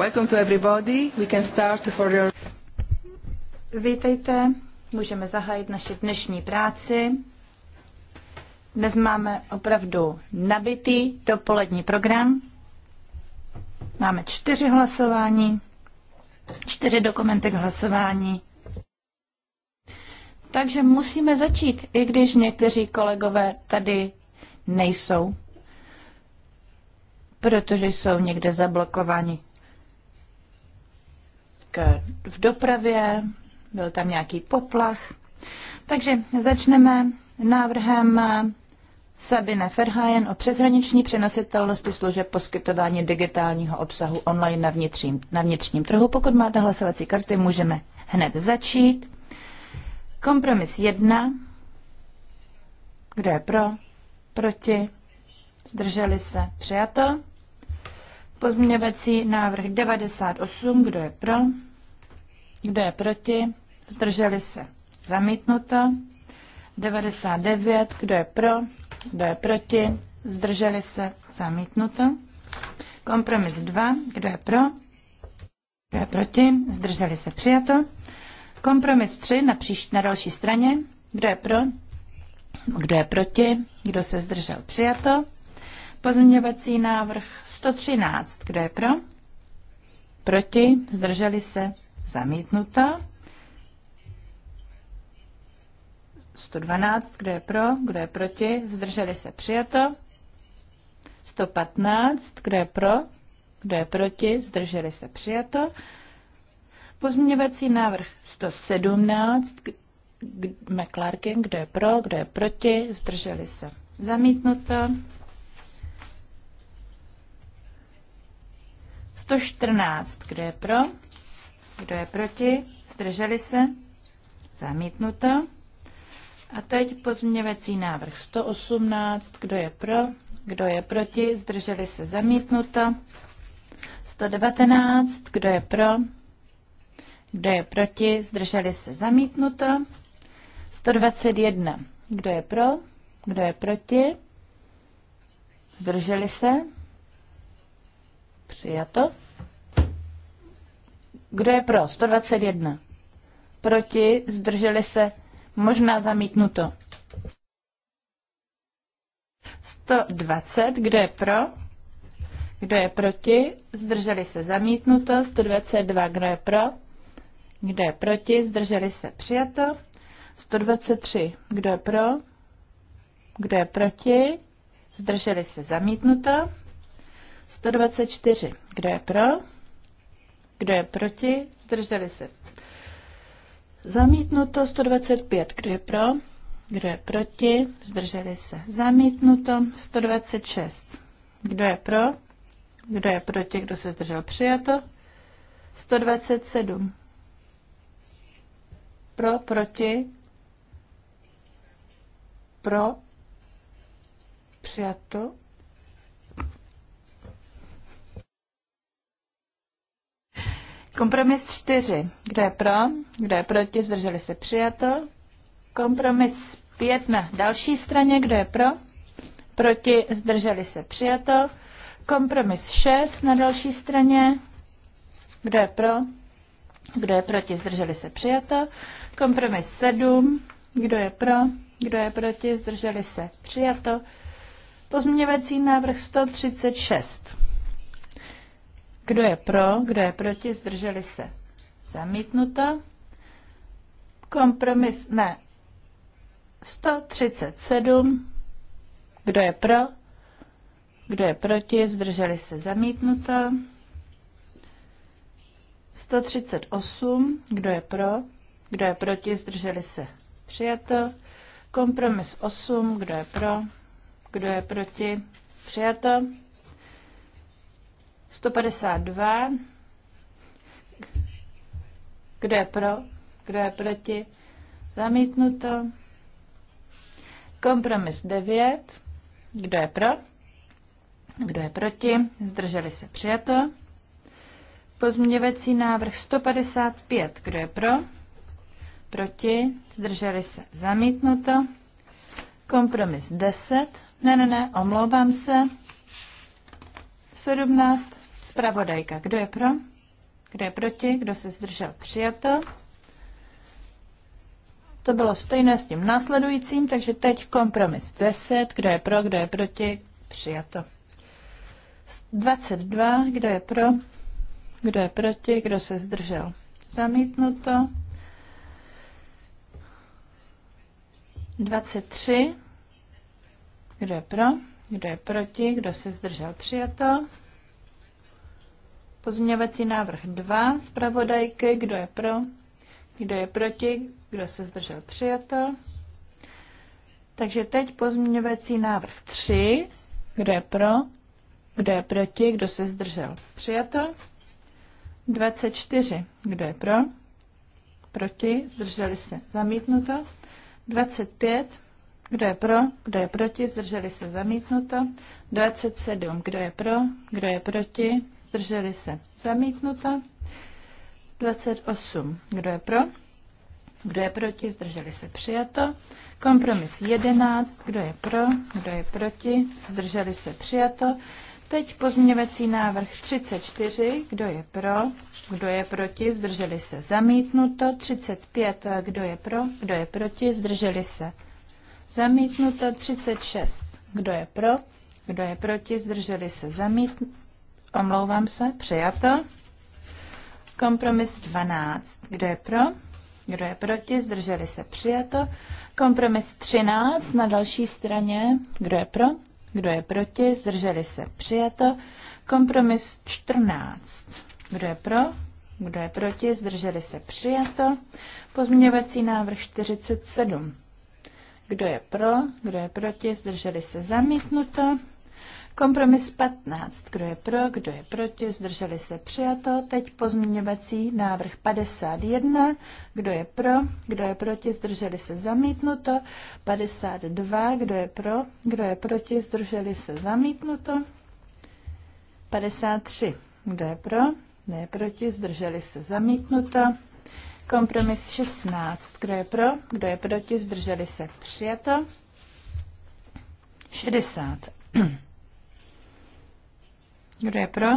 Welcome to everybody. We can start for your... Vítejte, můžeme zahájit naši dnešní práci. Dnes máme opravdu nabitý dopolední program. Máme čtyři hlasování, čtyři dokumenty k hlasování. Takže musíme začít, i když někteří kolegové tady nejsou, protože jsou někde zablokováni v dopravě, byl tam nějaký poplach. Takže začneme návrhem Sabine Ferhajen o přeshraniční přenositelnosti služeb poskytování digitálního obsahu online na vnitřním, na vnitřním trhu. Pokud máte hlasovací karty, můžeme hned začít. Kompromis 1. Kdo je pro? Proti? Zdrželi se? Přijato. Pozměňovací návrh 98. Kdo je pro? Kdo je proti? Zdrželi se. Zamítnuto. 99. Kdo je pro? Kdo je proti? Zdrželi se. Zamítnuto. Kompromis 2. Kdo je pro? Kdo je proti? Zdrželi se. Přijato. Kompromis 3 na, příš- na další straně. Kdo je pro? Kdo je proti? Kdo se zdržel? Přijato. Pozměňovací návrh 113. Kdo je pro? Proti? Zdrželi se? zamítnuto. 112, kdo je pro, kdo je proti, zdrželi se přijato. 115, kdo je pro, kdo je proti, zdrželi se přijato. Pozměňovací návrh 117, McClarkin, kdo je pro, kdo je proti, zdrželi se zamítnuto. 114, kdo je pro, kdo je proti? Zdrželi se? Zamítnuto. A teď pozměňovací návrh 118. Kdo je pro? Kdo je proti? Zdrželi se? Zamítnuto. 119. Kdo je pro? Kdo je proti? Zdrželi se? Zamítnuto. 121. Kdo je pro? Kdo je proti? Zdrželi se? Přijato. Kdo je pro? 121. Proti? Zdrželi se? Možná zamítnuto. 120. Kdo je pro? Kdo je proti? Zdrželi se? Zamítnuto. 122. Kdo je pro? Kdo je proti? Zdrželi se? Přijato. 123. Kdo je pro? Kdo je proti? Zdrželi se? Zamítnuto. 124. Kdo je pro? Kdo je proti? Zdrželi se. Zamítnuto 125. Kdo je pro? Kdo je proti? Zdrželi se. Zamítnuto 126. Kdo je pro? Kdo je proti? Kdo se zdržel? Přijato. 127. Pro, proti? Pro. Přijato. Kompromis 4. Kdo je pro? Kdo je proti? Zdrželi se přijatel. Kompromis 5 na další straně. Kdo je pro? Proti? Zdrželi se přijatel. Kompromis 6 na další straně. Kdo je pro? Kdo je proti? Zdrželi se přijatel. Kompromis 7. Kdo je pro? Kdo je proti? Zdrželi se přijatel. Pozměňovací návrh 136. Kdo je pro, kdo je proti, zdrželi se. Zamítnuto. Kompromis, ne. 137. Kdo je pro, kdo je proti, zdrželi se. Zamítnuto. 138. Kdo je pro, kdo je proti, zdrželi se. Přijato. Kompromis 8. Kdo je pro, kdo je proti, přijato. 152. Kdo je pro? Kdo je proti? Zamítnuto. Kompromis 9. Kdo je pro? Kdo je proti? Zdrželi se přijato. Pozměňovací návrh 155. Kdo je pro? Proti? Zdrželi se zamítnuto. Kompromis 10. Ne, ne, ne, omlouvám se. 17. Spravodajka, kdo je pro? Kdo je proti? Kdo se zdržel? Přijato. To bylo stejné s tím následujícím, takže teď kompromis 10. Kdo je pro? Kdo je proti? Přijato. 22. Kdo je pro? Kdo je proti? Kdo se zdržel? Zamítnuto. 23. Kdo je pro? Kdo je proti? Kdo se zdržel? Přijato. Pozměňovací návrh 2 zpravodajky, kdo je pro, kdo je proti, kdo se zdržel přijatel. Takže teď pozměňovací návrh 3, kdo je pro, kdo je proti, kdo se zdržel přijatel. 24, kdo je pro, proti, zdrželi se zamítnuto. 25, kdo je pro, kdo je proti, zdrželi se zamítnuto. 27, kdo je pro, kdo je proti, zdrželi se, zamítnuto. 28, kdo je pro, kdo je proti, zdrželi se, přijato. Kompromis 11, kdo je pro, kdo je proti, zdrželi se, přijato. Teď pozměňovací návrh 34, kdo je pro, kdo je proti, zdrželi se, zamítnuto. 35, kdo je pro, kdo je proti, zdrželi se, zamítnuto. 36, kdo je pro, kdo je proti, zdrželi se, zamítnuto. Omlouvám se, přijato. Kompromis 12. Kdo je pro? Kdo je proti? Zdrželi se, přijato. Kompromis 13 na další straně. Kdo je pro? Kdo je proti? Zdrželi se, přijato. Kompromis 14. Kdo je pro? Kdo je proti? Zdrželi se, přijato. Pozměňovací návrh 47. Kdo je pro? Kdo je proti? Zdrželi se, zamítnuto. Kompromis 15. Kdo je pro, kdo je proti, zdrželi se přijato. Teď pozměňovací návrh 51. Kdo je pro, kdo je proti, zdrželi se zamítnuto. 52. Kdo je pro, kdo je proti, zdrželi se zamítnuto. 53. Kdo je pro, kdo je proti, zdrželi se zamítnuto. Kompromis 16. Kdo je pro, kdo je proti, zdrželi se přijato. 60. Kdo je pro?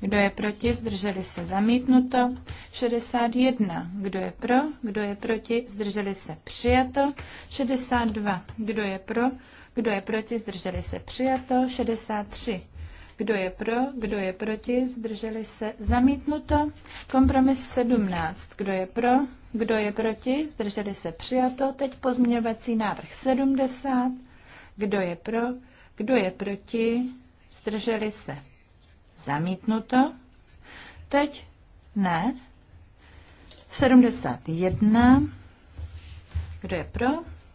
Kdo je proti? Zdrželi se zamítnuto. 61. Kdo je pro? Kdo je proti? Zdrželi se přijato. 62. Kdo je pro? Kdo je proti? Zdrželi se přijato. 63. Kdo je pro? Kdo je proti? Zdrželi se zamítnuto. Kompromis 17. Kdo je pro? Kdo je proti? Zdrželi se přijato. Teď pozměňovací návrh 70. Kdo je pro? Kdo je proti? zdrželi se, zamítnuto. Teď ne. 71. Kdo je pro?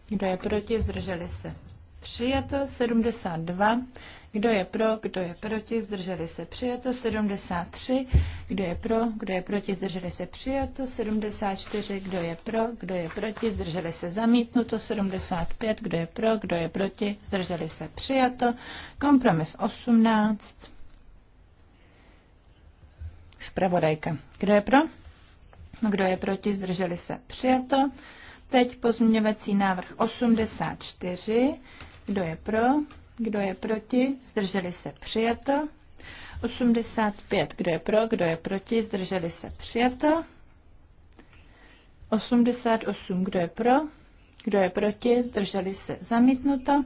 Kdo je proti? Zdrželi se. Přijato 72. Kdo je pro, kdo je proti, zdrželi se přijato 73. Kdo je pro, kdo je proti, zdrželi se přijato 74. Kdo je pro, kdo je proti, zdrželi se zamítnuto 75. Kdo je pro, kdo je proti, zdrželi se přijato. Kompromis 18. Zpravodajka. Kdo je pro? Kdo je proti, zdrželi se přijato. Teď pozměňovací návrh 84. Kdo je pro? Kdo je proti? Zdrželi se přijato. 85. Kdo je pro? Kdo je proti? Zdrželi se přijato. 88. Kdo je pro? Kdo je proti? Zdrželi se zamítnuto.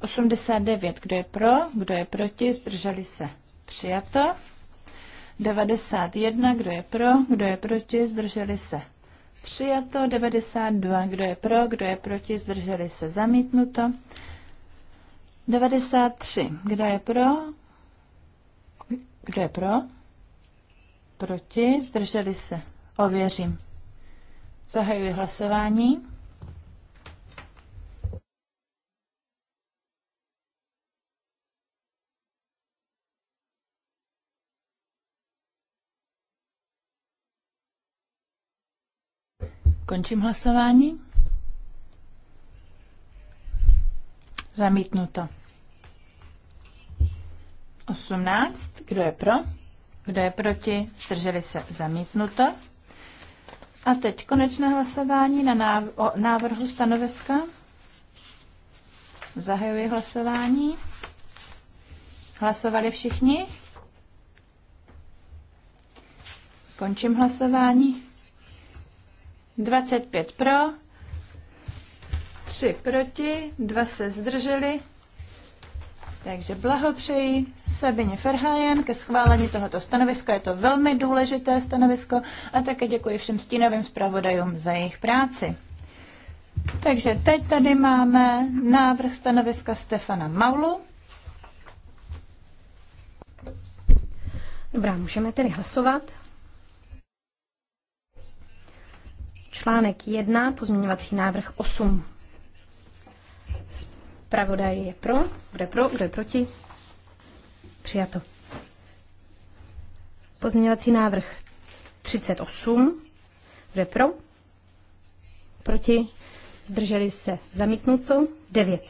89. Kdo je pro? Kdo je proti? Zdrželi se přijato. 91. Kdo je pro? Kdo je proti? Zdrželi se přijato. 92. Kdo je pro? Kdo je proti? Zdrželi se zamítnuto. 93. Kdo je pro? Kdo je pro? Proti? Zdrželi se. Ověřím. Zahajuji hlasování. Končím hlasování. Zamítnuto. 18. Kdo je pro? Kdo je proti? Zdrželi se. Zamítnuto. A teď konečné hlasování na náv o návrhu stanoviska. Zahajuji hlasování. Hlasovali všichni? Končím hlasování. 25 pro, tři proti, dva se zdrželi. Takže blahopřeji Sabině Ferhajen ke schválení tohoto stanoviska. Je to velmi důležité stanovisko a také děkuji všem stínovým zpravodajům za jejich práci. Takže teď tady máme návrh stanoviska Stefana Maulu. Dobrá, můžeme tedy hlasovat. Článek 1, pozměňovací návrh 8. Pravodaj je pro. Kdo je pro? Kdo je proti? Přijato. Pozměňovací návrh 38. Kdo je pro? Proti? Zdrželi se. Zamítnuto. 9.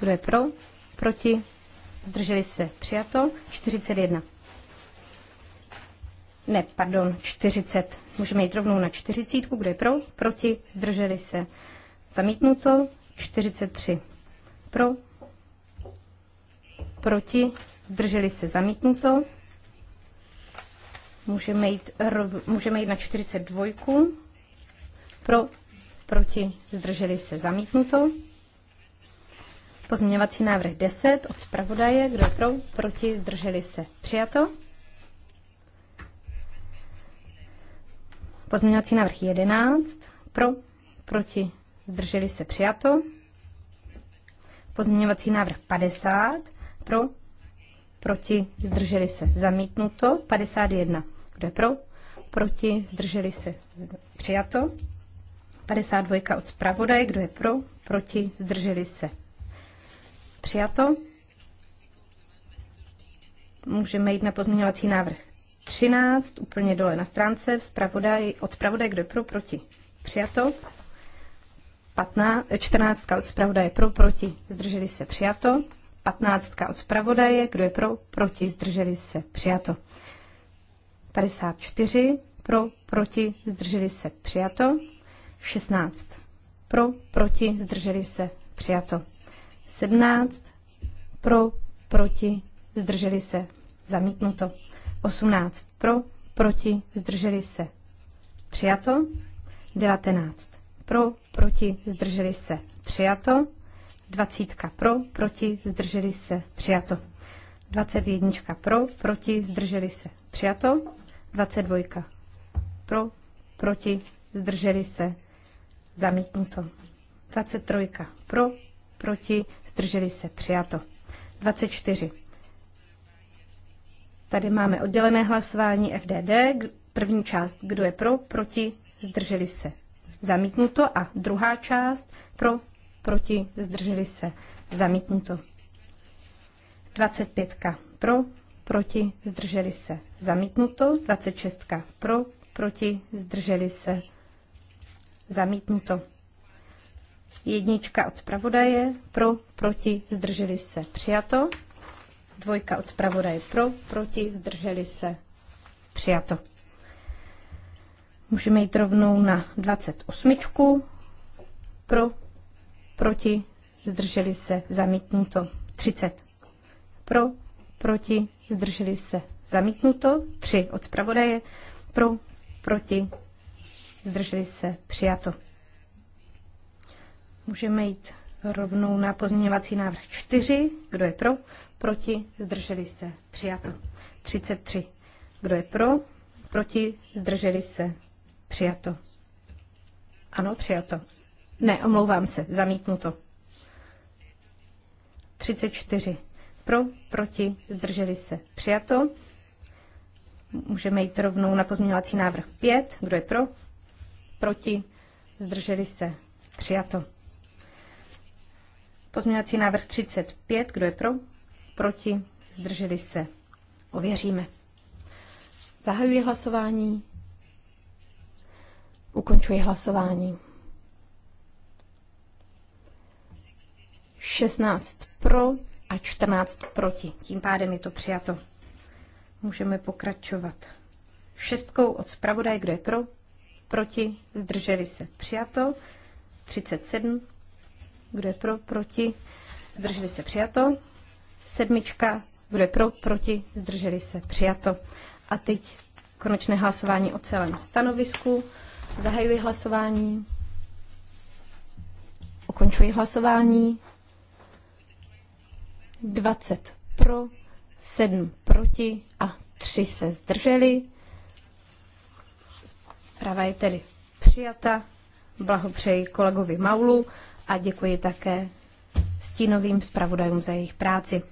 Kdo je pro? Proti? Zdrželi se. Přijato. 41. Ne, pardon, 40. Můžeme jít rovnou na 40. Kdo je pro? Proti? Zdrželi se. Zamítnuto. 43. Pro, proti, zdrželi se zamítnuto. Můžeme jít, rov, můžeme jít na 42. Pro, proti, zdrželi se zamítnuto. Pozměňovací návrh 10 od zpravodaje, kdo pro, proti, zdrželi se přijato. Pozměňovací návrh 11, pro, proti, zdrželi se přijato. Pozměňovací návrh 50 pro, proti, zdrželi se, zamítnuto. 51, kdo je pro, proti, zdrželi se, přijato. 52 od zpravodaje, kdo je pro, proti, zdrželi se, přijato. Můžeme jít na pozměňovací návrh 13, úplně dole na stránce, od zpravodaje, kdo je pro, proti, přijato. 15, 14 od zpravodaje pro, proti, zdrželi se, přijato. 15 od zpravodaje, kdo je pro, proti, zdrželi se, přijato. 54 pro, proti, zdrželi se, přijato. 16 pro, proti, zdrželi se, přijato. 17 pro, proti, zdrželi se, zamítnuto. 18 pro, proti, zdrželi se, přijato. 19 pro, proti, zdrželi se, přijato. 20 pro, proti, zdrželi se, přijato. 21 pro, proti, zdrželi se, přijato. 22 pro, proti, zdrželi se, zamítnuto. 23 pro, proti, zdrželi se, přijato. 24. Tady máme oddělené hlasování FDD. První část, kdo je pro, proti, zdrželi se, zamítnuto a druhá část pro, proti, zdrželi se, zamítnuto. 25 pro, proti, zdrželi se, zamítnuto. 26 pro, proti, zdrželi se, zamítnuto. Jednička od zpravodaje, pro, proti, zdrželi se, přijato. Dvojka od zpravodaje, pro, proti, zdrželi se, přijato. Můžeme jít rovnou na 28. Pro, proti, zdrželi se, zamítnuto. 30. Pro, proti, zdrželi se, zamítnuto. 3 od zpravodaje. Pro, proti, zdrželi se, přijato. Můžeme jít rovnou na pozměňovací návrh 4. Kdo je pro? Proti, zdrželi se, přijato. 33. Kdo je pro? Proti, zdrželi se, Přijato. Ano, přijato. Ne, omlouvám se, zamítnuto. 34. Pro, proti, zdrželi se. Přijato. Můžeme jít rovnou na pozměňovací návrh 5. Kdo je pro? Proti, zdrželi se. Přijato. Pozměňovací návrh 35. Kdo je pro? Proti, zdrželi se. Ověříme. Zahajuji hlasování. Ukončuji hlasování. 16 pro a 14 proti. Tím pádem je to přijato. Můžeme pokračovat. Šestkou od zpravodaje, kdo je pro, proti, zdrželi se. Přijato. 37, kdo je pro, proti, zdrželi se. Přijato. Sedmička, kdo je pro, proti, zdrželi se. Přijato. A teď konečné hlasování o celém stanovisku. Zahajuji hlasování. Ukončuji hlasování. 20 pro, 7 proti a 3 se zdrželi. Zpráva je tedy přijata. Blahopřeji kolegovi Maulu a děkuji také stínovým zpravodajům za jejich práci.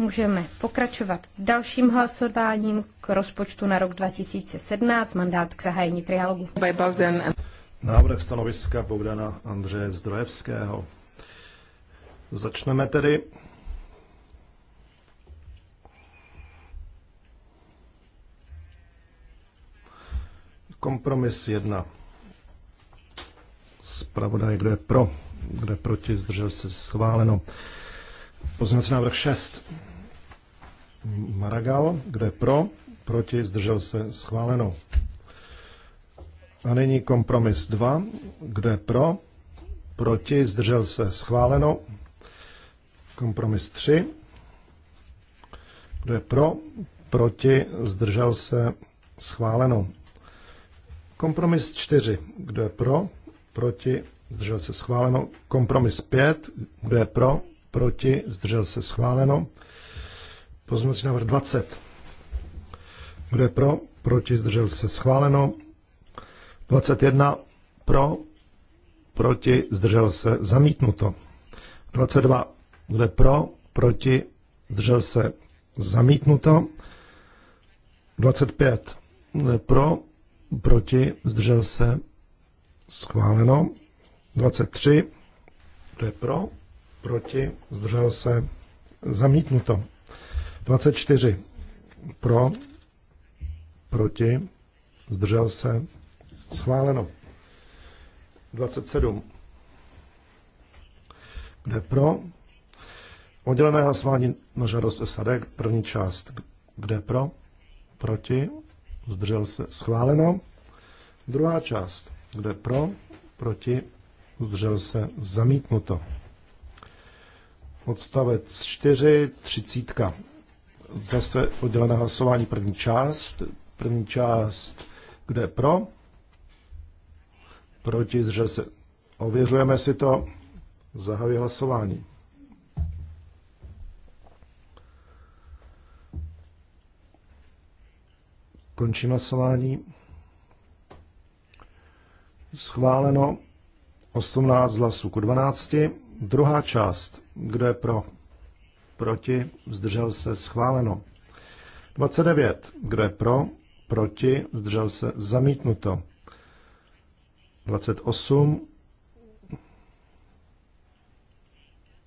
Můžeme pokračovat dalším hlasováním k rozpočtu na rok 2017, mandát k zahájení trialogu. Návrh stanoviska Bogdana Andřeje Zdrojevského. Začneme tedy. Kompromis 1. Spravodaj, kdo je pro, kdo je proti, zdržel se schváleno. Pozměňovací návrh 6 Maragal, kdo je pro, proti, zdržel se, schváleno. A nyní kompromis 2, kdo je pro, proti, zdržel se, schváleno. Kompromis 3, kdo je pro, proti, zdržel se, schváleno. Kompromis 4, kdo je pro, proti, zdržel se, schváleno. Kompromis 5, kdo je pro, proti, zdržel se, schváleno. Pozměňovací návrh 20. Kdo je pro? Proti? Zdržel se? Schváleno. 21. Pro? Proti? Zdržel se? Zamítnuto. 22. Kdo je pro? Proti? Zdržel se? Zamítnuto. 25. Kdo je pro? Proti? Zdržel se? Schváleno. 23. Kdo je pro? Proti? Zdržel se? Zamítnuto. 24 pro, proti, zdržel se, schváleno. 27. Kde pro? Oddělené hlasování na žádost SAD, první část. Kde pro? Proti? Zdržel se. Schváleno. Druhá část. Kde pro? Proti? Zdržel se. Zamítnuto. Odstavec 4, 30 zase oddělené hlasování první část. První část, kde je pro, proti, že se. Ověřujeme si to, zahajuji hlasování. Končím hlasování. Schváleno 18 hlasů ku 12. Druhá část. kde je pro? proti, zdržel se, schváleno. 29. Kdo je pro, proti, zdržel se, zamítnuto. 28.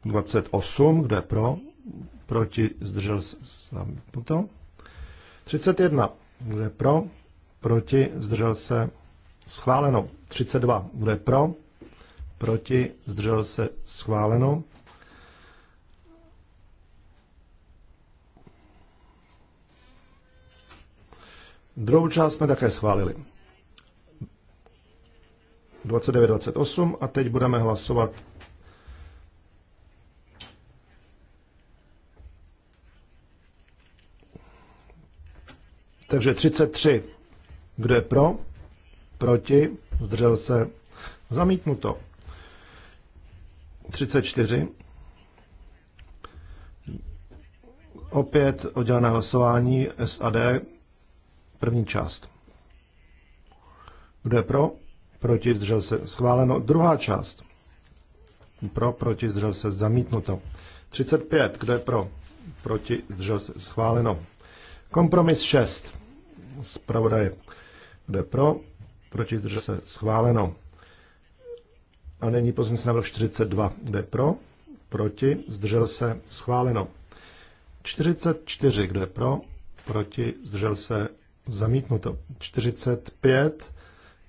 28. Kdo je pro, proti, zdržel se, zamítnuto. 31. Kdo je pro, proti, zdržel se, schváleno. 32. Kdo je pro, proti, zdržel se, schváleno. Druhou část jsme také schválili. 29.28 a teď budeme hlasovat Takže 33. Kdo je pro? Proti? Zdržel se? Zamítnuto. 34. Opět oddělené hlasování SAD. První část. Kdo je pro? Proti zdržel se schváleno. Druhá část. Pro, proti zdržel se zamítnuto. 35. Kdo je pro? Proti zdržel se schváleno. Kompromis 6. Zpravodaje. Kdo je pro? Proti zdržel se schváleno. A nyní pozměnce návrh 42. Kdo je pro? Proti zdržel se schváleno. 44. Kdo je pro? Proti zdržel se Zamítnuto. 45.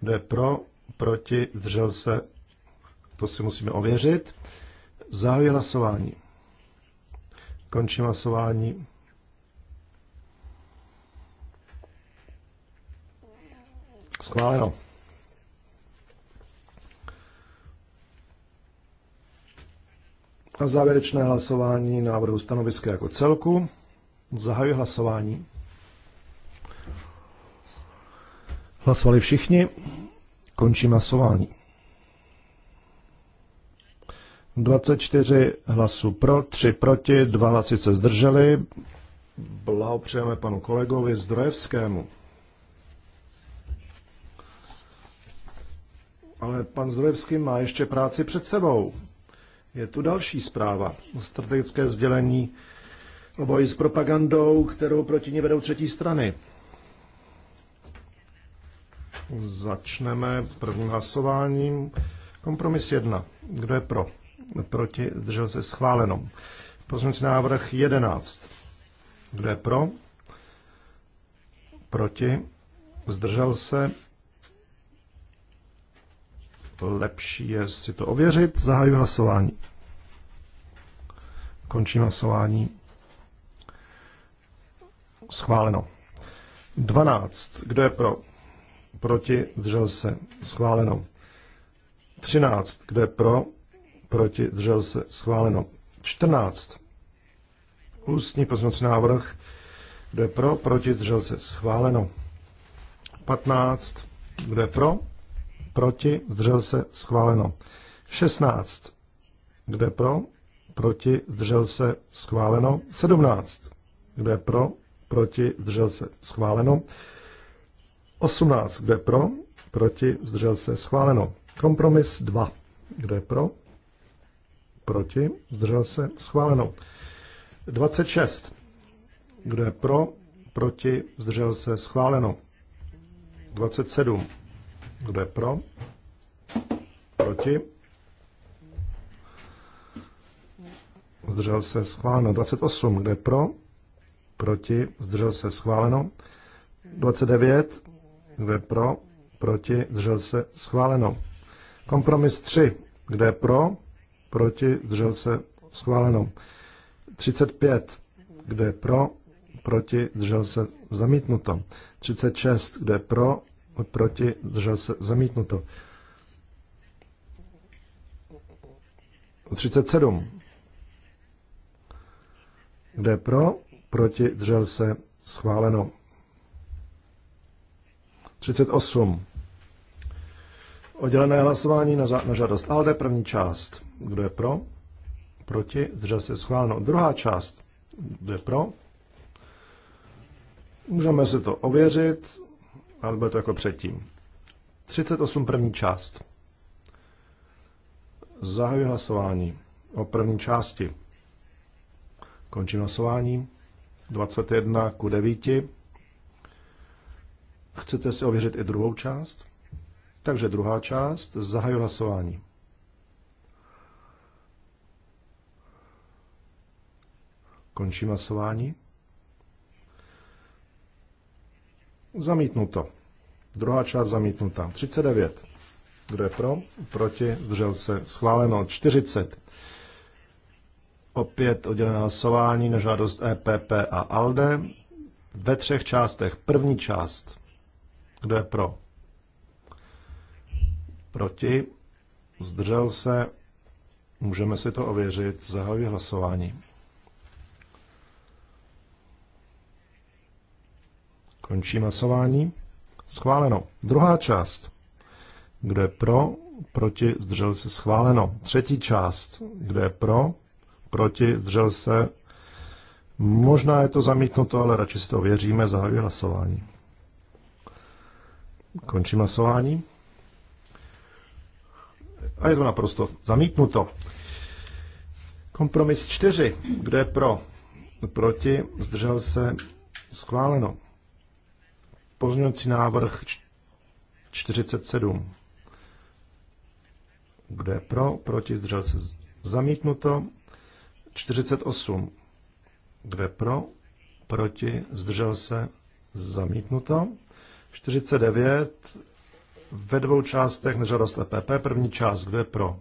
Kdo je pro? Proti? Zdržel se? To si musíme ověřit. Zahajuji hlasování. Končím hlasování. Schváleno. A závěrečné hlasování návrhu stanoviska jako celku. Zahajuji hlasování. Hlasovali všichni. Končím hlasování. 24 hlasů pro, 3 proti, 2 hlasy se zdrželi. Blahopřejeme panu kolegovi Zdrojevskému. Ale pan Zdrojevský má ještě práci před sebou. Je tu další zpráva. Strategické sdělení o boji s propagandou, kterou proti ní vedou třetí strany. Začneme prvním hlasováním. Kompromis 1. Kdo je pro? Proti? Držel se schváleno. Pozměňovací návrh 11. Kdo je pro? Proti? Zdržel se? Lepší je si to ověřit. Zahajuji hlasování. Končím hlasování. Schváleno. 12. Kdo je pro? proti, zdržel se, schváleno. 13, kdo je pro, proti, zdržel se, schváleno. 14, ústní pozměnací návrh, kdo je pro, proti, zdržel se, schváleno. 15, kdo je pro, proti, zdržel se, schváleno. 16, kdo je pro, proti, zdržel se, schváleno. 17, kdo je pro, proti, zdržel se, schváleno. 18, kde pro, proti, zdržel se, schváleno. Kompromis 2, kde pro, proti, zdržel se, schváleno. 26, kde pro, proti, zdržel se, schváleno. 27, kde pro, proti, zdržel se, schváleno. 28, kde pro, proti, zdržel se, schváleno. 29, kdo je pro? Proti? Zdržel se? Schváleno. Kompromis 3. Kdo je pro? Proti? Zdržel se? Schváleno. 35. Kdo je pro? Proti? Zdržel se? Zamítnuto. 36. Kdo je pro? Proti? Zdržel se? Zamítnuto. 37. Kde pro? Proti? Zdržel se? Schváleno. 38. Oddělené hlasování na, na žádost ALDE, první část. Kdo je pro? Proti? Zdržel se schváleno. Druhá část. Kdo je pro? Můžeme si to ověřit, ale bude to jako předtím. 38 první část. Zahajuji hlasování o první části. Končím hlasování. 21 ku 9. Chcete si ověřit i druhou část? Takže druhá část, zahaju hlasování. Končím hlasování. Zamítnuto. Druhá část zamítnuta. 39. Kdo je pro? Proti? Zdržel se. Schváleno. 40. Opět oddělené hlasování na žádost EPP a ALDE ve třech částech. První část. Kdo je pro? Proti? Zdržel se? Můžeme si to ověřit. Zahajuji hlasování. Končí hlasování. Schváleno. Druhá část. Kdo je pro? Proti? Zdržel se? Schváleno. Třetí část. Kdo je pro? Proti? Zdržel se? Možná je to zamítnuto, ale radši si to věříme. Zahajuji hlasování. Končím hlasování. A je to naprosto zamítnuto. Kompromis 4. Kdo je pro? Proti? Zdržel se? Schváleno. Pozměňovací návrh 47. Kdo je pro? Proti? Zdržel se? Zamítnuto. 48. Kdo je pro? Proti? Zdržel se? Zamítnuto. 49 ve dvou částech nežadost EPP. První část, kdo je pro?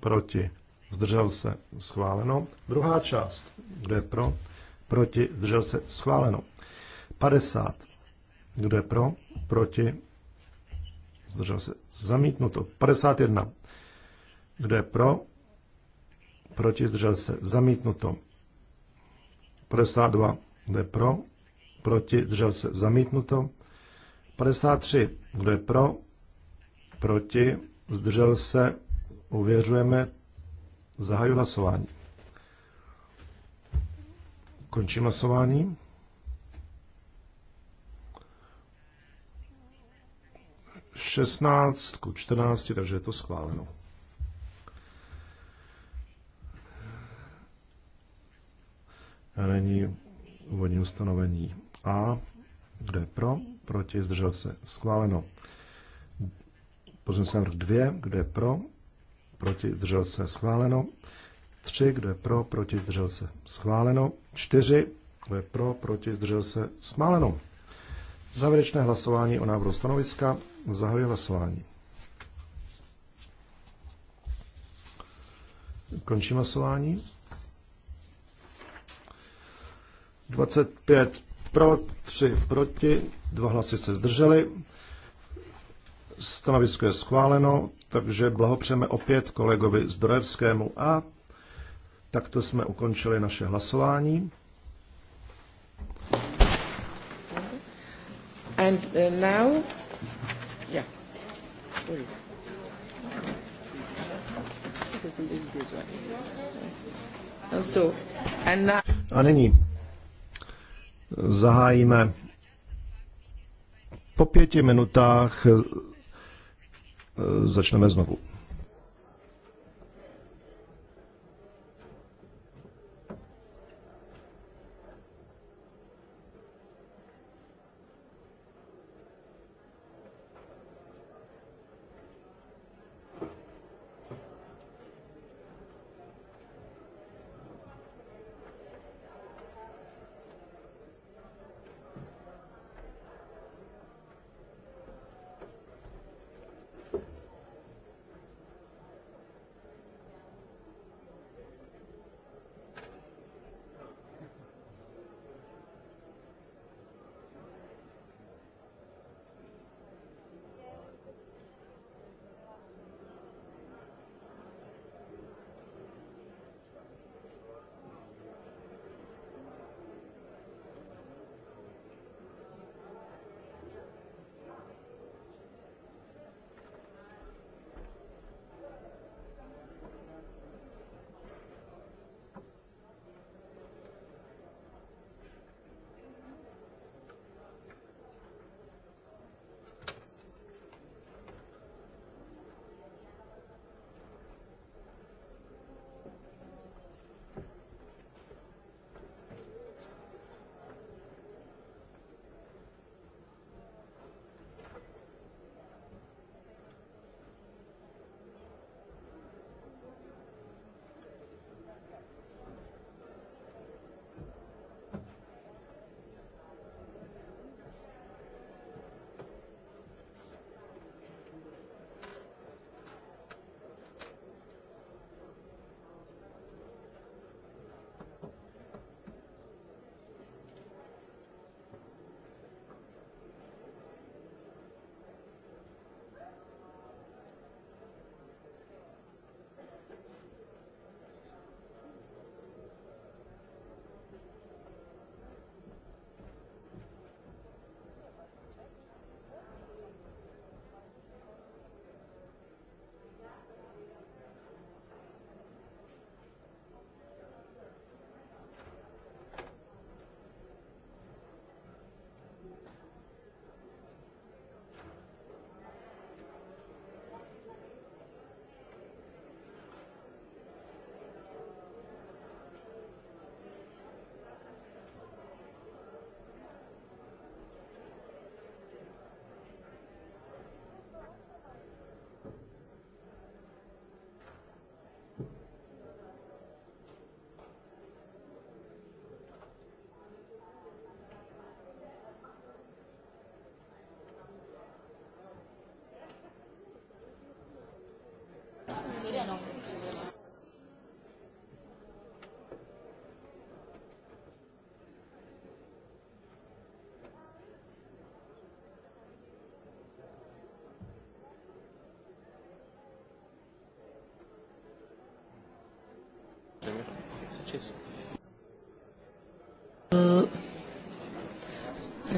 Proti. Zdržel se. Schváleno. Druhá část, kdo je pro? Proti. Zdržel se. Schváleno. 50. Kdo je pro? Proti. Zdržel se. Zamítnuto. 51. Kdo je pro? Proti. Zdržel se. Zamítnuto. 52. Kdo je pro? Proti. Zdržel se. Zamítnuto. 53. Kdo je pro? Proti? Zdržel se? Uvěřujeme. Zahaju hlasování. Končím hlasování. Šestnáct ku 14, takže je to schváleno. A není úvodní ustanovení. A kdo je pro? Proti? Zdržel se? Schváleno. Pozměňovací návrh 2. Kdo je pro? Proti? Zdržel se? Schváleno. 3. Kdo je pro? Proti? Zdržel se? Schváleno. 4. Kdo je pro? Proti? Zdržel se? Schváleno. Závěrečné hlasování o návrhu stanoviska. Zahajuji hlasování. Končím hlasování. 25 pro, tři proti, dva hlasy se zdrželi. Stanovisko je schváleno, takže blahopřejeme opět kolegovi Zdrojevskému a takto jsme ukončili naše hlasování. And uh, now, yeah, what is? It? It this, this one. And so, and now... A nyní zahájíme po pěti minutách eh, začneme znovu.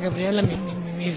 Gabriela mi, mi, mi, mi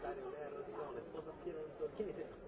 commissario lei ha ragione, sposa Piero Anzolini.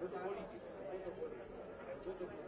vedo politica, vedo politica, vedo politica.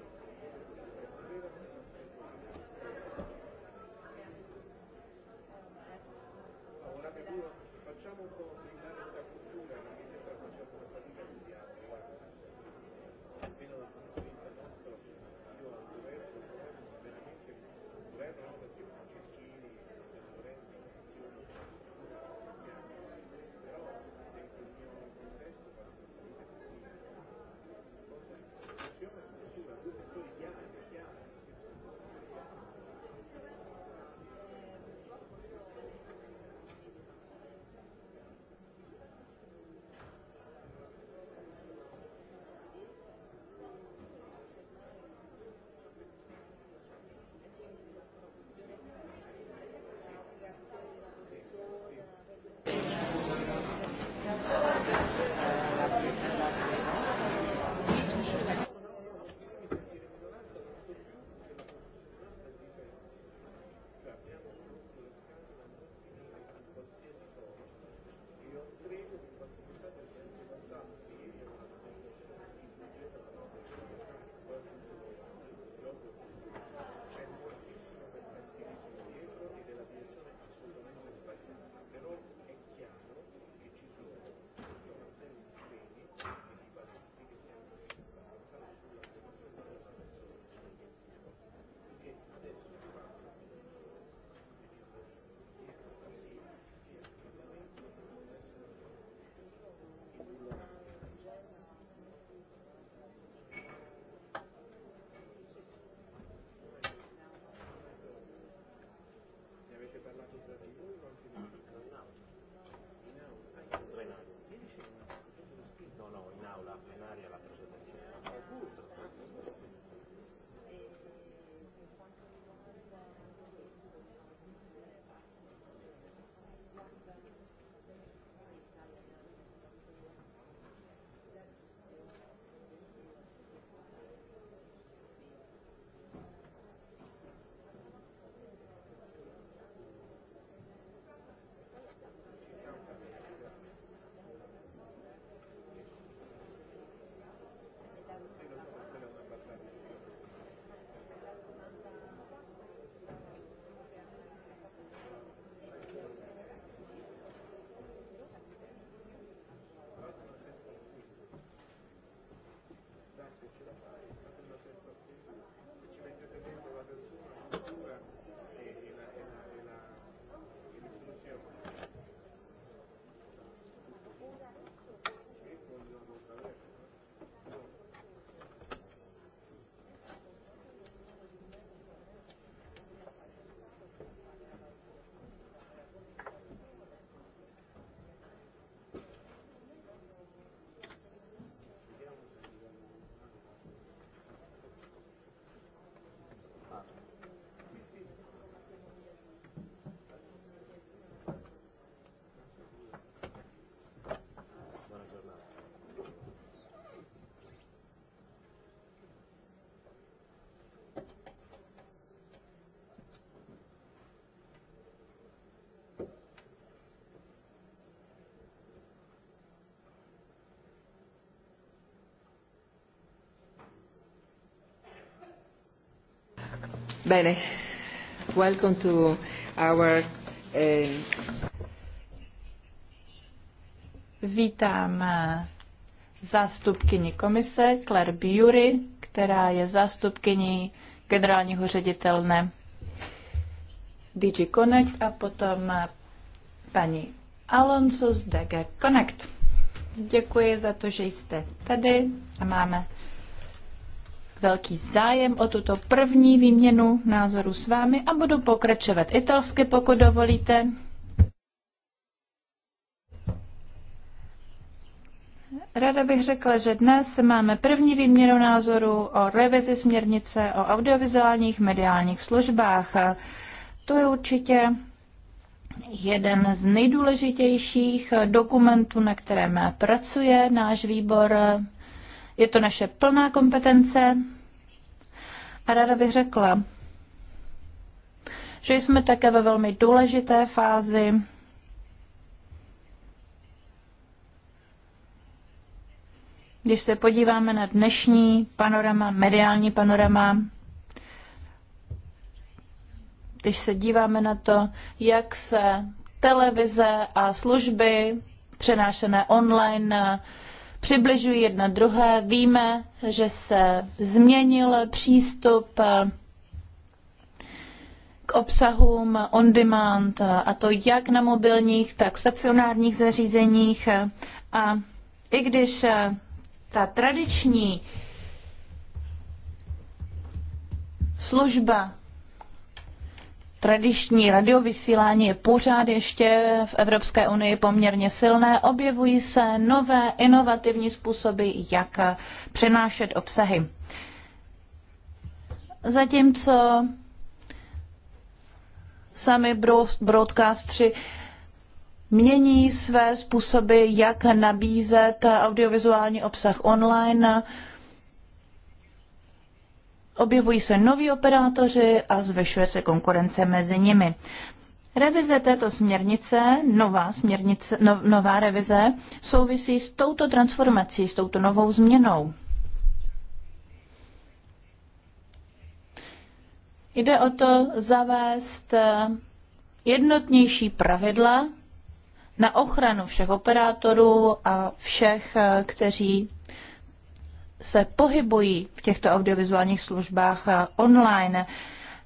Bene. Welcome to our... Eh, Vítám eh, zástupkyni komise Claire Bury, která je zástupkyní generálního ředitelne DG Connect a potom eh, paní Alonso z DG Connect. Děkuji za to, že jste tady a máme velký zájem o tuto první výměnu názoru s vámi a budu pokračovat italsky, pokud dovolíte. Ráda bych řekla, že dnes máme první výměnu názoru o revizi směrnice o audiovizuálních mediálních službách. To je určitě jeden z nejdůležitějších dokumentů, na kterém pracuje náš výbor je to naše plná kompetence a ráda bych řekla, že jsme také ve velmi důležité fázi Když se podíváme na dnešní panorama, mediální panorama, když se díváme na to, jak se televize a služby přenášené online přibližují jedna druhé. Víme, že se změnil přístup eh, k obsahům on demand, eh, a to jak na mobilních, tak stacionárních zařízeních. Eh, a i když ta tradiční služba tradiční radiovysílání je pořád ještě v Evropské unii poměrně silné. Objevují se nové inovativní způsoby, jak přenášet obsahy. Zatímco sami broadcastři mění své způsoby, jak nabízet audiovizuální obsah online, objevují se noví operátoři a zvyšuje se konkurence mezi nimi. Revize této směrnice, nová, směrnice, no, nová revize, souvisí s touto transformací, s touto novou změnou. Jde o to zavést eh, jednotnější pravidla na ochranu všech operátorů a všech, eh, kteří se pohybují v těchto audiovizuálních službách eh, online.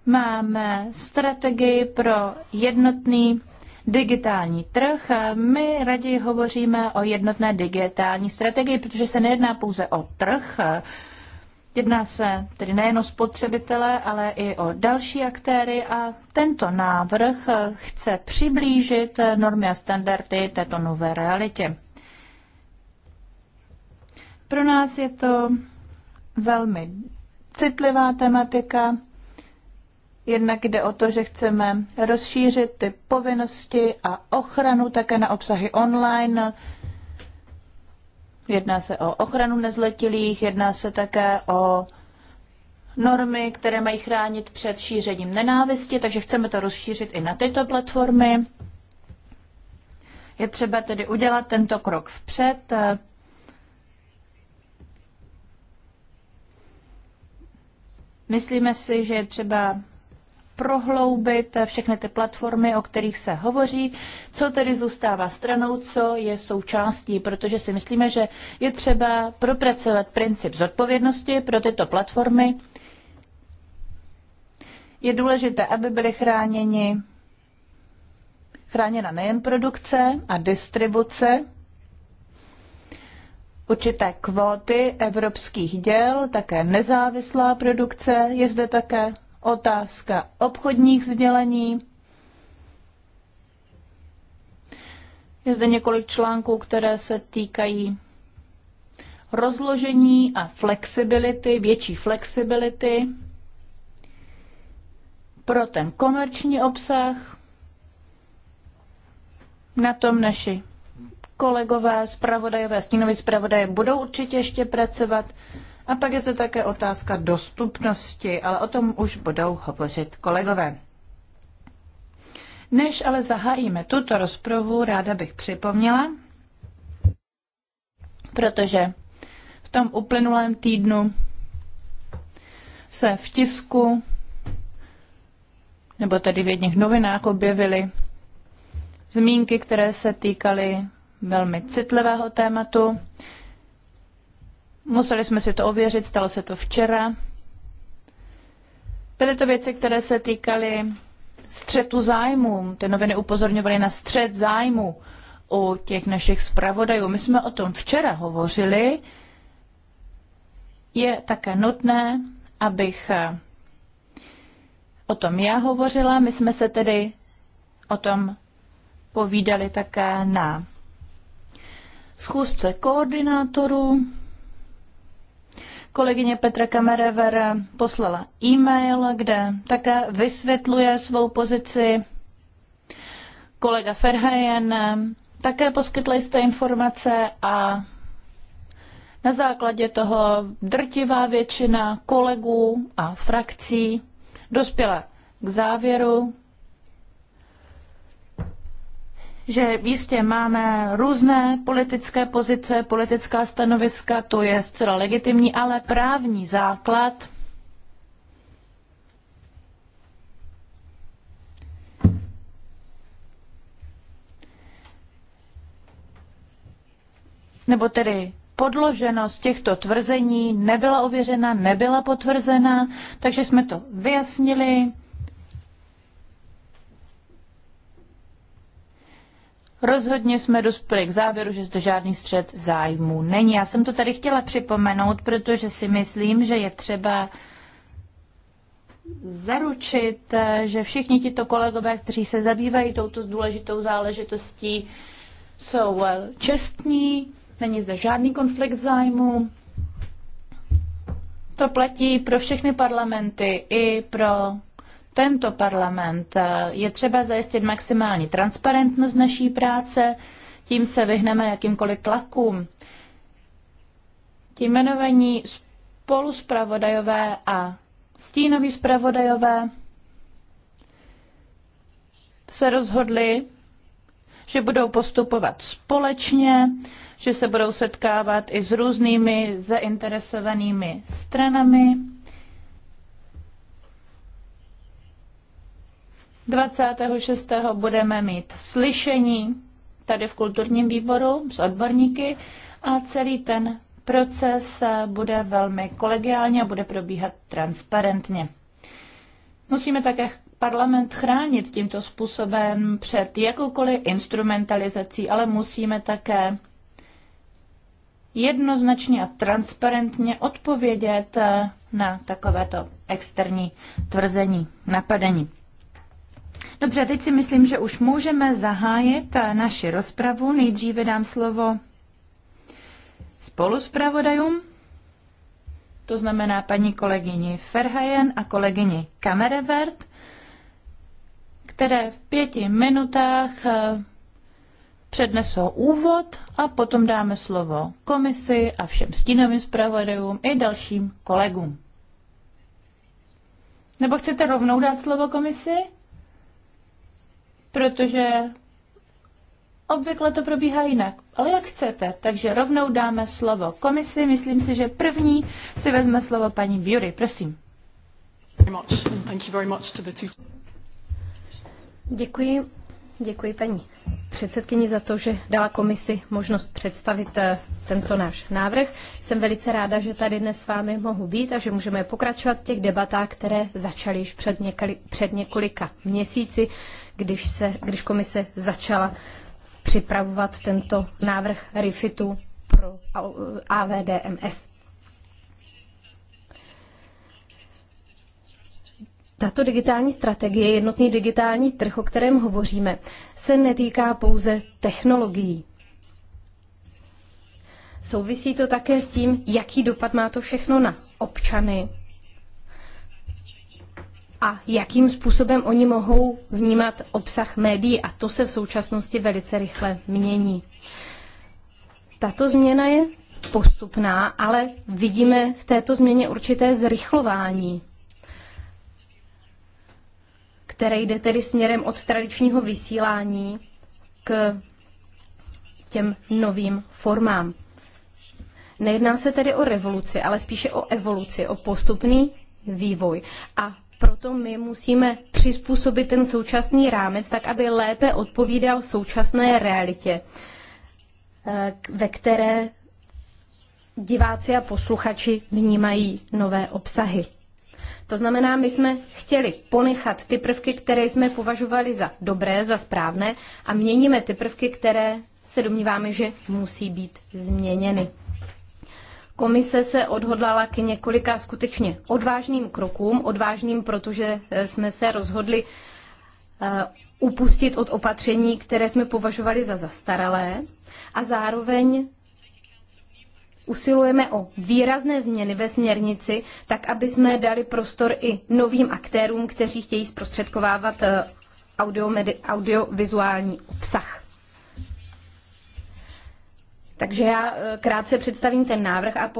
Máme strategii pro jednotný digitální trh. My raději hovoříme o jednotné digitální strategii, protože se nejedná pouze o trh, Jedná se tedy nejen o spotřebitele, ale i o další aktéry a tento návrh chce přiblížit normy a standardy této nové realitě. Pro nás je to velmi citlivá tematika. Jednak jde o to, že chceme rozšířit ty povinnosti a ochranu také na obsahy online. Jedná se o ochranu nezletilých, jedná se také o normy, které mají chránit před šířením nenávisti, takže chceme to rozšířit i na tyto platformy. Je třeba tedy udělat tento krok vpřed. Myslíme si, že je třeba prohloubit všechny ty platformy, o kterých se hovoří, co tedy zůstává stranou, co je součástí, protože si myslíme, že je třeba propracovat princip zodpovědnosti pro tyto platformy. Je důležité, aby byly chráněni chráněna nejen produkce a distribuce, určité kvóty evropských děl, také nezávislá produkce, je zde také otázka obchodních sdělení. Je zde několik článků, které se týkají rozložení a flexibility, větší flexibility pro ten komerční obsah. Na tom naši kolegové zpravodajové, stínoví zpravodaje budou určitě ještě pracovat. A pak je to také otázka dostupnosti, ale o tom už budou hovořit kolegové. Než ale zahájíme tuto rozpravu, ráda bych připomněla, protože v tom uplynulém týdnu se v tisku nebo tedy v jedných novinách objevily zmínky, které se týkaly velmi citlivého tématu. Museli jsme si to ověřit, stalo se to včera. Byly to věci, které se týkaly střetu zájmů. Ty noviny upozorňovaly na střet zájmu u těch našich zpravodajů. My jsme o tom včera hovořili. Je také nutné, abych o tom já hovořila. My jsme se tedy o tom povídali také na schůzce koordinátorů. Kolegyně Petra Kamerever poslala e-mail, kde také vysvětluje svou pozici. Kolega Ferhajen také poskytl jste informace a na základě toho drtivá většina kolegů a frakcí dospěla k závěru, že jistě máme různé politické pozice, politická stanoviska, to je zcela legitimní, ale právní základ nebo tedy podloženost těchto tvrzení nebyla ověřena, nebyla potvrzena, takže jsme to vyjasnili. Rozhodně jsme dospěli k závěru, že zde žádný střed zájmů není. Já jsem to tady chtěla připomenout, protože si myslím, že je třeba zaručit, že všichni tito kolegové, kteří se zabývají touto důležitou záležitostí, jsou čestní, není zde žádný konflikt zájmu. To platí pro všechny parlamenty i pro tento parlament. Eh, je třeba zajistit maximální transparentnost naší práce, tím se vyhneme jakýmkoliv tlakům. Ti jmenovaní spoluspravodajové a stínoví spravodajové se rozhodli, že budou postupovat společně, že se budou setkávat i s různými zainteresovanými stranami 26. budeme mít slyšení tady v kulturním výboru s odborníky a celý ten proces bude velmi kolegiálně a bude probíhat transparentně. Musíme také parlament chránit tímto způsobem před jakoukoliv instrumentalizací, ale musíme také jednoznačně a transparentně odpovědět na takovéto externí tvrzení, napadení. Dobře, teď si myslím, že už můžeme zahájit eh, naši rozpravu. Nejdříve dám slovo spolu s pravodajům, to znamená paní kolegyni Ferhajen a kolegyni Kamerevert, které v pěti minutách eh, přednesou úvod a potom dáme slovo komisi a všem stínovým zpravodajům i dalším kolegům. Nebo chcete rovnou dát slovo komisi? protože obvykle to probíhá jinak. Ale jak chcete, takže rovnou dáme slovo komisi. Myslím si, že první si vezme slovo paní Bury. Prosím. Děkuji. Děkuji paní předsedkyni za to, že dala komisi možnost představit eh, tento náš návrh. Jsem velice ráda, že tady dnes s vámi mohu být a že můžeme pokračovat v těch debatách, které začaly již před, před několika měsíci když, se, když komise začala připravovat tento návrh RIFITu pro AVDMS. Tato digitální strategie, jednotný digitální trh, o kterém hovoříme, se netýká pouze technologií. Souvisí to také s tím, jaký dopad má to všechno na občany, a jakým způsobem oni mohou vnímat obsah médií a to se v současnosti velice rychle mění. Tato změna je postupná, ale vidíme v této změně určité zrychlování, které jde tedy směrem od tradičního vysílání k těm novým formám. Nejedná se tedy o revoluci, ale spíše o evoluci, o postupný vývoj. A proto my musíme přizpůsobit ten současný rámec tak, aby lépe odpovídal současné realitě, eh, ve které diváci a posluchači vnímají nové obsahy. To znamená, my jsme chtěli ponechat ty prvky, které jsme považovali za dobré, za správné a měníme ty prvky, které se domníváme, že musí být změněny. Komise se odhodlala k několika skutečně odvážným krokům, odvážným, protože eh, jsme se rozhodli eh, upustit od opatření, které jsme považovali za zastaralé a zároveň usilujeme o výrazné změny ve směrnici, tak aby jsme dali prostor i novým aktérům, kteří chtějí zprostředkovávat eh, audiovizuální obsah. Takže já eh, krátce představím ten návrh a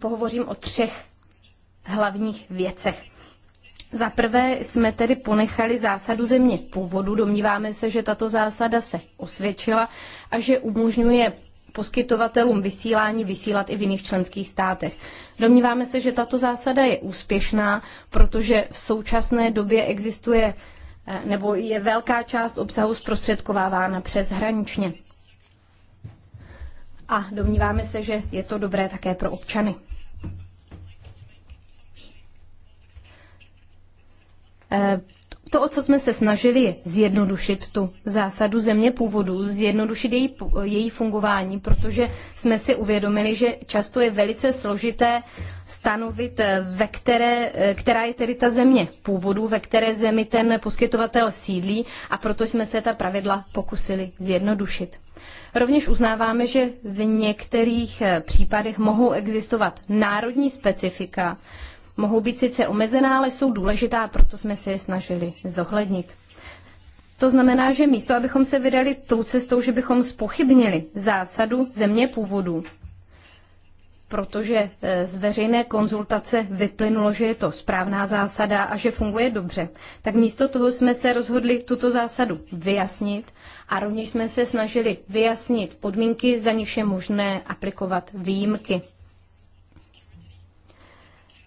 pohovořím o třech hlavních věcech. Za prvé jsme tedy ponechali zásadu země původu. Domníváme se, že tato zásada se osvědčila a že umožňuje poskytovatelům vysílání vysílat i v jiných členských státech. Domníváme se, že tato zásada je úspěšná, protože v současné době existuje eh, nebo je velká část obsahu zprostředkovávána přeshraničně a domníváme se, že je to dobré také pro občany. Eh, to, o co jsme se snažili, je zjednodušit tu zásadu země původu, zjednodušit její, její fungování, protože jsme si uvědomili, že často je velice složité stanovit, eh, ve které, eh, která je tedy ta země původu, ve které zemi ten poskytovatel sídlí a proto jsme se ta pravidla pokusili zjednodušit. Rovněž uznáváme, že v některých eh, případech mohou existovat národní specifika, mohou být sice omezená, ale jsou důležitá, proto jsme se je snažili zohlednit. To znamená, že místo, abychom se vydali tou cestou, že bychom spochybnili zásadu země původu, protože e, z veřejné konzultace vyplynulo, že je to správná zásada a že funguje dobře, tak místo toho jsme se rozhodli tuto zásadu vyjasnit a rovněž jsme se snažili vyjasnit podmínky, za nichž je možné aplikovat výjimky.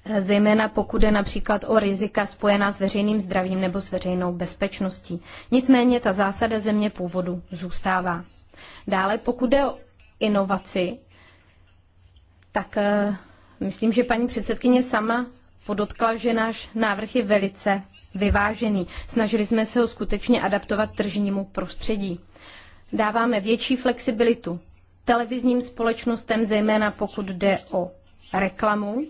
E, zejména pokud je například o rizika spojená s veřejným zdravím nebo s veřejnou bezpečností. Nicméně ta zásada země původu zůstává. Dále, pokud je o inovaci, tak eh, myslím, že paní předsedkyně sama podotkla, že náš návrh je velice vyvážený. Snažili jsme se ho skutečně adaptovat tržnímu prostředí. Dáváme větší flexibilitu televizním společnostem, zejména pokud jde o reklamu,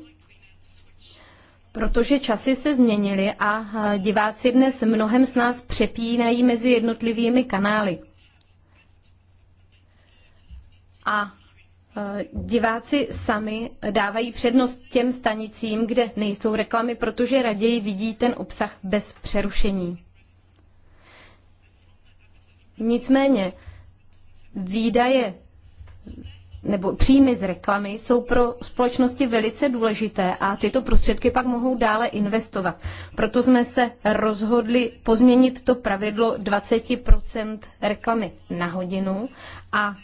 protože časy se změnily a eh, diváci dnes mnohem z nás přepínají mezi jednotlivými kanály. A diváci sami dávají přednost těm stanicím, kde nejsou reklamy, protože raději vidí ten obsah bez přerušení. Nicméně výdaje nebo příjmy z reklamy jsou pro společnosti velice důležité a tyto prostředky pak mohou dále investovat. Proto jsme se rozhodli pozměnit to pravidlo 20 reklamy na hodinu a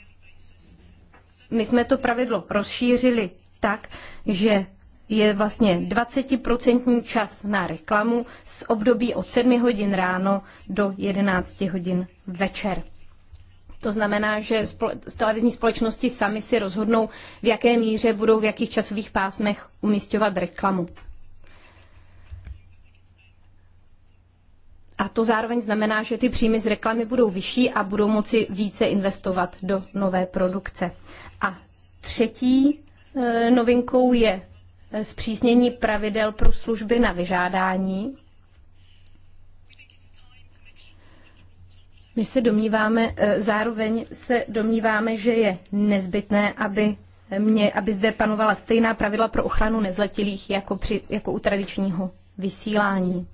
my jsme to pravidlo rozšířili tak, že je vlastně 20% čas na reklamu z období od 7 hodin ráno do 11 hodin večer. To znamená, že z televizní společnosti sami si rozhodnou, v jaké míře budou v jakých časových pásmech umístěvat reklamu. A to zároveň znamená, že ty příjmy z reklamy budou vyšší a budou moci více investovat do nové produkce. Třetí e, novinkou je e, zpřísnění pravidel pro služby na vyžádání. My se domníváme, e, zároveň se domníváme, že je nezbytné, aby, mě, aby zde panovala stejná pravidla pro ochranu nezletilých jako, při, jako u tradičního vysílání.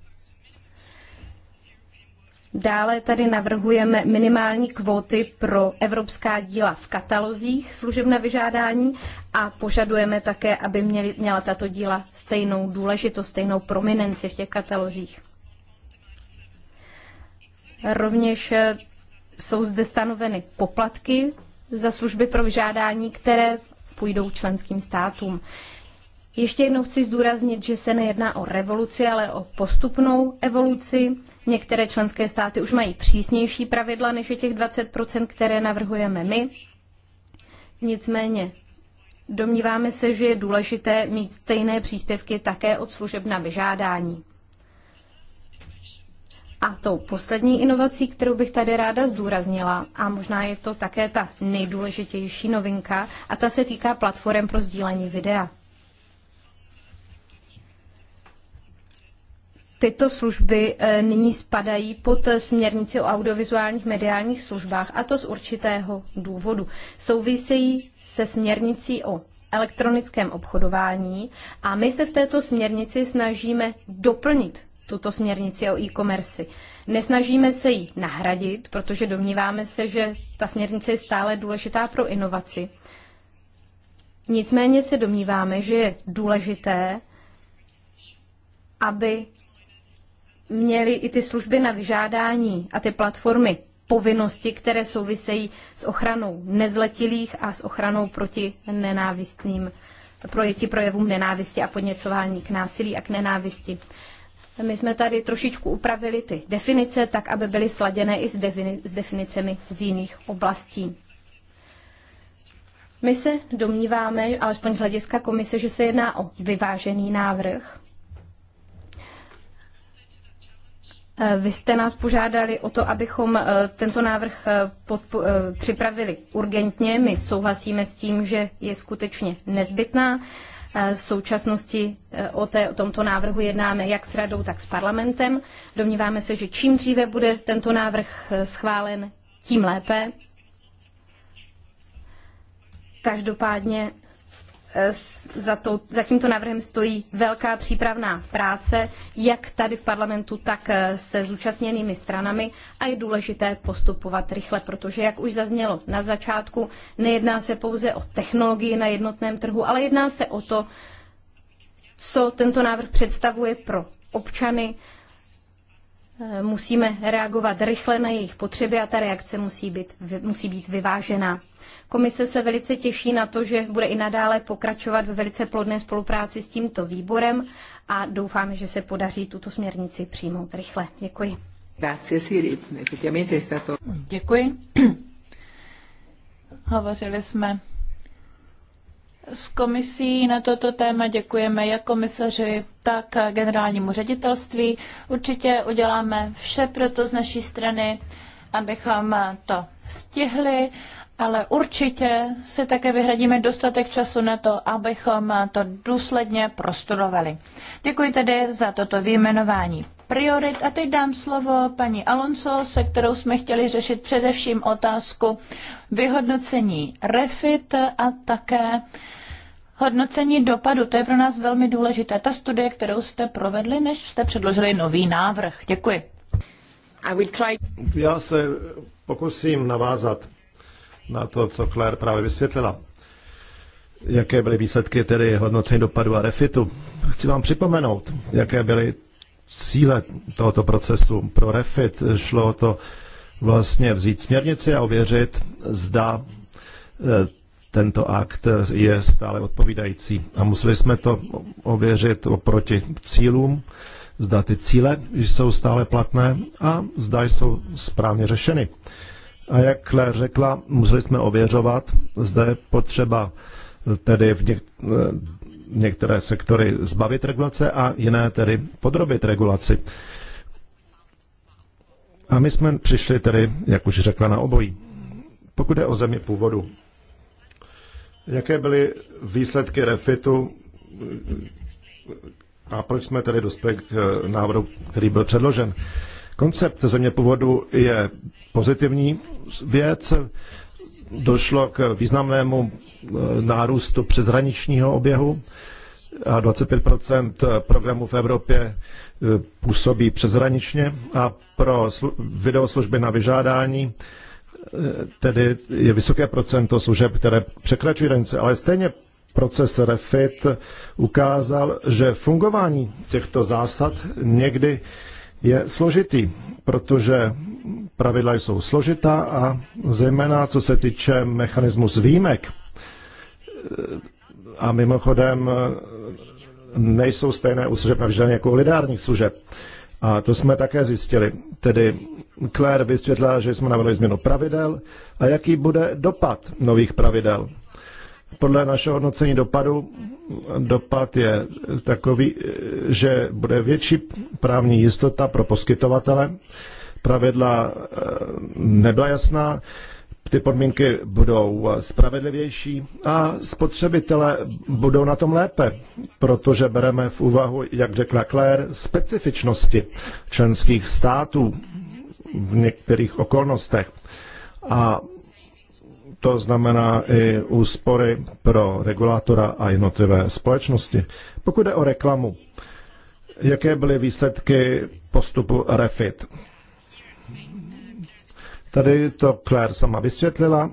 Dále tady navrhujeme minimální kvóty pro evropská díla v katalozích služeb na vyžádání a požadujeme také, aby měli, měla tato díla stejnou důležitost, stejnou prominenci v těch katalozích. Rovněž eh, jsou zde stanoveny poplatky za služby pro vyžádání, které půjdou členským státům. Ještě jednou chci zdůraznit, že se nejedná o revoluci, ale o postupnou evoluci Některé členské státy už mají přísnější pravidla než je těch 20 které navrhujeme my. Nicméně domníváme se, že je důležité mít stejné příspěvky také od služeb na vyžádání. A tou poslední inovací, kterou bych tady ráda zdůraznila, a možná je to také ta nejdůležitější novinka, a ta se týká platform pro sdílení videa. tyto služby eh, nyní spadají pod směrnici o audiovizuálních mediálních službách, a to z určitého důvodu. Souvisejí se směrnicí o elektronickém obchodování a my se v této směrnici snažíme doplnit tuto směrnici o e-commerce. Nesnažíme se ji nahradit, protože domníváme se, že ta směrnice je stále důležitá pro inovaci. Nicméně se domníváme, že je důležité, aby měly i ty služby na vyžádání a ty platformy povinnosti, které souvisejí s ochranou nezletilých a s ochranou proti nenávistným proti projevům nenávisti a podněcování k násilí a k nenávisti. My jsme tady trošičku upravili ty definice, tak aby byly sladěné i s, s definicemi z jiných oblastí. My se domníváme, alespoň z hlediska komise, že se jedná o vyvážený návrh, Eh, vy jste nás požádali o to, abychom eh, tento návrh eh, připravili urgentně. My souhlasíme s tím, že je skutečně nezbytná. V současnosti o, té, o tomto návrhu jednáme jak s radou, tak s parlamentem. Domníváme se, že čím dříve bude tento návrh schválen, tím lépe. Každopádně Eh, za, to, za tímto návrhem stojí velká přípravná práce, jak tady v parlamentu, tak eh, se zúčastněnými stranami a je důležité postupovat rychle, protože, jak už zaznělo na začátku, nejedná se pouze o technologii na jednotném trhu, ale jedná se o to, co tento návrh představuje pro občany, musíme reagovat rychle na jejich potřeby a ta reakce musí být, musí být vyvážená. Komise se velice těší na to, že bude i nadále pokračovat ve velice plodné spolupráci s tímto výborem a doufáme, že se podaří tuto směrnici přijmout rychle. Děkuji. Děkuji. Hovořili jsme s komisí na toto téma děkujeme jak komisaři, tak generálnímu ředitelství. Určitě uděláme vše pro to z naší strany, abychom to stihli, ale určitě si také vyhradíme dostatek času na to, abychom to důsledně prostudovali. Děkuji tedy za toto výjmenování priorit a teď dám slovo paní Alonso, se kterou jsme chtěli řešit především otázku vyhodnocení REFIT a také hodnocení dopadu, to je pro nás velmi důležité. Ta studie, kterou jste provedli, než jste předložili nový návrh. Děkuji. Try... Já se pokusím navázat na to, co Claire právě vysvětlila. Jaké byly výsledky tedy hodnocení dopadu a refitu? Chci vám připomenout, jaké byly cíle tohoto procesu pro refit. Šlo o to vlastně vzít směrnici a ověřit, zda eh, tento akt je stále odpovídající. A museli jsme to ověřit oproti cílům, zda ty cíle jsou stále platné a zda jsou správně řešeny. A jak Claire řekla, museli jsme ověřovat, zda je potřeba tedy v něk- některé sektory zbavit regulace a jiné tedy podrobit regulaci. A my jsme přišli tedy, jak už řekla, na obojí. Pokud je o zemi původu, Jaké byly výsledky refitu a proč jsme tedy dospěli k eh, návrhu, který byl předložen? Koncept země původu je pozitivní věc. Došlo k významnému eh, nárůstu přeshraničního oběhu a 25 programů v Evropě eh, působí přeshraničně a pro videoslužby na vyžádání tedy je vysoké procento služeb, které překračují hranice, ale stejně proces REFIT ukázal, že fungování těchto zásad někdy je složitý, protože pravidla jsou složitá a zejména co se týče mechanismus výjimek, a mimochodem nejsou stejné u služeb na jako u lidárních služeb. A to jsme také zjistili. Tedy Claire vysvětlila, že jsme navrhli změnu pravidel a jaký bude dopad nových pravidel. Podle našeho hodnocení dopadu, dopad je takový, že bude větší právní jistota pro poskytovatele. Pravidla eh, nebyla jasná ty podmínky budou spravedlivější a spotřebitele budou na tom lépe, protože bereme v úvahu, jak řekla Claire, specifičnosti členských států v některých okolnostech. A to znamená i úspory pro regulátora a jednotlivé společnosti. Pokud jde o reklamu, jaké byly výsledky postupu REFIT? Tady to Claire sama vysvětlila.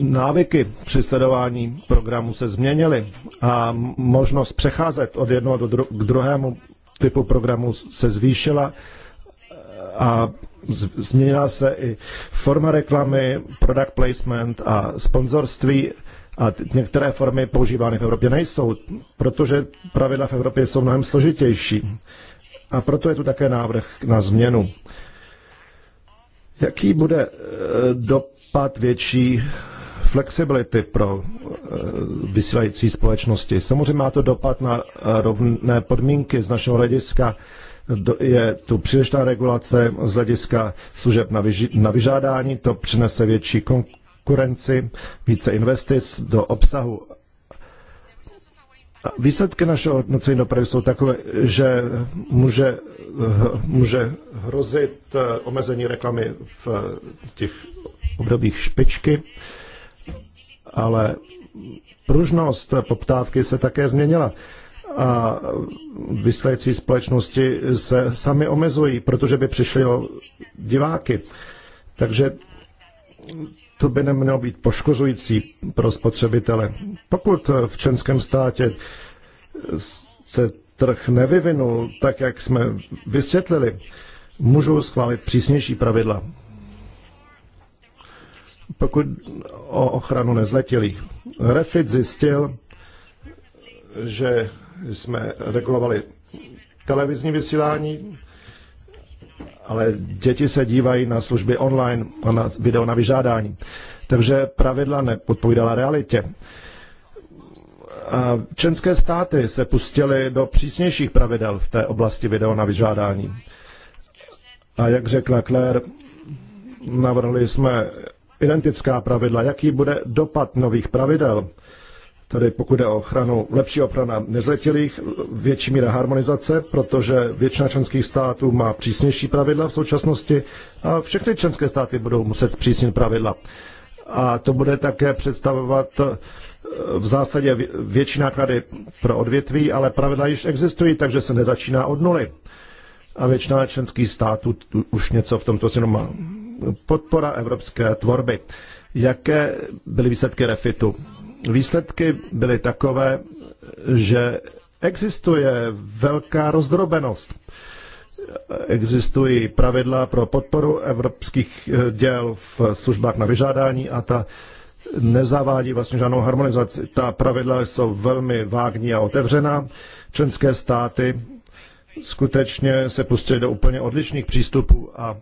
Návyky při sledování programu se změnily a možnost přecházet od jednoho do dru- k druhému typu programu se zvýšila a změnila se i forma reklamy, product placement a sponzorství a některé formy používány v Evropě nejsou, protože pravidla v Evropě jsou mnohem složitější. A proto je tu také návrh na změnu. Jaký bude eh, dopad větší flexibility pro eh, vysílající společnosti? Samozřejmě má to dopad na rovné podmínky z našeho hlediska. Je tu přílišná regulace z hlediska služeb na, vyži- na vyžádání, to přinese větší konkurenci, více investic do obsahu Výsledky našeho hodnocení dopravy jsou takové, že může, eh, může hrozit eh, omezení reklamy v eh, těch obdobích špičky, ale pružnost poptávky se také změnila a vysílající společnosti se sami omezují, protože by přišli o diváky. Takže to by nemělo být poškozující pro spotřebitele. Pokud v členském státě se trh nevyvinul tak, jak jsme vysvětlili, můžou schválit přísnější pravidla. Pokud o ochranu nezletilých. Refit zjistil, že jsme regulovali televizní vysílání, ale děti se dívají na služby online a na video na vyžádání. Takže pravidla nepodpovídala realitě. A členské státy se pustily do přísnějších pravidel v té oblasti video na vyžádání. A jak řekla Claire, navrhli jsme identická pravidla. Jaký bude dopad nových pravidel? Tedy pokud jde o ochranu, lepší ochrana nezletilých, větší míra harmonizace, protože většina členských států má přísnější pravidla v současnosti a všechny členské státy budou muset zpřísnit pravidla. A to bude také představovat eh, v zásadě větší náklady pro odvětví, ale pravidla již existují, takže se nezačíná od nuly. A většina členských států už něco v tomto směru má. Podpora evropské tvorby. Jaké byly výsledky refitu? výsledky byly takové, že existuje velká rozdrobenost. Existují pravidla pro podporu evropských eh, děl v službách na vyžádání a ta nezavádí vlastně žádnou harmonizaci. Ta pravidla jsou velmi vágní a otevřená. Členské státy skutečně se pustily do úplně odlišných přístupů a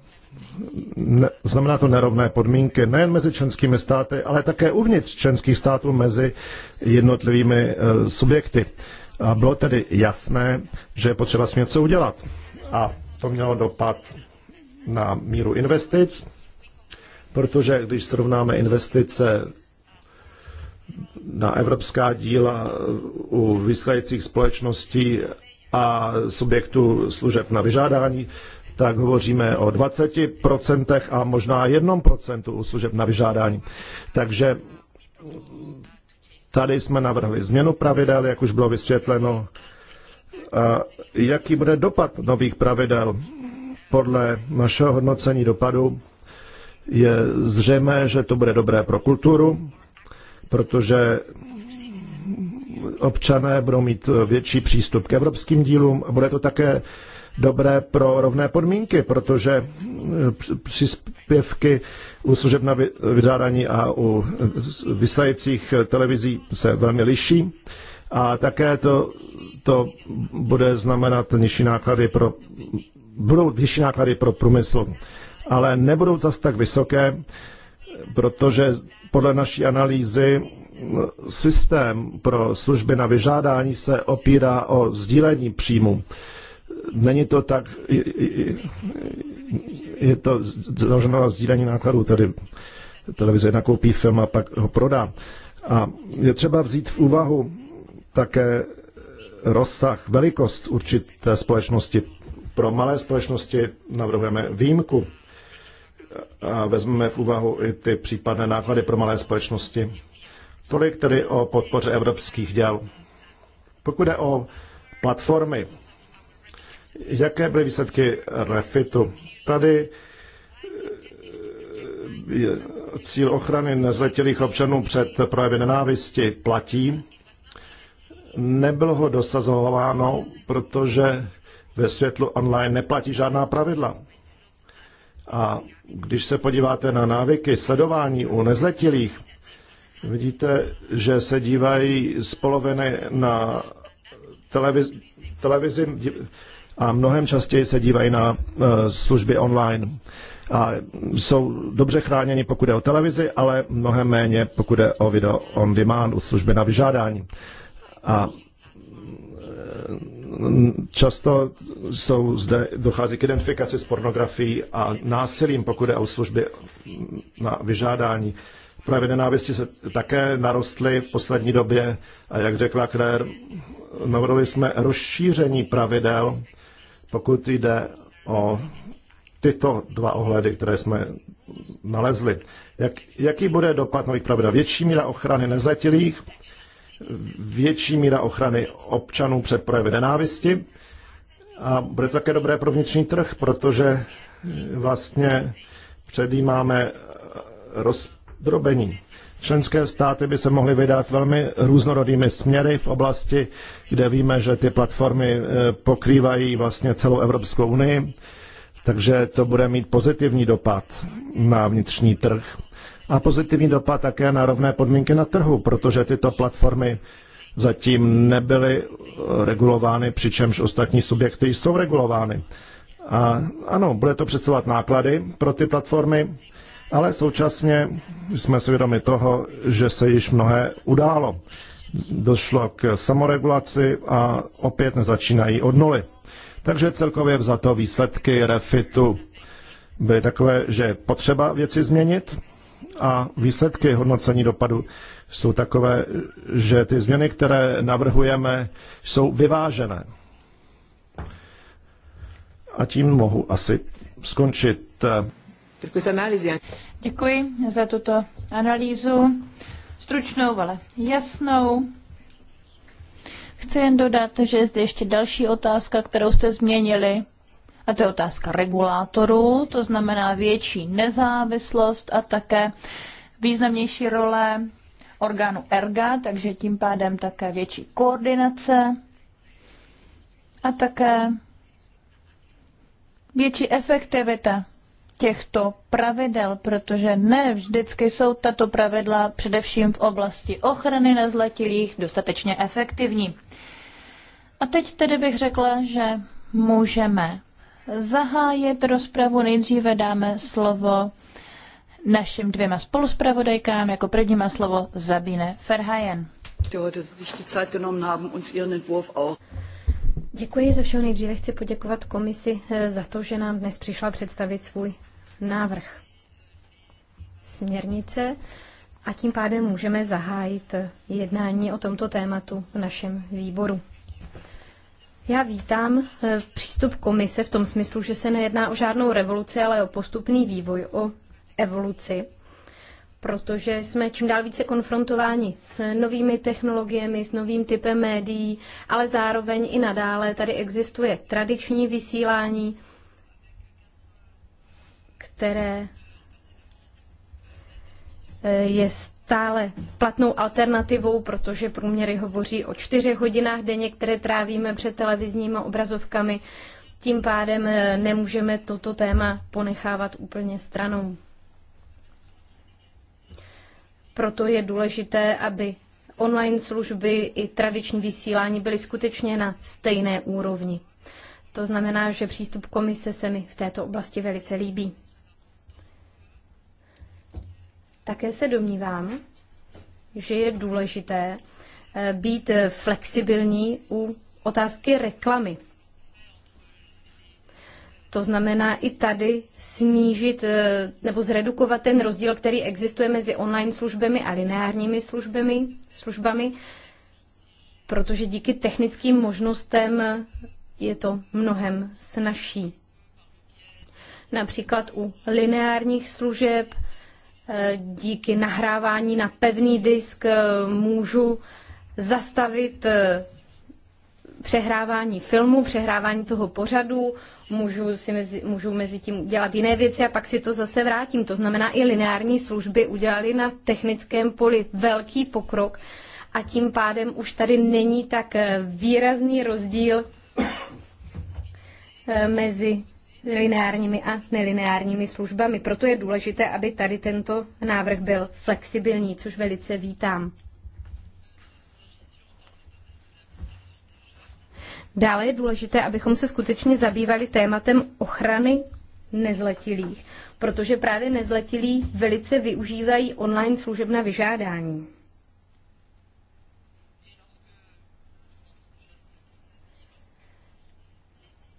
znamená to nerovné podmínky nejen mezi členskými státy, ale také uvnitř členských států mezi jednotlivými eh, subjekty. A bylo tedy jasné, že je potřeba s něco udělat. A to mělo dopad na míru investic, protože když srovnáme investice na evropská díla eh, u vysílajících společností a subjektů služeb na vyžádání, tak hovoříme o 20% a možná 1% u služeb na vyžádání. Takže tady jsme navrhli změnu pravidel, jak už bylo vysvětleno. A jaký bude dopad nových pravidel? Podle našeho hodnocení dopadu je zřejmé, že to bude dobré pro kulturu, protože občané budou mít větší přístup k evropským dílům a bude to také dobré pro rovné podmínky, protože eh, příspěvky u služeb na vydárání a u vysílajících televizí se velmi liší. A také to, to bude znamenat nižší náklady pro, budou nižší náklady pro průmysl, ale nebudou zas tak vysoké, protože podle naší analýzy eh, systém pro služby na vyžádání se opírá o sdílení příjmu. Není to tak, je to založeno na sdílení nákladů, tedy televize nakoupí film a pak ho prodá. A je třeba vzít v úvahu také rozsah, velikost určité společnosti. Pro malé společnosti navrhujeme výjimku a vezmeme v úvahu i ty případné náklady pro malé společnosti. Tolik tedy o podpoře evropských děl. Pokud je o platformy, Jaké byly výsledky refitu? Tady eh, cíl ochrany nezletilých občanů před projevy nenávisti platí. Nebylo ho dosazováno, protože ve světlu online neplatí žádná pravidla. A když se podíváte na návyky sledování u nezletilých, vidíte, že se dívají z poloviny na televizi, televizi a mnohem častěji se dívají na eh, služby online. A jsou dobře chráněni, pokud je o televizi, ale mnohem méně, pokud je o video on demand, o služby na vyžádání. A eh, často jsou zde, dochází k identifikaci s pornografií a násilím, pokud je o služby na vyžádání. Právě nenávisti se také narostly v poslední době a jak řekla Claire, navrhli jsme rozšíření pravidel pokud jde o tyto dva ohledy, které jsme nalezli. Jak, jaký bude dopad nových pravidel? Větší míra ochrany nezletilých, větší míra ochrany občanů před projevy nenávisti a bude to také dobré pro vnitřní trh, protože vlastně předjímáme rozdrobení Členské státy by se mohly vydat velmi různorodými směry v oblasti, kde víme, že ty platformy eh, pokrývají vlastně celou Evropskou unii, takže to bude mít pozitivní dopad na vnitřní trh a pozitivní dopad také na rovné podmínky na trhu, protože tyto platformy zatím nebyly eh, regulovány, přičemž ostatní subjekty jsou regulovány. A ano, bude to představovat náklady pro ty platformy, ale současně jsme si vědomi toho, že se již mnohé událo. Došlo k samoregulaci a opět nezačínají od nuly. Takže celkově vzato výsledky refitu byly takové, že je potřeba věci změnit a výsledky hodnocení dopadu jsou takové, že ty změny, které navrhujeme, jsou vyvážené. A tím mohu asi skončit. Děkuji za tuto analýzu. Stručnou, ale jasnou. Chci jen dodat, že je zde ještě další otázka, kterou jste změnili, a to je otázka regulátorů, to znamená větší nezávislost a také významnější role orgánu ERGA, takže tím pádem také větší koordinace a také větší efektivita těchto pravidel, protože ne vždycky jsou tato pravidla především v oblasti ochrany nezletilých dostatečně efektivní. A teď tedy bych řekla, že můžeme zahájit rozpravu. Nejdříve dáme slovo našim dvěma spoluspravodajkám. Jako první má slovo Zabine Ferhajen. Děkuji za všeho. Nejdříve chci poděkovat komisi eh, za to, že nám dnes přišla představit svůj návrh směrnice a tím pádem můžeme zahájit jednání o tomto tématu v našem výboru. Já vítám eh, přístup komise v tom smyslu, že se nejedná o žádnou revoluci, ale o postupný vývoj, o evoluci, protože jsme čím dál více konfrontováni s novými technologiemi, s novým typem médií, ale zároveň i nadále tady existuje tradiční vysílání, které eh, je stále platnou alternativou, protože průměry hovoří o čtyřech hodinách denně, které trávíme před televizními obrazovkami. Tím pádem eh, nemůžeme toto téma ponechávat úplně stranou. Proto je důležité, aby online služby i tradiční vysílání byly skutečně na stejné úrovni. To znamená, že přístup komise se mi v této oblasti velice líbí. Také se domnívám, že je důležité eh, být flexibilní u otázky reklamy. To znamená i tady snížit eh, nebo zredukovat ten rozdíl, který existuje mezi online službami a lineárními službami, službami protože díky technickým možnostem eh, je to mnohem snažší. Například u lineárních služeb díky nahrávání na pevný disk eh, můžu zastavit eh, přehrávání filmu, přehrávání toho pořadu, můžu, si mezi, můžu mezi tím dělat jiné věci a pak si to zase vrátím. To znamená, i lineární služby udělali na technickém poli velký pokrok a tím pádem už tady není tak eh, výrazný rozdíl mezi lineárními a nelineárními službami. Proto je důležité, aby tady tento návrh byl flexibilní, což velice vítám. Dále je důležité, abychom se skutečně zabývali tématem ochrany nezletilých, protože právě nezletilí velice využívají online služeb na vyžádání.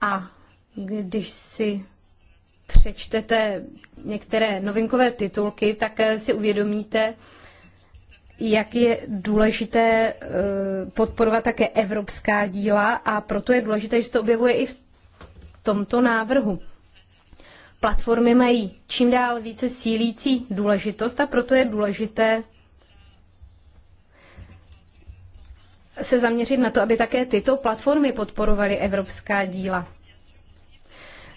A když si přečtete některé novinkové titulky, tak eh, si uvědomíte, jak je důležité eh, podporovat také evropská díla a proto je důležité, že se to objevuje i v tomto návrhu. Platformy mají čím dál více sílící důležitost a proto je důležité se zaměřit na to, aby také tyto platformy podporovaly evropská díla.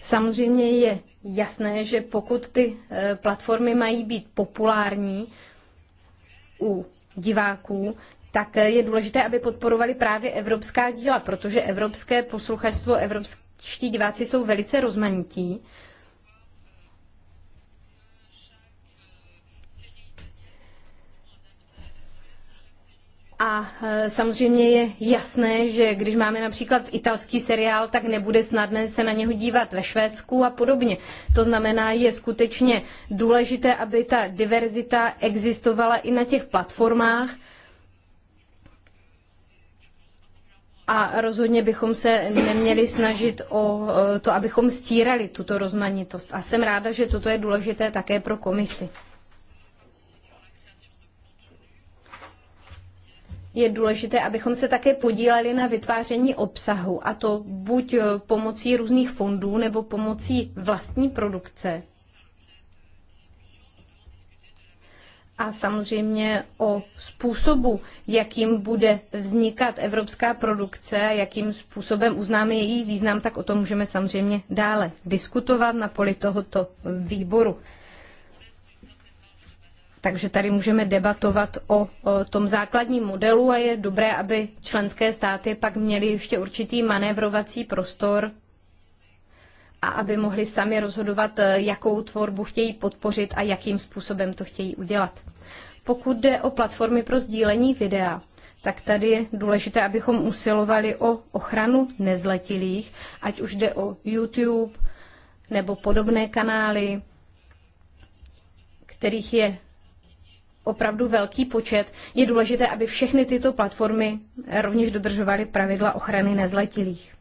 Samozřejmě je jasné, že pokud ty eh, platformy mají být populární u diváků, tak eh, je důležité, aby podporovali právě evropská díla, protože evropské posluchačstvo, evropští diváci jsou velice rozmanití A e, samozřejmě je jasné, že když máme například italský seriál, tak nebude snadné se na něho dívat ve Švédsku a podobně. To znamená, je skutečně důležité, aby ta diverzita existovala i na těch platformách. A rozhodně bychom se neměli snažit o e, to, abychom stírali tuto rozmanitost. A jsem ráda, že toto je důležité také pro komisi. je důležité, abychom se také podíleli na vytváření obsahu, a to buď eh, pomocí různých fondů nebo pomocí vlastní produkce. A samozřejmě o způsobu, jakým bude vznikat evropská produkce, jakým způsobem uznáme její význam, tak o tom můžeme samozřejmě dále diskutovat na poli tohoto výboru. Takže tady můžeme debatovat o, o tom základním modelu a je dobré, aby členské státy pak měly ještě určitý manévrovací prostor a aby mohli sami rozhodovat, e, jakou tvorbu chtějí podpořit a jakým způsobem to chtějí udělat. Pokud jde o platformy pro sdílení videa, tak tady je důležité, abychom usilovali o ochranu nezletilých, ať už jde o YouTube nebo podobné kanály, kterých je opravdu velký počet, je důležité, aby všechny tyto platformy rovněž dodržovaly pravidla ochrany nezletilých.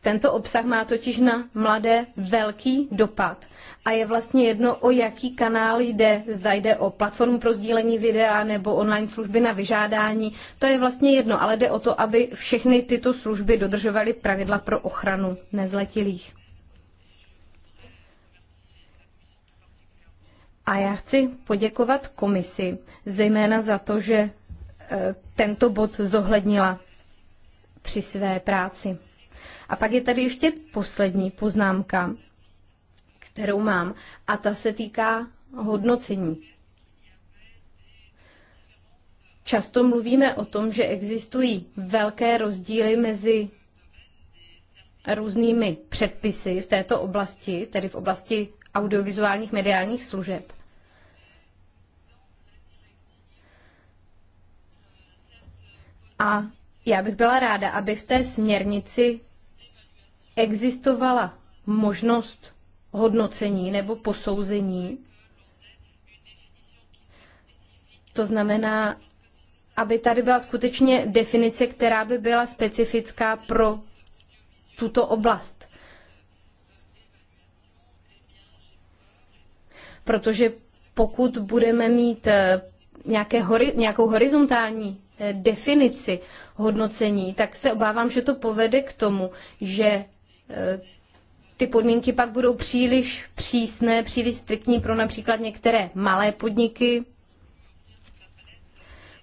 Tento obsah má totiž na mladé velký dopad a je vlastně jedno, o jaký kanál jde, zda jde o platformu pro sdílení videa nebo online služby na vyžádání, to je vlastně jedno, ale jde o to, aby všechny tyto služby dodržovaly pravidla pro ochranu nezletilých. A já chci poděkovat komisi, zejména za to, že e, tento bod zohlednila při své práci. A pak je tady ještě poslední poznámka, kterou mám, a ta se týká hodnocení. Často mluvíme o tom, že existují velké rozdíly mezi různými předpisy v této oblasti, tedy v oblasti audiovizuálních mediálních služeb. A já bych byla ráda, aby v té směrnici existovala možnost hodnocení nebo posouzení. To znamená, aby tady byla skutečně definice, která by byla specifická pro tuto oblast. Protože pokud budeme mít eh, nějaké hori, nějakou horizontální eh, definici hodnocení, tak se obávám, že to povede k tomu, že eh, ty podmínky pak budou příliš přísné, příliš striktní pro například některé malé podniky,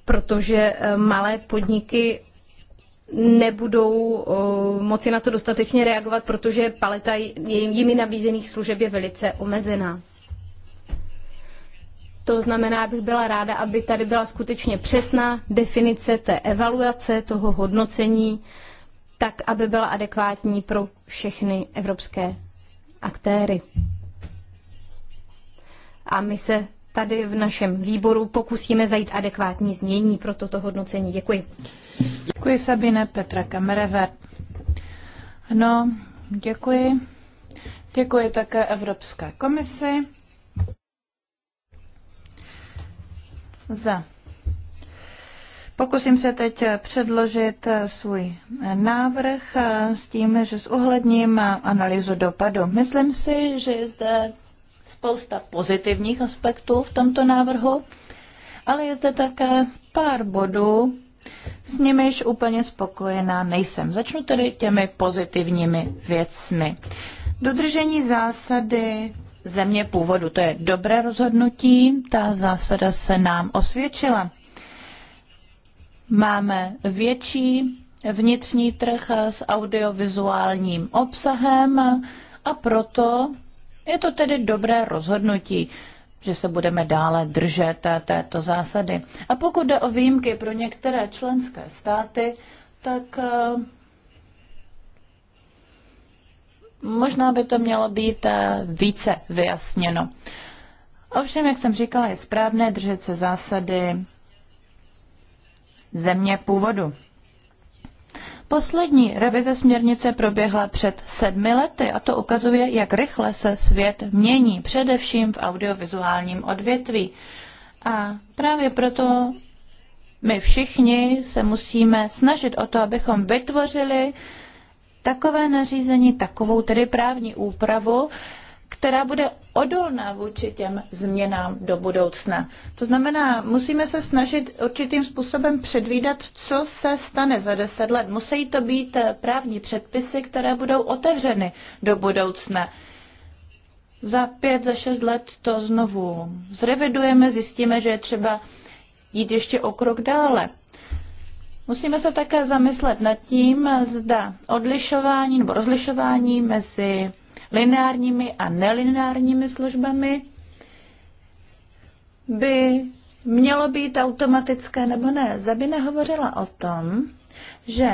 protože eh, malé podniky nebudou moci na to dostatečně reagovat, protože paleta jimi nabízených služeb je velice omezená. To znamená, bych byla ráda, aby tady byla skutečně přesná definice té evaluace, toho hodnocení, tak, aby byla adekvátní pro všechny evropské aktéry. A my se tady v našem výboru pokusíme zajít adekvátní změní pro toto hodnocení. Děkuji. Děkuji Sabine Petra Kamereve. No, děkuji. Děkuji také Evropské komisi za. Pokusím se teď předložit svůj návrh s tím, že s ohledním analýzu dopadu. Myslím si, že je zde spousta pozitivních aspektů v tomto návrhu, ale je zde také pár bodů, s nimiž úplně spokojená nejsem. Začnu tedy těmi pozitivními věcmi. Dodržení zásady země původu. To je dobré rozhodnutí, ta zásada se nám osvědčila. Máme větší vnitřní trh s audiovizuálním obsahem a proto je to tedy dobré rozhodnutí, že se budeme dále držet této zásady. A pokud jde o výjimky pro některé členské státy, tak eh, Možná by to mělo být eh, více vyjasněno. Ovšem, jak jsem říkala, je správné držet se zásady země původu. Poslední revize směrnice proběhla před sedmi lety a to ukazuje, jak rychle se svět mění, především v audiovizuálním odvětví. A právě proto my všichni se musíme snažit o to, abychom vytvořili uh, takové nařízení, takovou tedy právní úpravu, která bude odolná vůči těm změnám do budoucna. To znamená, musíme se snažit určitým způsobem předvídat, co se stane za deset let. Musí to být eh, právní předpisy, které budou otevřeny do budoucna. Za pět, za šest let to znovu zrevidujeme, zjistíme, že je třeba jít ještě o krok dále. Musíme se také zamyslet nad tím, zda odlišování nebo rozlišování mezi lineárními a nelineárními službami by mělo být automatické nebo ne. Zabina hovořila o tom, že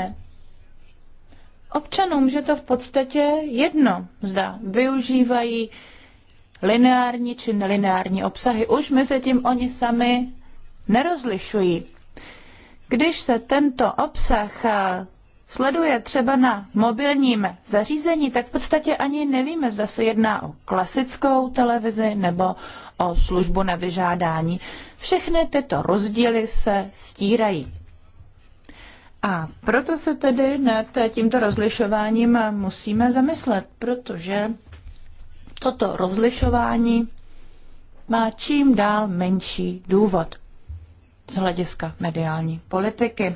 občanům, že to v podstatě jedno, zda využívají lineární či nelineární obsahy. Už mezi tím oni sami nerozlišují. Když se tento obsah eh, sleduje třeba na mobilním zařízení, tak v podstatě ani nevíme, zda se jedná o klasickou televizi nebo o službu na vyžádání. Všechny tyto rozdíly se stírají. A proto se tedy nad tímto rozlišováním musíme zamyslet, protože toto rozlišování má čím dál menší důvod z hlediska mediální politiky.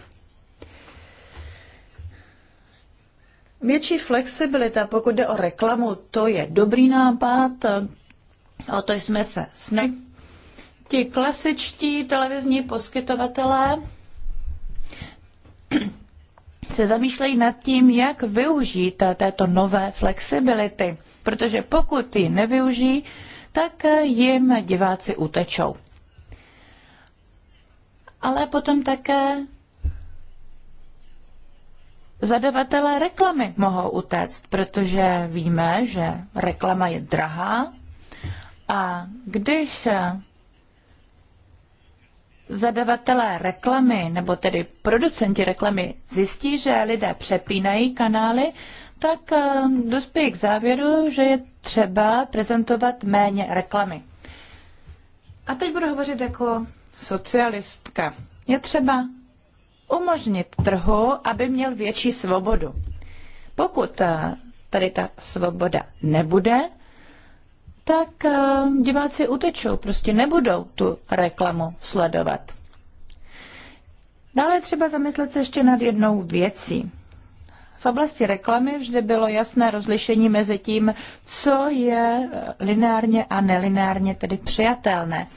Větší flexibilita, pokud jde o reklamu, to je dobrý nápad, o to jsme se snažili. Ti klasičtí televizní poskytovatelé se zamýšlejí nad tím, jak využít této nové flexibility, protože pokud ji nevyužijí, tak jim diváci utečou ale potom také zadavatelé reklamy mohou utéct, protože víme, že reklama je drahá a když zadavatelé reklamy, nebo tedy producenti reklamy, zjistí, že lidé přepínají kanály, tak eh, dospějí k závěru, že je třeba prezentovat méně reklamy. A teď budu hovořit jako socialistka. Je třeba umožnit trhu, aby měl větší svobodu. Pokud eh, tady ta svoboda nebude, tak eh, diváci utečou, prostě nebudou tu reklamu sledovat. Dále třeba zamyslet se ještě nad jednou věcí. V oblasti reklamy vždy bylo jasné rozlišení mezi tím, co je eh, lineárně a nelineárně tedy přijatelné.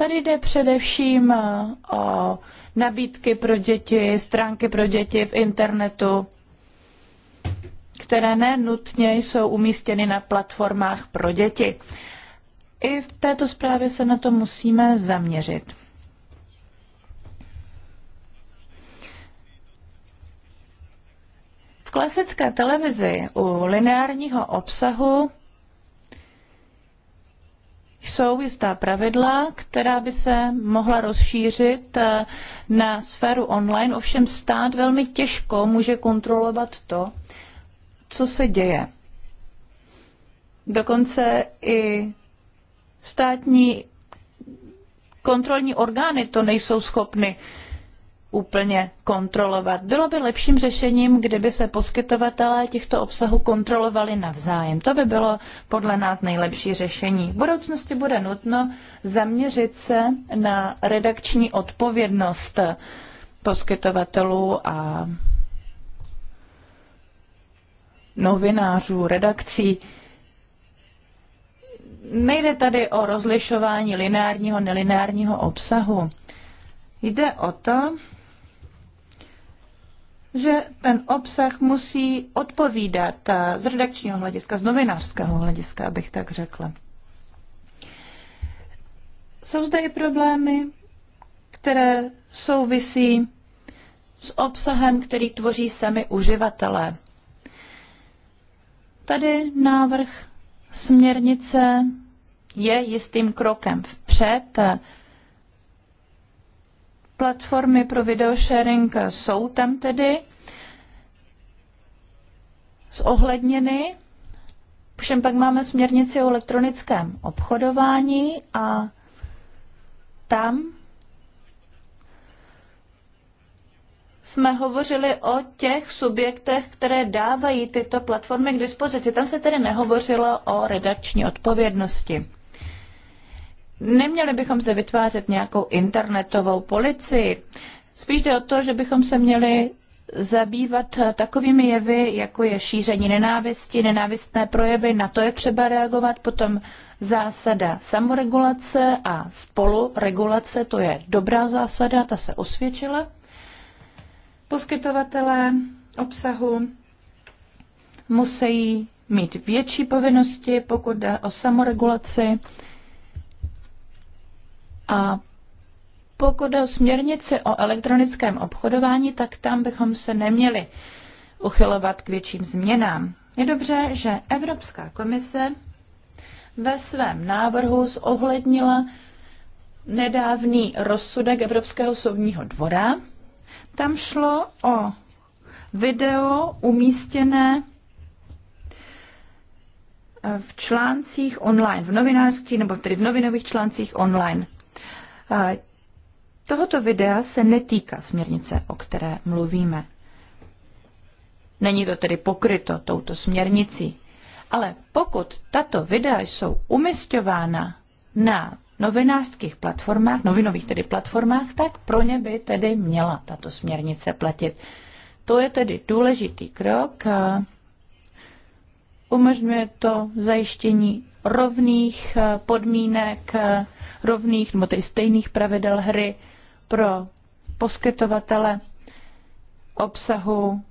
Tady jde především eh, o nabídky pro děti, stránky pro děti v internetu, které nenutně jsou umístěny na platformách pro děti. I v této zprávě se na to musíme zaměřit. V klasické televizi u lineárního obsahu jsou jistá pravidla, která by se mohla rozšířit eh, na sféru online, ovšem stát velmi těžko může kontrolovat to, co se děje. Dokonce i státní kontrolní orgány to nejsou schopny úplně kontrolovat. Bylo by lepším řešením, kdyby se poskytovatelé těchto obsahů kontrolovali navzájem. To by bylo podle nás nejlepší řešení. V budoucnosti bude nutno zaměřit se na redakční odpovědnost poskytovatelů a novinářů, redakcí. Nejde tady o rozlišování lineárního, nelineárního obsahu. Jde o to, že ten obsah musí odpovídat eh, z redakčního hlediska, z novinářského hlediska, abych tak řekla. Jsou zde i problémy, které souvisí s obsahem, který tvoří sami uživatelé. Tady návrh směrnice je jistým krokem vpřed, Platformy pro videosharing jsou tam tedy zohledněny. Všem pak máme směrnici o elektronickém obchodování a tam jsme hovořili o těch subjektech, které dávají tyto platformy k dispozici. Tam se tedy nehovořilo o redakční odpovědnosti. Neměli bychom zde vytvářet nějakou internetovou policii. Spíš jde o to, že bychom se měli zabývat takovými jevy, jako je šíření nenávisti, nenávistné projevy, na to je třeba reagovat, potom zásada samoregulace a spoluregulace, to je dobrá zásada, ta se osvědčila. Poskytovatelé obsahu musí mít větší povinnosti, pokud jde o samoregulaci a pokud o směrnici o elektronickém obchodování, tak tam bychom se neměli uchylovat k větším změnám. Je dobře, že Evropská komise ve svém návrhu zohlednila nedávný rozsudek Evropského soudního dvora. Tam šlo o video umístěné v článcích online, v novinářských nebo tedy v novinových článcích online. Tohoto videa se netýká směrnice, o které mluvíme. Není to tedy pokryto touto směrnicí. Ale pokud tato videa jsou umistována na novinářských platformách, novinových tedy platformách, tak pro ně by tedy měla tato směrnice platit. To je tedy důležitý krok. umožňuje to zajištění rovných eh, podmínek eh, rovných nebo tedy stejných pravidel hry pro poskytovatele obsahu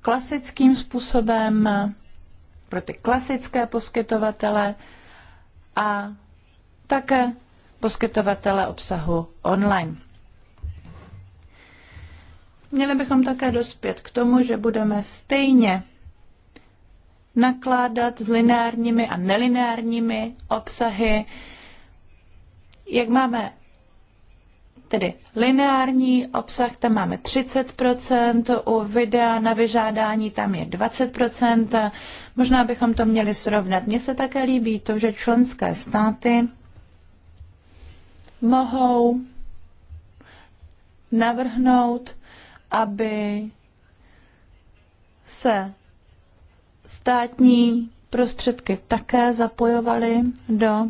klasickým způsobem pro ty klasické poskytovatele a také poskytovatele obsahu online. Měli bychom také dospět k tomu, že budeme stejně nakládat s lineárními a nelineárními obsahy, jak máme tedy lineární obsah, tam máme 30%, u videa na vyžádání tam je 20%. Možná bychom to měli srovnat. Mně se také líbí to, že členské státy mohou navrhnout, aby se státní prostředky také zapojovaly do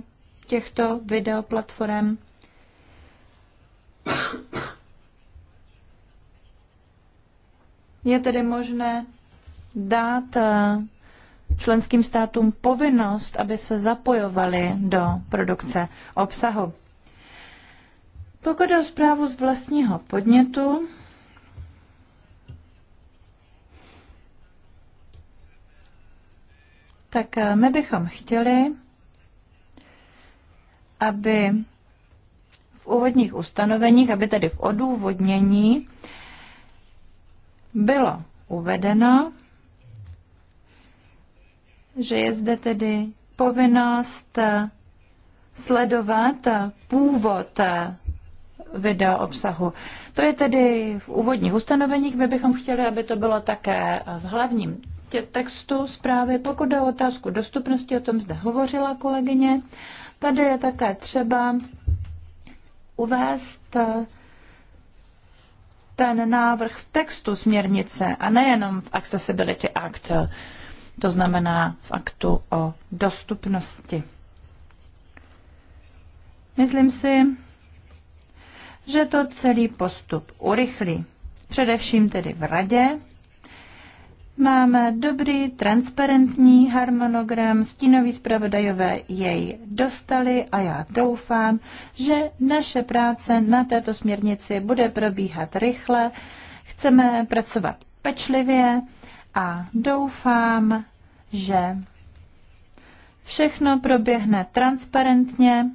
těchto videoplatform. Je tedy možné dát eh, členským státům povinnost, aby se zapojovali do produkce obsahu. Pokud je o zprávu z vlastního podnětu, tak eh, my bychom chtěli, aby v úvodních ustanoveních, aby tedy v odůvodnění bylo uvedeno, že je zde tedy povinnost eh, sledovat eh, původ video obsahu. To je tedy v úvodních ustanoveních, my bychom chtěli, aby to bylo také v hlavním textu zprávy. Pokud jde o otázku dostupnosti, o tom zde hovořila kolegyně, tady je také třeba uvést eh, ten návrh v textu směrnice a nejenom v Accessibility Act, to znamená v aktu o dostupnosti. Myslím si, že to celý postup urychlí. Především tedy v radě, Máme dobrý, transparentní harmonogram, stínoví zpravodajové jej dostali a já doufám, že naše práce na této směrnici bude probíhat rychle. Chceme pracovat pečlivě a doufám, že všechno proběhne transparentně,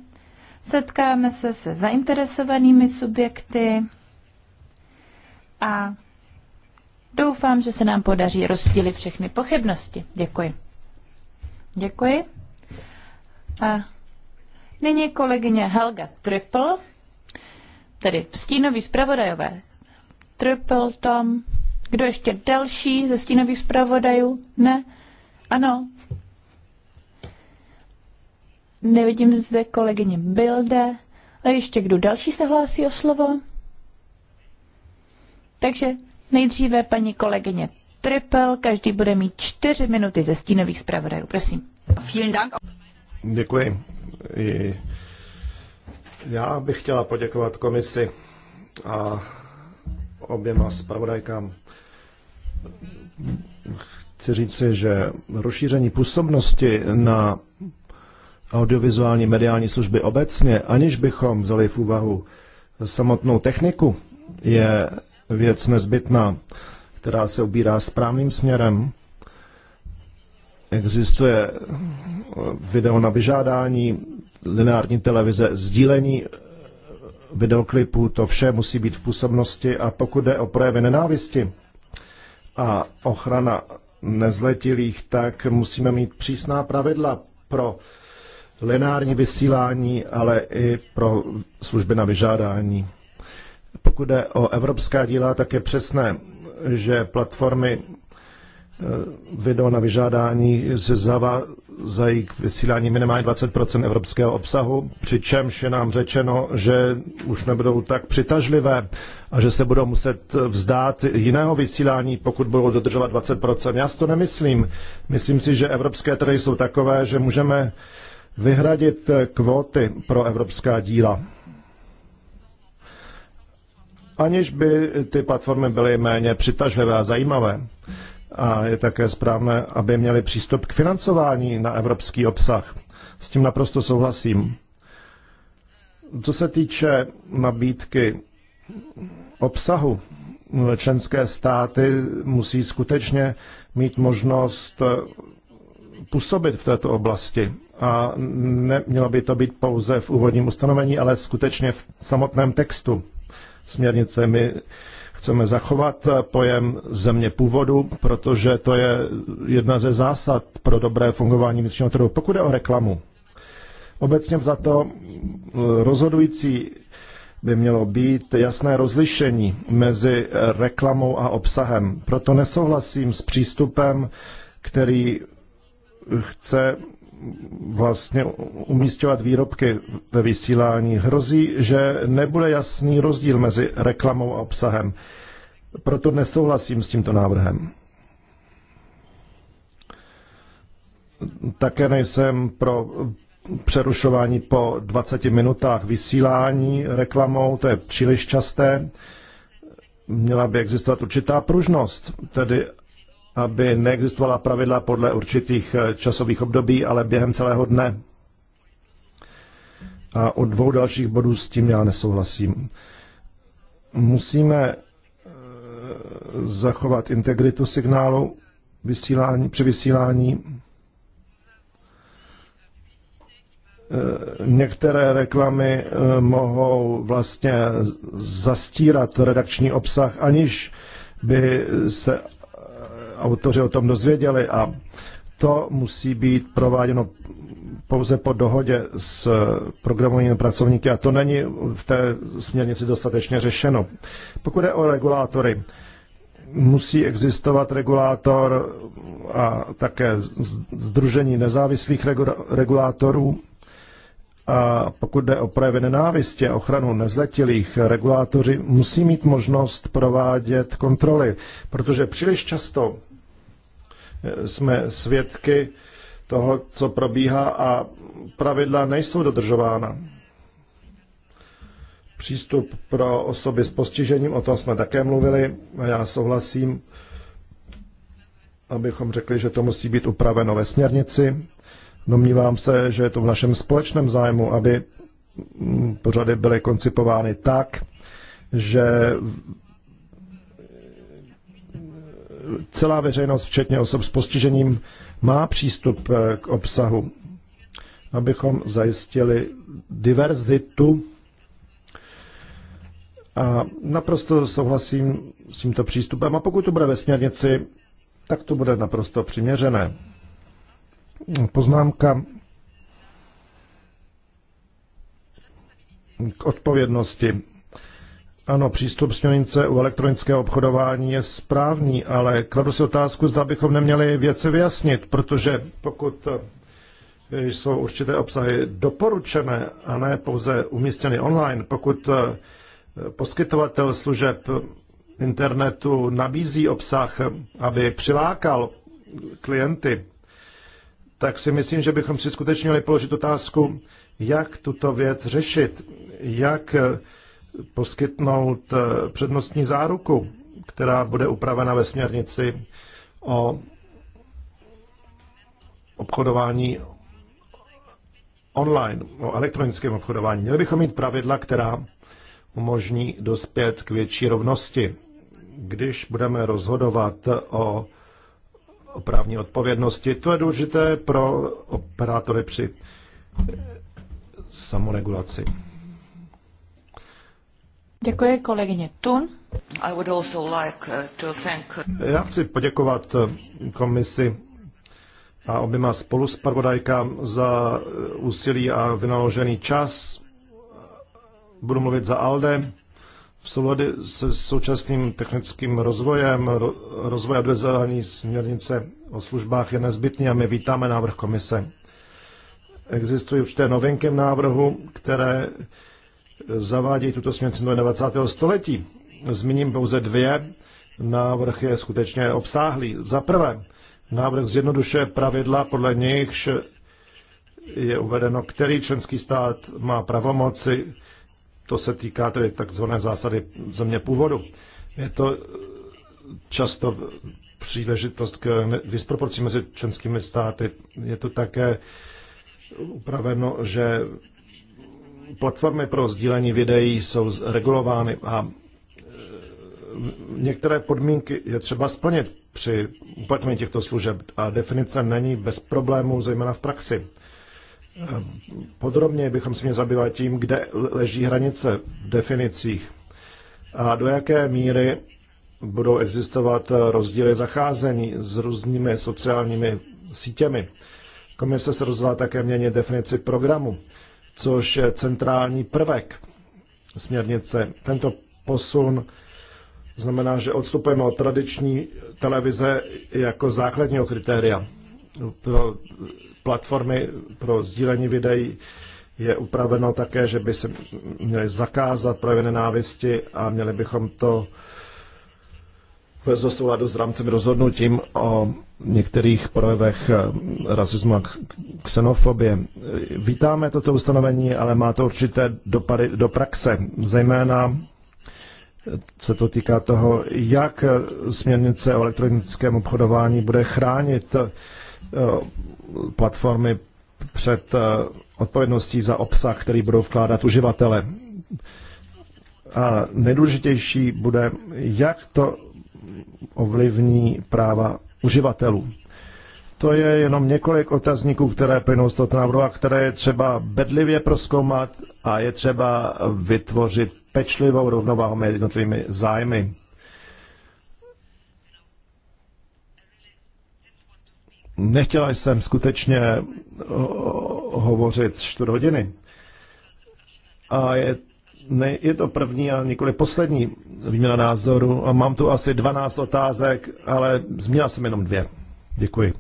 setkáme se se zainteresovanými subjekty a Doufám, že se nám podaří rozdělit všechny pochybnosti. Děkuji. Děkuji. A nyní kolegyně Helga Triple, tedy stínový zpravodajové. Triple Tom. Kdo ještě další ze stínových zpravodajů? Ne? Ano. Nevidím zde kolegyně Bilde. A ještě kdo další se hlásí o slovo? Takže Nejdříve paní kolegyně Triple, každý bude mít čtyři minuty ze stínových zpravodajů. Prosím. Děkuji. Já bych chtěla poděkovat komisi a oběma zpravodajkám. Chci říci, že rozšíření působnosti na audiovizuální mediální služby obecně, aniž bychom vzali v úvahu samotnou techniku, je věc nezbytná, která se ubírá správným směrem. Existuje eh, video na vyžádání, lineární televize, sdílení eh, videoklipů, to vše musí být v působnosti a pokud jde o projevy nenávisti a ochrana nezletilých, tak musíme mít přísná pravidla pro lineární vysílání, ale i pro služby na vyžádání. Pokud jde o evropská díla, tak je přesné, že platformy eh, video na vyžádání se zavázají k vysílání minimálně 20% evropského obsahu, přičemž je nám řečeno, že už nebudou tak přitažlivé a že se budou muset vzdát jiného vysílání, pokud budou dodržovat 20%. Já si to nemyslím. Myslím si, že evropské trhy jsou takové, že můžeme vyhradit kvóty pro evropská díla aniž by ty platformy byly méně přitažlivé a zajímavé. A je také správné, aby měli přístup k financování na evropský obsah. S tím naprosto souhlasím. Co se týče nabídky obsahu, členské státy musí skutečně mít možnost působit v této oblasti. A nemělo by to být pouze v úvodním ustanovení, ale skutečně v samotném textu směrnice. My chceme zachovat pojem země původu, protože to je jedna ze zásad pro dobré fungování vnitřního trhu. Pokud je o reklamu, obecně to rozhodující by mělo být jasné rozlišení mezi reklamou a obsahem. Proto nesouhlasím s přístupem, který chce vlastně umístěvat výrobky ve vysílání. Hrozí, že nebude jasný rozdíl mezi reklamou a obsahem. Proto nesouhlasím s tímto návrhem. Také nejsem pro přerušování po 20 minutách vysílání reklamou, to je příliš časté. Měla by existovat určitá pružnost, tedy aby neexistovala pravidla podle určitých eh, časových období, ale během celého dne. A od dvou dalších bodů s tím já nesouhlasím. Musíme eh, zachovat integritu signálu vysílání, při vysílání. Eh, některé reklamy mohou vlastně zastírat redakční obsah, aniž by se autoři o tom dozvěděli a to musí být prováděno pouze po dohodě s programovými pracovníky a to není v té směrnici dostatečně řešeno. Pokud je o regulátory, musí existovat regulátor a také združení nezávislých regulátorů. A pokud jde o projevy nenávistě a ochranu nezletilých, regulátoři musí mít možnost provádět kontroly, protože příliš často jsme svědky toho, co probíhá a pravidla nejsou dodržována. Přístup pro osoby s postižením, o tom jsme také mluvili a já souhlasím, abychom řekli, že to musí být upraveno ve směrnici. Domnívám se, že je to v našem společném zájmu, aby pořady byly koncipovány tak, že celá veřejnost, včetně osob s postižením, má přístup eh, k obsahu, abychom zajistili diverzitu. A naprosto souhlasím s tímto přístupem. A pokud to bude ve směrnici, tak to bude naprosto přiměřené. Poznámka k odpovědnosti ano, přístup směrnice u elektronického obchodování je správný, ale kladu si otázku, zda bychom neměli věci vyjasnit, protože pokud eh, jsou určité obsahy doporučené a ne pouze umístěny online, pokud eh, poskytovatel služeb internetu nabízí obsah, aby přilákal klienty, tak si myslím, že bychom si skutečně měli položit otázku, jak tuto věc řešit, jak eh, poskytnout eh, přednostní záruku, která bude upravena ve směrnici o obchodování online, o elektronickém obchodování. Měli bychom mít pravidla, která umožní dospět k větší rovnosti, když budeme rozhodovat o, o právní odpovědnosti. To je důležité pro operátory při samoregulaci. Děkuji kolegyně Tun. I would also like uh, to thank... Uh, Já chci poděkovat uh, komisi a oběma spolu s za úsilí a vynaložený čas. Budu mluvit za ALDE. V souladu se současným technickým rozvojem, rozvoj odvezání směrnice o službách je nezbytný a my vítáme návrh komise. Existují určité novinky v návrhu, které Zavádí tuto směrnici do 20. století. Zmíním pouze dvě. Návrh je skutečně obsáhlý. Za prvé, návrh zjednodušuje pravidla, podle nichž je uvedeno, který členský stát má pravomoci. To se týká tedy takzvané zásady země původu. Je to často příležitost k disproporci mezi členskými státy. Je to také upraveno, že platformy pro sdílení videí jsou regulovány a e, některé podmínky je třeba splnit při uplatnění těchto služeb a definice není bez problémů, zejména v praxi. E, podrobně bychom se měli zabývat tím, kde leží hranice v definicích a do jaké míry budou existovat rozdíly zacházení s různými sociálními sítěmi. Komise se rozhodla také měnit definici programu což je centrální prvek směrnice. Tento posun znamená, že odstupujeme od tradiční televize jako základního kritéria. Pro platformy pro sdílení videí je upraveno také, že by se měly zakázat projevy nenávisti a měli bychom to do souladu s rámcem rozhodnutím o některých projevech eh, rasismu a ksenofobie. Vítáme toto ustanovení, ale má to určité dopady do praxe. Zejména eh, se to týká toho, jak eh, směrnice o elektronickém obchodování bude chránit platformy před odpovědností za obsah, který budou vkládat uživatele. A nejdůležitější bude, jak to ovlivní práva uživatelů. To je jenom několik otazníků, které plynou z toho návrhu a které je třeba bedlivě proskoumat a je třeba vytvořit pečlivou rovnováhu mezi jednotlivými zájmy. Nechtěla jsem skutečně hovořit 4 hodiny. A je ne, je to první a nikoli poslední výměna názoru a mám tu asi 12 otázek, ale zmínila jsem jenom dvě. Děkuji.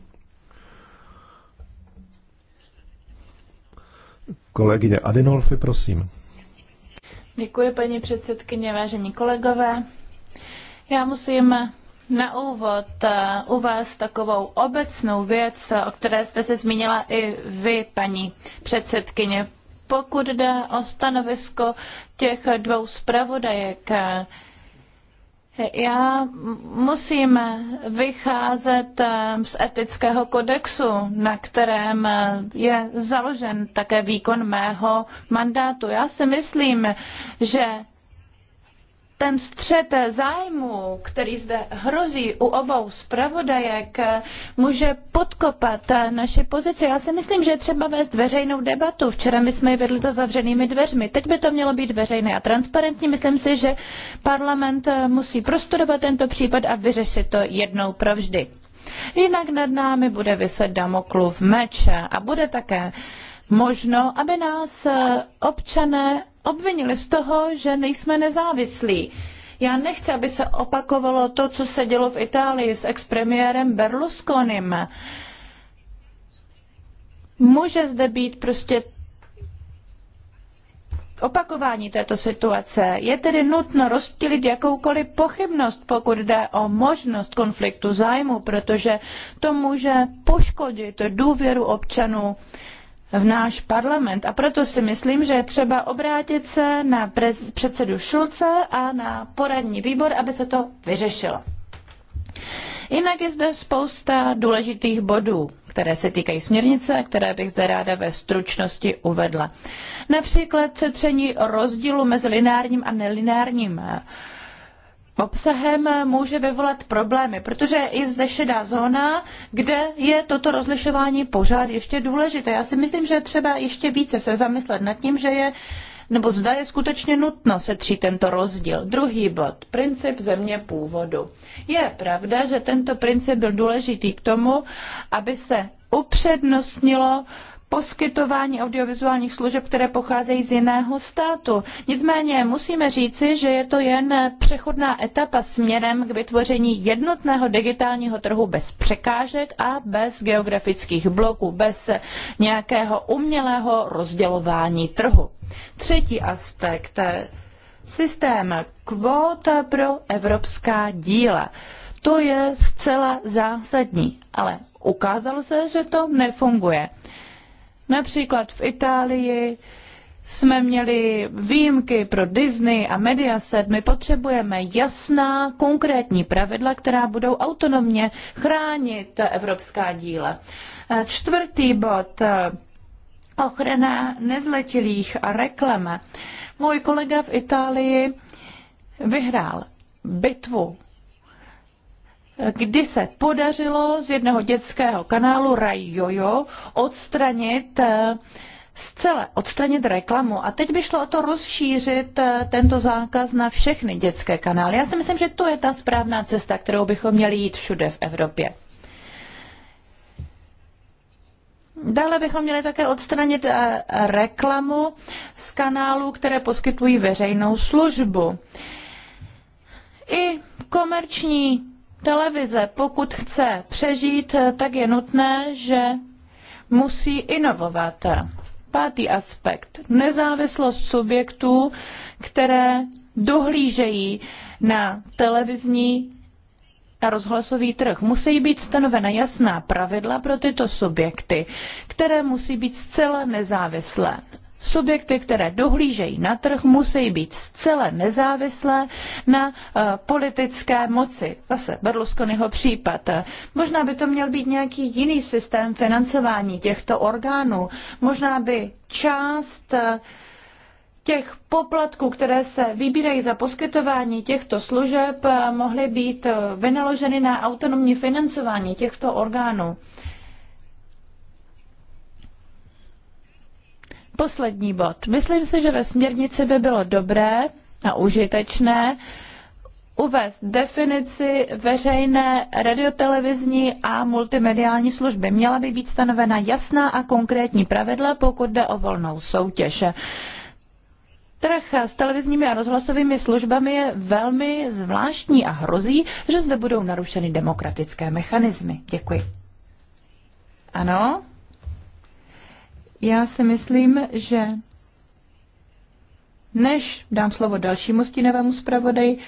Kolegyně Adinolfi, prosím. Děkuji, paní předsedkyně, vážení kolegové. Já musím na úvod eh, uvést takovou obecnou věc, o které jste se zmínila i vy, paní předsedkyně. Pokud jde o stanovisko těch dvou zpravodajek, já musím vycházet eh, z etického kodexu, na kterém eh, je založen také výkon mého mandátu. Já si myslím, že ten střet zájmu, který zde hrozí u obou zpravodajek, může podkopat naši pozici. Já si myslím, že je třeba vést veřejnou debatu. Včera my jsme ji vedli za zavřenými dveřmi. Teď by to mělo být veřejné a transparentní. Myslím si, že parlament musí prostudovat tento případ a vyřešit to jednou provždy. Jinak nad námi bude vyset Damoklův meč a bude také možno, aby nás eh, občané obvinili z toho, že nejsme nezávislí. Já nechci, aby se opakovalo to, co se dělo v Itálii s expremiérem Berlusconim. Může zde být prostě opakování této situace. Je tedy nutno rozptýlit jakoukoliv pochybnost, pokud jde o možnost konfliktu zájmu, protože to může poškodit důvěru občanů v náš parlament. A proto si myslím, že je třeba obrátit se na předsedu Šulce a na poradní výbor, aby se to vyřešilo. Jinak je zde spousta důležitých bodů, které se týkají směrnice které bych zde ráda ve stručnosti uvedla. Například přetření rozdílu mezi lineárním a nelineárním eh, obsahem může vyvolat problémy, protože je zde šedá zóna, kde je toto rozlišování pořád ještě důležité. Já si myslím, že je třeba ještě více se zamyslet nad tím, že je nebo zda je skutečně nutno setřít tento rozdíl. Druhý bod, princip země původu. Je pravda, že tento princip byl důležitý k tomu, aby se upřednostnilo uh, poskytování audiovizuálních služeb, které pocházejí z jiného státu. Nicméně musíme říci, že je to jen přechodná etapa směrem k vytvoření jednotného digitálního trhu bez překážek a bez geografických bloků, bez nějakého umělého rozdělování trhu. Třetí aspekt systém kvót pro evropská díla. To je zcela zásadní, ale ukázalo se, že to nefunguje. Například v Itálii jsme měli výjimky pro Disney a Mediaset. My potřebujeme jasná, konkrétní pravidla, která budou autonomně chránit evropská díla. Eh, čtvrtý bod. Eh, ochrana nezletilých a reklama. Můj kolega v Itálii vyhrál bitvu kdy se podařilo z jednoho dětského kanálu Rai Jojo odstranit eh, zcela odstranit reklamu. A teď by šlo o to rozšířit eh, tento zákaz na všechny dětské kanály. Já si myslím, že to je ta správná cesta, kterou bychom měli jít všude v Evropě. Dále bychom měli také odstranit eh, reklamu z kanálů, které poskytují veřejnou službu. I komerční televize, pokud chce přežít, tak je nutné, že musí inovovat. Pátý aspekt. Nezávislost subjektů, které dohlížejí na televizní a rozhlasový trh. Musí být stanovena jasná pravidla pro tyto subjekty, které musí být zcela nezávislé subjekty, které dohlížejí na trh, musí být zcela nezávislé na eh, politické moci. Zase Berlusconiho případ. Možná by to měl být nějaký jiný systém financování těchto orgánů. Možná by část eh, těch poplatků, které se vybírají za poskytování těchto služeb, eh, mohly být vynaloženy na autonomní financování těchto orgánů. Poslední bod. Myslím si, že ve směrnici by bylo dobré a užitečné uvést definici veřejné radiotelevizní a multimediální služby. Měla by být stanovena jasná a konkrétní pravidla, pokud jde o volnou soutěž. Trh s televizními a rozhlasovými službami je velmi zvláštní a hrozí, že zde budou narušeny demokratické mechanismy. Děkuji. Ano? Já si myslím, že než dám slovo dalšímu stínovému zpravodaji,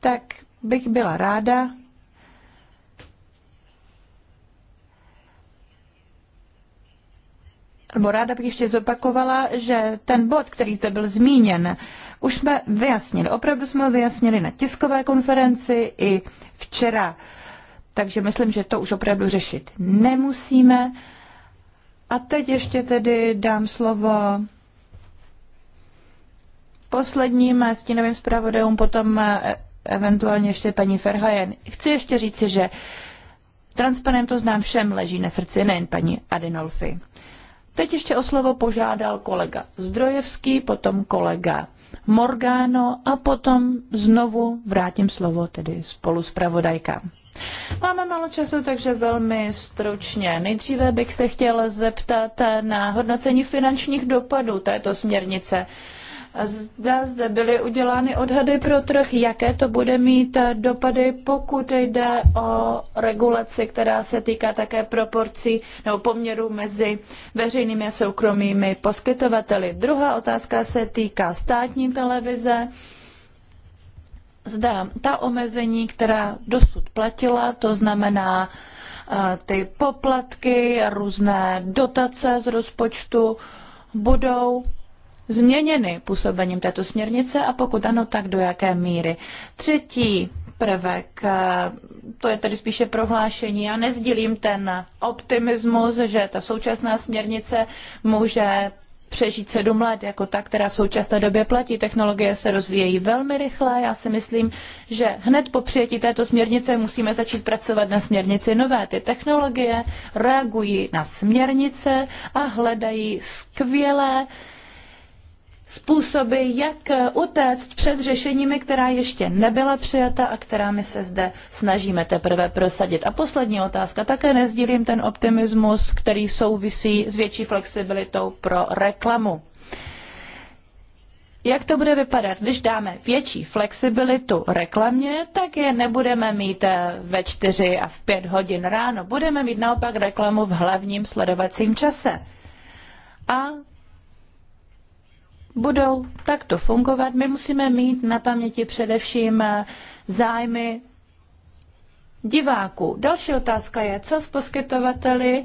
tak bych byla ráda, nebo ráda bych ještě zopakovala, že ten bod, který zde byl zmíněn, už jsme vyjasnili. Opravdu jsme ho vyjasnili na tiskové konferenci i včera. Takže myslím, že to už opravdu řešit nemusíme. A teď ještě tedy dám slovo posledním stínovým zpravodajům, potom eh, eventuálně ještě paní Ferhajen. Chci ještě říci, že transparentnost nám všem leží na srdci, nejen paní Adinolfi. Teď ještě o slovo požádal kolega Zdrojevský, potom kolega Morgano a potom znovu vrátím slovo tedy spolu s pravodajkám. Máme málo času, takže velmi stručně. Nejdříve bych se chtěla zeptat na hodnocení finančních dopadů této směrnice. Zda zde byly udělány odhady pro trh, jaké to bude mít dopady, pokud jde o regulaci, která se týká také proporcí nebo poměru mezi veřejnými a soukromými poskytovateli. Druhá otázka se týká státní televize zda ta omezení, která dosud platila, to znamená eh, ty poplatky a různé dotace z rozpočtu, budou změněny působením této směrnice a pokud ano, tak do jaké míry. Třetí prvek, eh, to je tedy spíše prohlášení. Já nezdílím ten optimismus, že ta současná směrnice může přežít sedm let jako ta, která v současné době platí. Technologie se rozvíjejí velmi rychle. Já si myslím, že hned po přijetí této směrnice musíme začít pracovat na směrnici nové. Ty technologie reagují na směrnice a hledají skvělé způsoby, jak eh, utéct před řešeními, která ještě nebyla přijata a která my se zde snažíme teprve prosadit. A poslední otázka. Také nezdílím ten optimismus, který souvisí s větší flexibilitou pro reklamu. Jak to bude vypadat? Když dáme větší flexibilitu reklamě, tak je nebudeme mít eh, ve čtyři a v pět hodin ráno. Budeme mít naopak reklamu v hlavním sledovacím čase. A budou takto fungovat, my musíme mít na paměti především eh, zájmy diváků. Další otázka je, co s poskytovateli,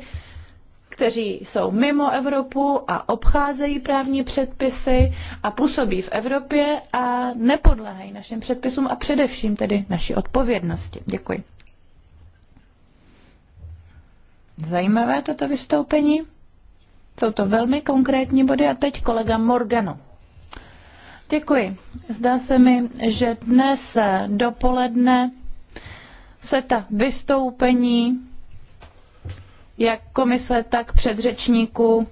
kteří jsou mimo Evropu a obcházejí právní předpisy a působí v Evropě a nepodléhají našim předpisům a především tedy naší odpovědnosti. Děkuji. Zajímavé toto vystoupení. Jsou to velmi konkrétní body a teď kolega Morgano. Děkuji. Zdá se mi, že dnes dopoledne se ta vystoupení jak komise, tak předřečníků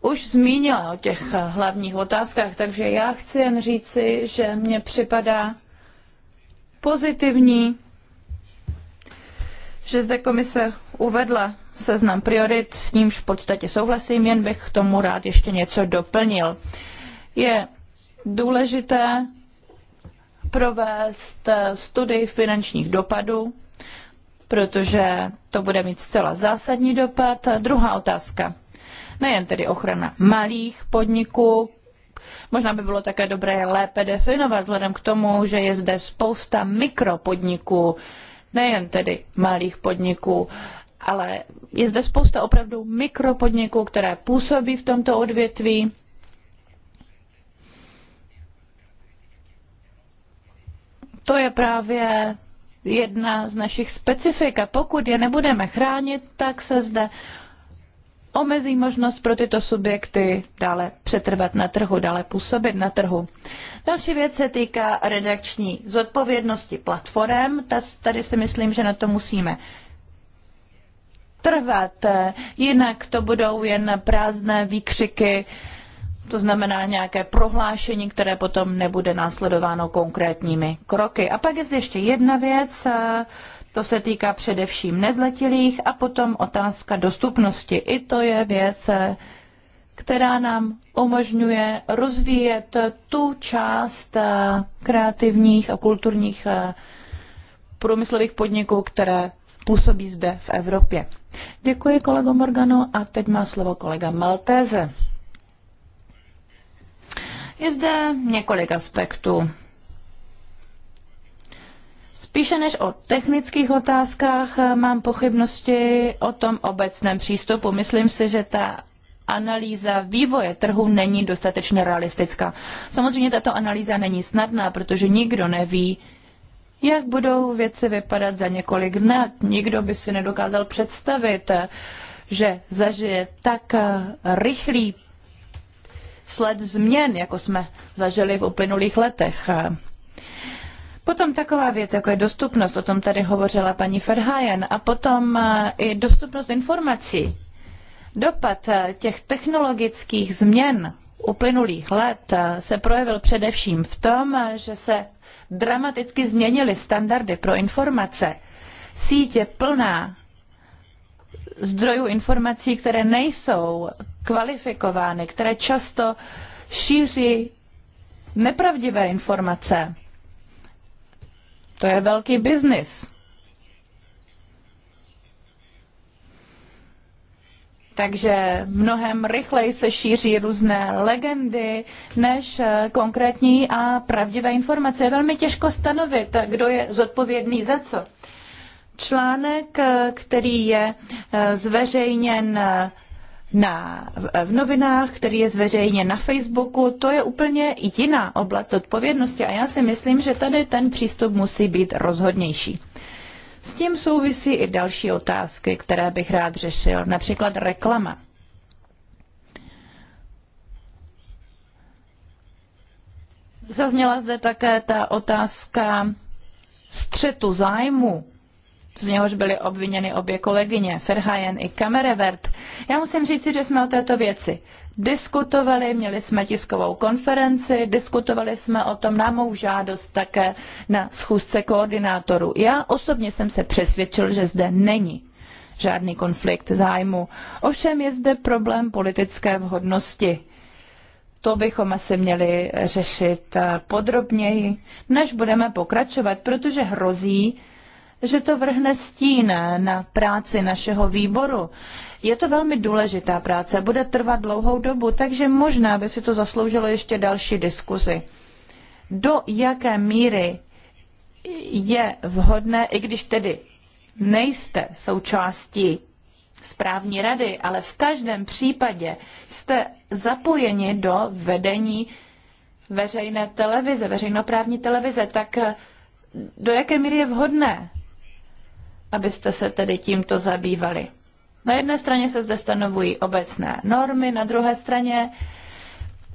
už zmínila o těch hlavních otázkách, takže já chci jen říci, že mně připadá pozitivní, že zde komise uvedla seznam priorit, s nímž v podstatě souhlasím, jen bych k tomu rád ještě něco doplnil. Je důležité provést eh, studii finančních dopadů, protože to bude mít zcela zásadní dopad. Druhá otázka. Nejen tedy ochrana malých podniků, Možná by bylo také dobré lépe definovat, vzhledem k tomu, že je zde spousta mikropodniků, nejen tedy malých podniků ale je zde spousta opravdu mikropodniků, které působí v tomto odvětví. To je právě jedna z našich specifik a pokud je nebudeme chránit, tak se zde omezí možnost pro tyto subjekty dále přetrvat na trhu, dále působit na trhu. Další věc se týká redakční zodpovědnosti platform. Tady si myslím, že na to musíme trvat, jinak to budou jen prázdné výkřiky, to znamená nějaké prohlášení, které potom nebude následováno konkrétními kroky. A pak je zde ještě jedna věc, to se týká především nezletilých a potom otázka dostupnosti. I to je věc, která nám umožňuje rozvíjet tu část kreativních a kulturních průmyslových podniků, které působí zde v Evropě. Děkuji kolego Morgano a teď má slovo kolega Maltéze. Je zde několik aspektů. Spíše než o technických otázkách mám pochybnosti o tom obecném přístupu. Myslím si, že ta analýza vývoje trhu není dostatečně realistická. Samozřejmě tato analýza není snadná, protože nikdo neví, jak budou věci vypadat za několik dnů. Nikdo by si nedokázal představit, že zažije tak eh, rychlý sled změn, jako jsme zažili v uplynulých letech. Potom taková věc, jako je dostupnost, o tom tady hovořila paní Ferhajen, a potom eh, i dostupnost informací. Dopad eh, těch technologických změn uplynulých let se projevil především v tom, že se dramaticky změnili standardy pro informace. Sítě plná zdrojů informací, které nejsou kvalifikovány, které často šíří nepravdivé informace. To je velký biznis. takže mnohem rychleji se šíří různé legendy než eh, konkrétní a pravdivé informace. Je velmi těžko stanovit, kdo je zodpovědný za co. Článek, eh, který je eh, zveřejněn na, v novinách, který je zveřejněn na Facebooku, to je úplně jiná oblast odpovědnosti a já si myslím, že tady ten přístup musí být rozhodnější. S tím souvisí i další otázky, které bych rád řešil, například reklama. Zazněla zde také ta otázka střetu zájmu, z něhož byly obviněny obě kolegyně, Ferhajen i Kamerevert. Já musím říct, že jsme o této věci diskutovali, měli jsme tiskovou konferenci, diskutovali jsme o tom na mou žádost také na schůzce koordinátorů. Já osobně jsem se přesvědčil, že zde není žádný konflikt zájmu. Ovšem je zde problém politické vhodnosti. To bychom asi měli řešit podrobněji, než budeme pokračovat, protože hrozí, že to vrhne stín na práci našeho výboru. Je to velmi důležitá práce, bude trvat dlouhou dobu, takže možná by si to zasloužilo ještě další diskuzi. Do jaké míry je vhodné, i když tedy nejste součástí správní rady, ale v každém případě jste zapojeni do vedení veřejné televize, veřejnoprávní televize, tak do jaké míry je vhodné abyste se tedy tímto zabývali. Na jedné straně se zde stanovují obecné normy, na druhé straně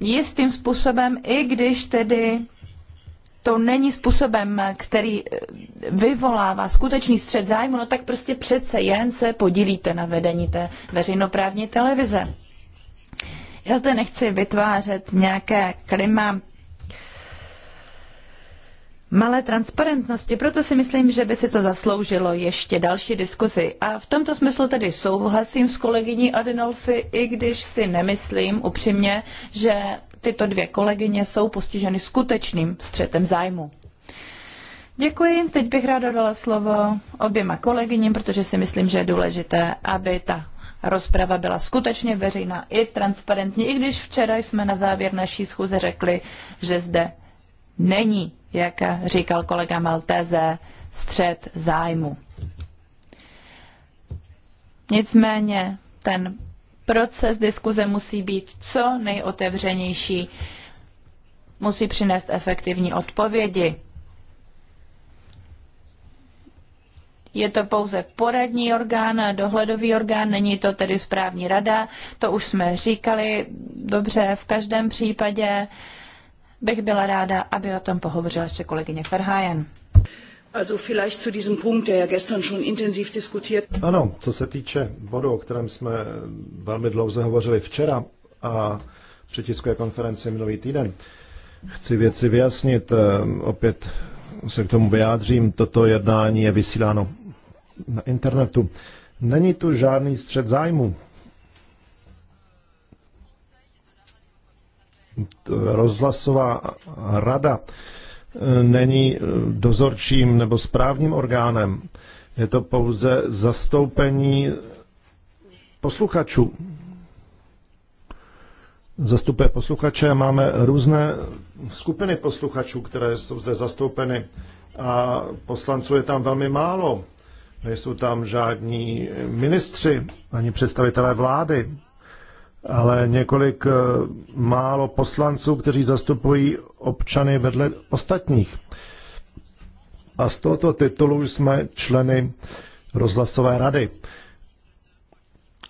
jistým způsobem, i když tedy to není způsobem, který eh, vyvolává skutečný střed zájmu, no tak prostě přece jen se podílíte na vedení té veřejnoprávní televize. Já zde nechci vytvářet nějaké klima malé transparentnosti. Proto si myslím, že by si to zasloužilo ještě další diskuzi. A v tomto smyslu tedy souhlasím s kolegyní Adenolfi, i když si nemyslím upřímně, že tyto dvě kolegyně jsou postiženy skutečným střetem zájmu. Děkuji. Teď bych ráda dala slovo oběma kolegyním, protože si myslím, že je důležité, aby ta rozprava byla skutečně veřejná i transparentní, i když včera jsme na závěr naší schůze řekli, že zde není jak říkal kolega Malteze, střed zájmu. Nicméně ten proces diskuze musí být co nejotevřenější, musí přinést efektivní odpovědi. Je to pouze poradní orgán, dohledový orgán, není to tedy správní rada, to už jsme říkali. Dobře, v každém případě uh, bych byla ráda, aby o tom pohovořila ještě kolegyně Ferhajen. Also vielleicht zu diesem Punkt, der ja gestern schon intensiv diskutiert. Ano, co se týče bodu, o kterém jsme velmi dlouze hovořili včera a při tiskové konferenci minulý týden, chci věci vyjasnit. Ehm, opět se k tomu vyjádřím. Toto jednání je vysíláno na internetu. Není tu žádný střed zájmu. rozhlasová rada e, není e, dozorčím nebo správním orgánem. Je to pouze zastoupení posluchačů. Zastupuje posluchače a máme různé skupiny posluchačů, které jsou zde zastoupeny a poslanců je tam velmi málo. Nejsou tam žádní ministři ani představitelé vlády ale několik eh, málo poslanců, kteří zastupují občany vedle ostatních. A z tohoto titulu jsme členy rozhlasové rady.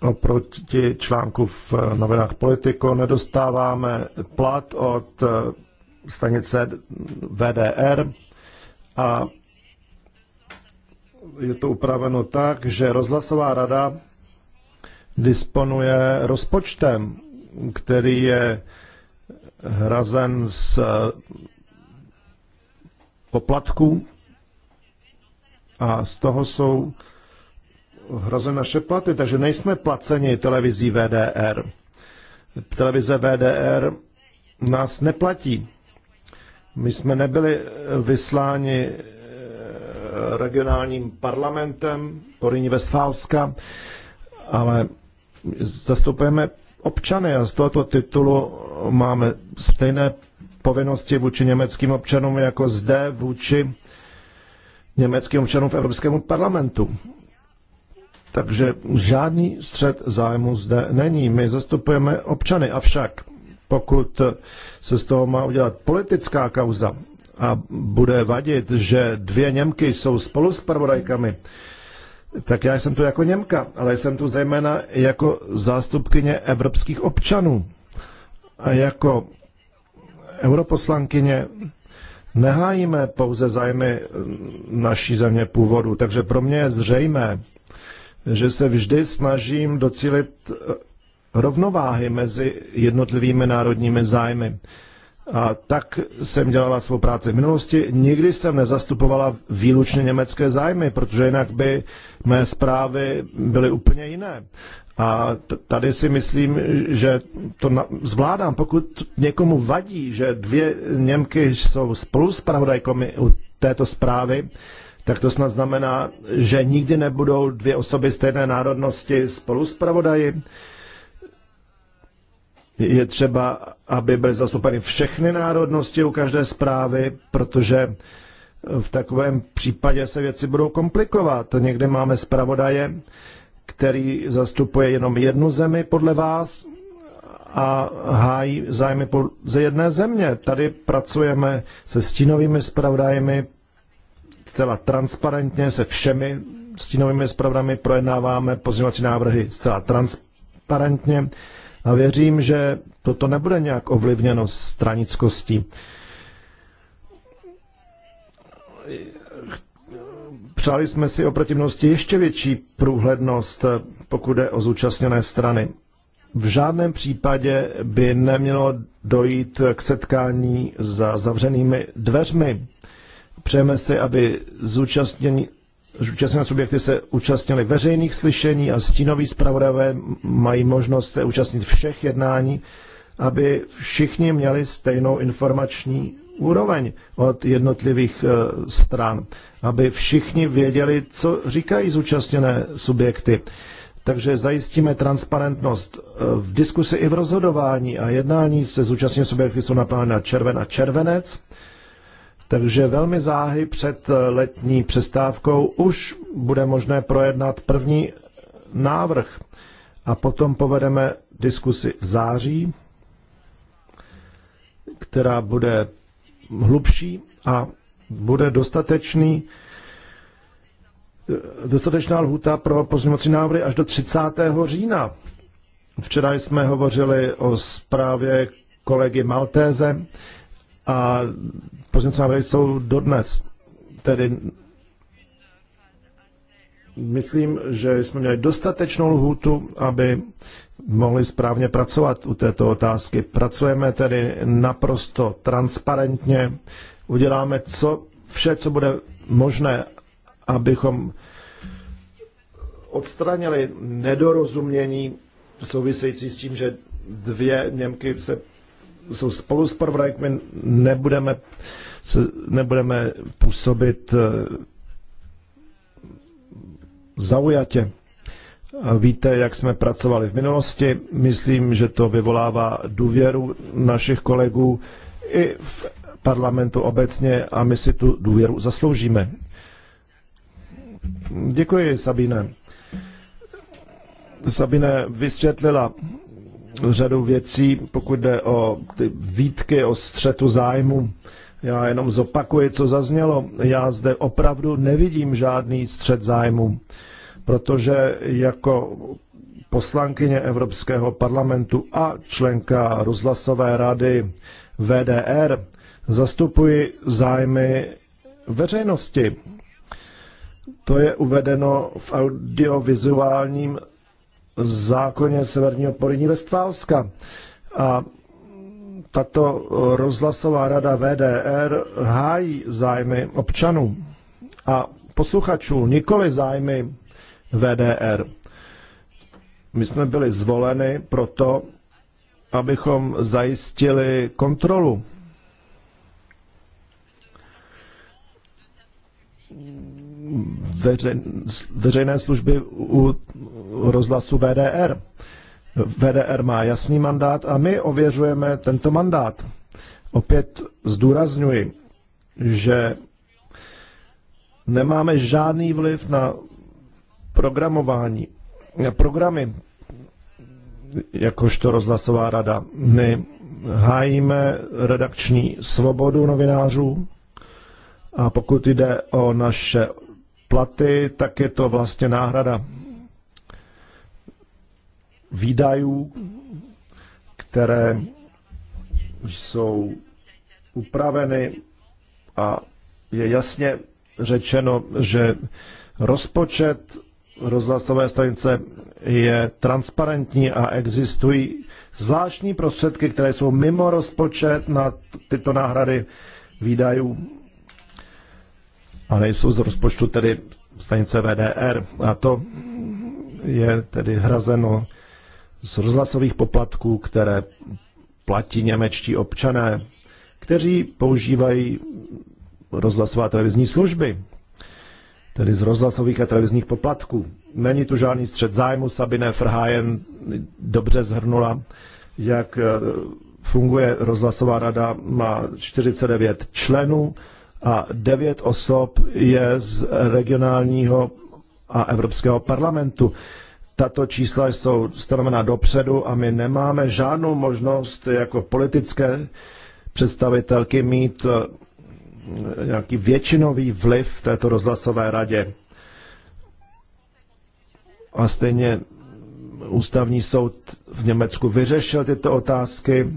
Oproti článku v novinách Politiko nedostáváme plat od eh, stanice VDR a je to upraveno tak, že rozhlasová rada disponuje rozpočtem, který je hrazen z poplatků a z toho jsou hrazeny naše platy, takže nejsme placeni televizí VDR. Televize VDR nás neplatí. My jsme nebyli vysláni eh, regionálním parlamentem Poryní Vestfálska, ale zastupujeme občany a z tohoto titulu máme stejné povinnosti vůči německým občanům jako zde vůči německým občanům v Evropskému parlamentu. Takže žádný střed zájmu zde není. My zastupujeme občany, avšak pokud se z toho má udělat politická kauza a bude vadit, že dvě Němky jsou spolu s pravodajkami, tak já jsem tu jako Němka, ale jsem tu zejména jako zástupkyně evropských občanů. A jako europoslankyně nehájíme pouze zájmy mm, naší země původu, takže pro mě je zřejmé, že se vždy snažím docílit eh, rovnováhy mezi jednotlivými národními zájmy. A tak jsem dělala svou práci v minulosti. Nikdy jsem nezastupovala výlučně německé zájmy, protože jinak by mé zprávy byly úplně jiné. A tady si myslím, že to zvládám. Pokud někomu vadí, že dvě Němky jsou spolu s pravodajkami u této zprávy, tak to snad znamená, že nikdy nebudou dvě osoby stejné národnosti spolu s pravodaji. Je třeba, aby byly zastoupeny všechny národnosti u každé zprávy, protože eh, v takovém případě se věci budou komplikovat. Někde máme zpravodaje, který zastupuje jenom jednu zemi podle vás a hájí zájmy ze jedné země. Tady pracujeme se stínovými zpravodajemi zcela transparentně, se všemi stínovými zpravodajemi projednáváme pozměňovací návrhy zcela transparentně. A věřím, že toto nebude nějak ovlivněno stranickostí. Přáli jsme si oproti ještě větší průhlednost, pokud jde o zúčastněné strany. V žádném případě by nemělo dojít k setkání za zavřenými dveřmi. Přejeme si, aby zúčastnění Zúčastněné subjekty se účastnily veřejných slyšení a stínoví zpravodajové mají možnost se účastnit všech jednání, aby všichni měli stejnou informační úroveň od jednotlivých eh, stran, aby všichni věděli, co říkají zúčastněné subjekty. Takže zajistíme transparentnost eh, v diskusi i v rozhodování a jednání se zúčastněnými subjekty jsou naplánovány na červen a červenec. Takže velmi záhy před eh, letní přestávkou už bude možné projednat první návrh a potom povedeme diskusi v září, která bude hlubší a bude dostatečný eh, dostatečná lhůta pro pozměňovací návrhy až do 30. října. Včera jsme hovořili o zprávě kolegy Maltéze a pozměňovací návrhy jsou dodnes. Tedy myslím, že jsme měli dostatečnou lhůtu, aby mohli správně pracovat u této otázky. Pracujeme tedy naprosto transparentně, uděláme co, vše, co bude možné, abychom odstranili nedorozumění související s tím, že dvě Němky se jsou spolu s my nebudeme, nebudeme působit eh, zaujatě. A víte, jak jsme pracovali v minulosti. Myslím, že to vyvolává důvěru našich kolegů i v parlamentu obecně a my si tu důvěru zasloužíme. Děkuji, Sabine. Sabine vysvětlila řadu věcí, pokud jde o ty výtky, o střetu zájmu. Já jenom zopakuji, co zaznělo. Já zde opravdu nevidím žádný střet zájmu, protože jako poslankyně Evropského parlamentu a členka rozhlasové rady VDR zastupuji zájmy veřejnosti. To je uvedeno v audiovizuálním zákoně Severního Poliní Vestfálska. A tato rozhlasová rada VDR hájí zájmy občanů a posluchačů, nikoli zájmy VDR. My jsme byli zvoleni proto, abychom zajistili kontrolu veřejné služby u rozhlasu VDR. VDR má jasný mandát a my ověřujeme tento mandát. Opět zdůrazňuji, že nemáme žádný vliv na programování, na programy, jakožto rozhlasová rada. My hájíme redakční svobodu novinářů a pokud jde o naše platy, tak je to vlastně náhrada výdajů, které jsou upraveny a je jasně řečeno, že rozpočet rozhlasové stanice je transparentní a existují zvláštní prostředky, které jsou mimo rozpočet na tyto náhrady výdajů a nejsou z rozpočtu tedy stanice VDR. A to je tedy hrazeno z rozhlasových poplatků, které platí němečtí občané, kteří používají rozhlasová televizní služby, tedy z rozhlasových a televizních poplatků. Není tu žádný střed zájmu, Sabine Frhájen dobře zhrnula, jak eh, funguje rozhlasová rada, má 49 členů a 9 osob je z regionálního a Evropského parlamentu. Tato čísla jsou stanovená dopředu a my nemáme žádnou možnost jako politické představitelky mít eh, nějaký většinový vliv v této rozhlasové radě. A stejně ústavní soud v Německu vyřešil tyto otázky.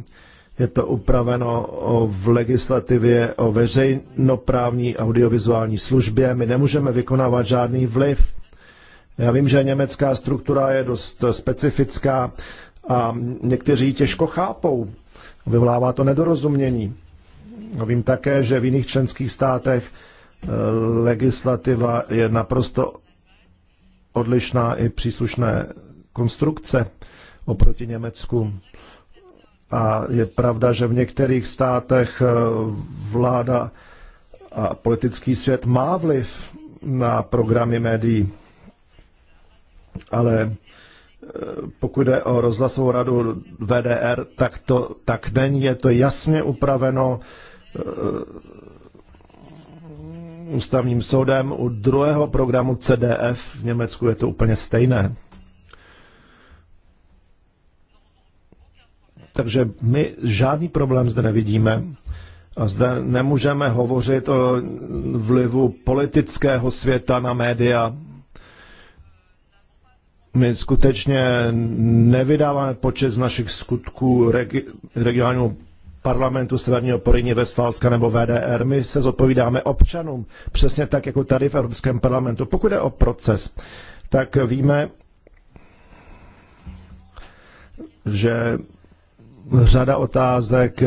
Je to upraveno v legislativě o veřejnoprávní audiovizuální službě. My nemůžeme vykonávat žádný vliv já vím, že německá struktura je dost specifická a někteří těžko chápou. Vyvolává to nedorozumění. A vím také, že v jiných členských státech eh, legislativa je naprosto odlišná i příslušné konstrukce oproti Německu. A je pravda, že v některých státech eh, vláda a politický svět má vliv na programy médií ale eh, pokud jde o rozhlasovou radu VDR, tak, to, tak není, je to jasně upraveno eh, ústavním soudem. U druhého programu CDF v Německu je to úplně stejné. Takže my žádný problém zde nevidíme. A zde nemůžeme hovořit o vlivu politického světa na média my skutečně nevydáváme počet z našich skutků regi- regionálního parlamentu Severního Porině, Vestfalska nebo VDR. My se zodpovídáme občanům, přesně tak, jako tady v Evropském parlamentu. Pokud je o proces, tak víme, že řada otázek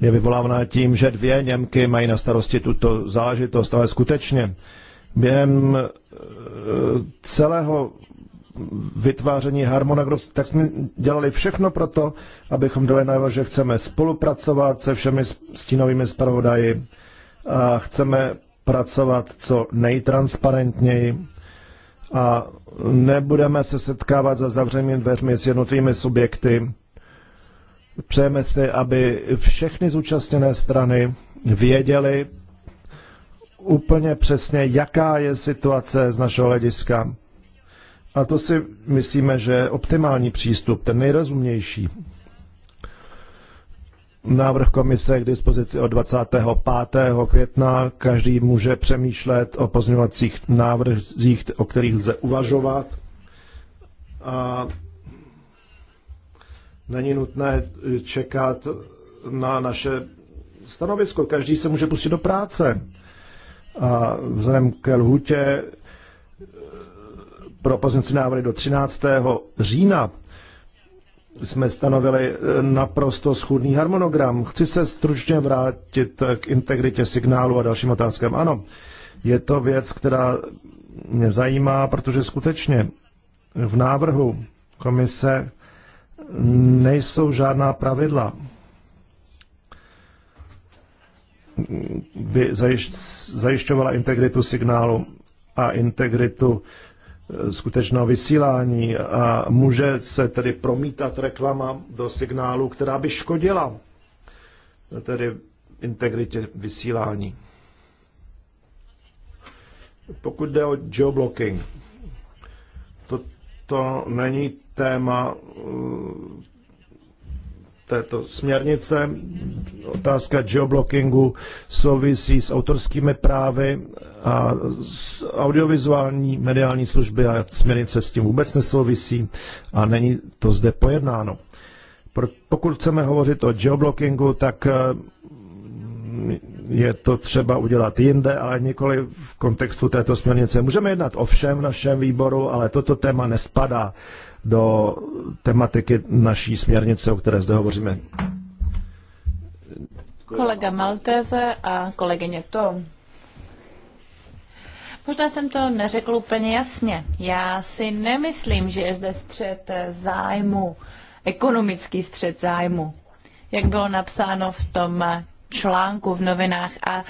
je vyvolávána tím, že dvě Němky mají na starosti tuto záležitost, ale skutečně během eh, celého vytváření harmonogramu, tak jsme dělali všechno pro to, abychom dali najevo, že chceme spolupracovat se všemi stínovými zpravodaji a chceme pracovat co nejtransparentněji a nebudeme se setkávat za zavřenými dveřmi s jednotlivými subjekty. Přejeme si, aby všechny zúčastněné strany věděly úplně přesně, jaká je situace z našeho hlediska a to si myslíme, že je optimální přístup, ten nejrozumější. Návrh komise je k dispozici od 25. května. Každý může přemýšlet o pozměňovacích návrzích, o kterých lze uvažovat. A není nutné čekat na naše stanovisko. Každý se může pustit do práce. A vzhledem ke lhutě pro pozměnce návrhy do 13. října jsme stanovili eh, naprosto schůdný harmonogram. Chci se stručně vrátit eh, k integritě signálu a dalším otázkám. Ano, je to věc, která mě zajímá, protože skutečně v návrhu komise nejsou žádná pravidla, by zajišťovala integritu signálu a integritu E, skutečného vysílání a může se tedy promítat reklama do signálu, která by škodila e, tedy integritě vysílání. Pokud jde o geoblocking, to, to není téma e, této směrnice. Otázka geoblockingu souvisí s autorskými právy a audiovizuální mediální služby a směrnice s tím vůbec nesouvisí a není to zde pojednáno. Pokud chceme hovořit o geoblockingu, tak eh, je to třeba udělat jinde, ale nikoli v kontextu této směrnice. Můžeme jednat o všem v našem výboru, ale toto téma nespadá do tematiky naší směrnice, o které zde hovoříme. Kolega Malteze a kolegyně Tom. Možná jsem to neřekl úplně jasně. Já si nemyslím, že je zde střed zájmu, ekonomický střed zájmu, jak bylo napsáno v tom článku v novinách. A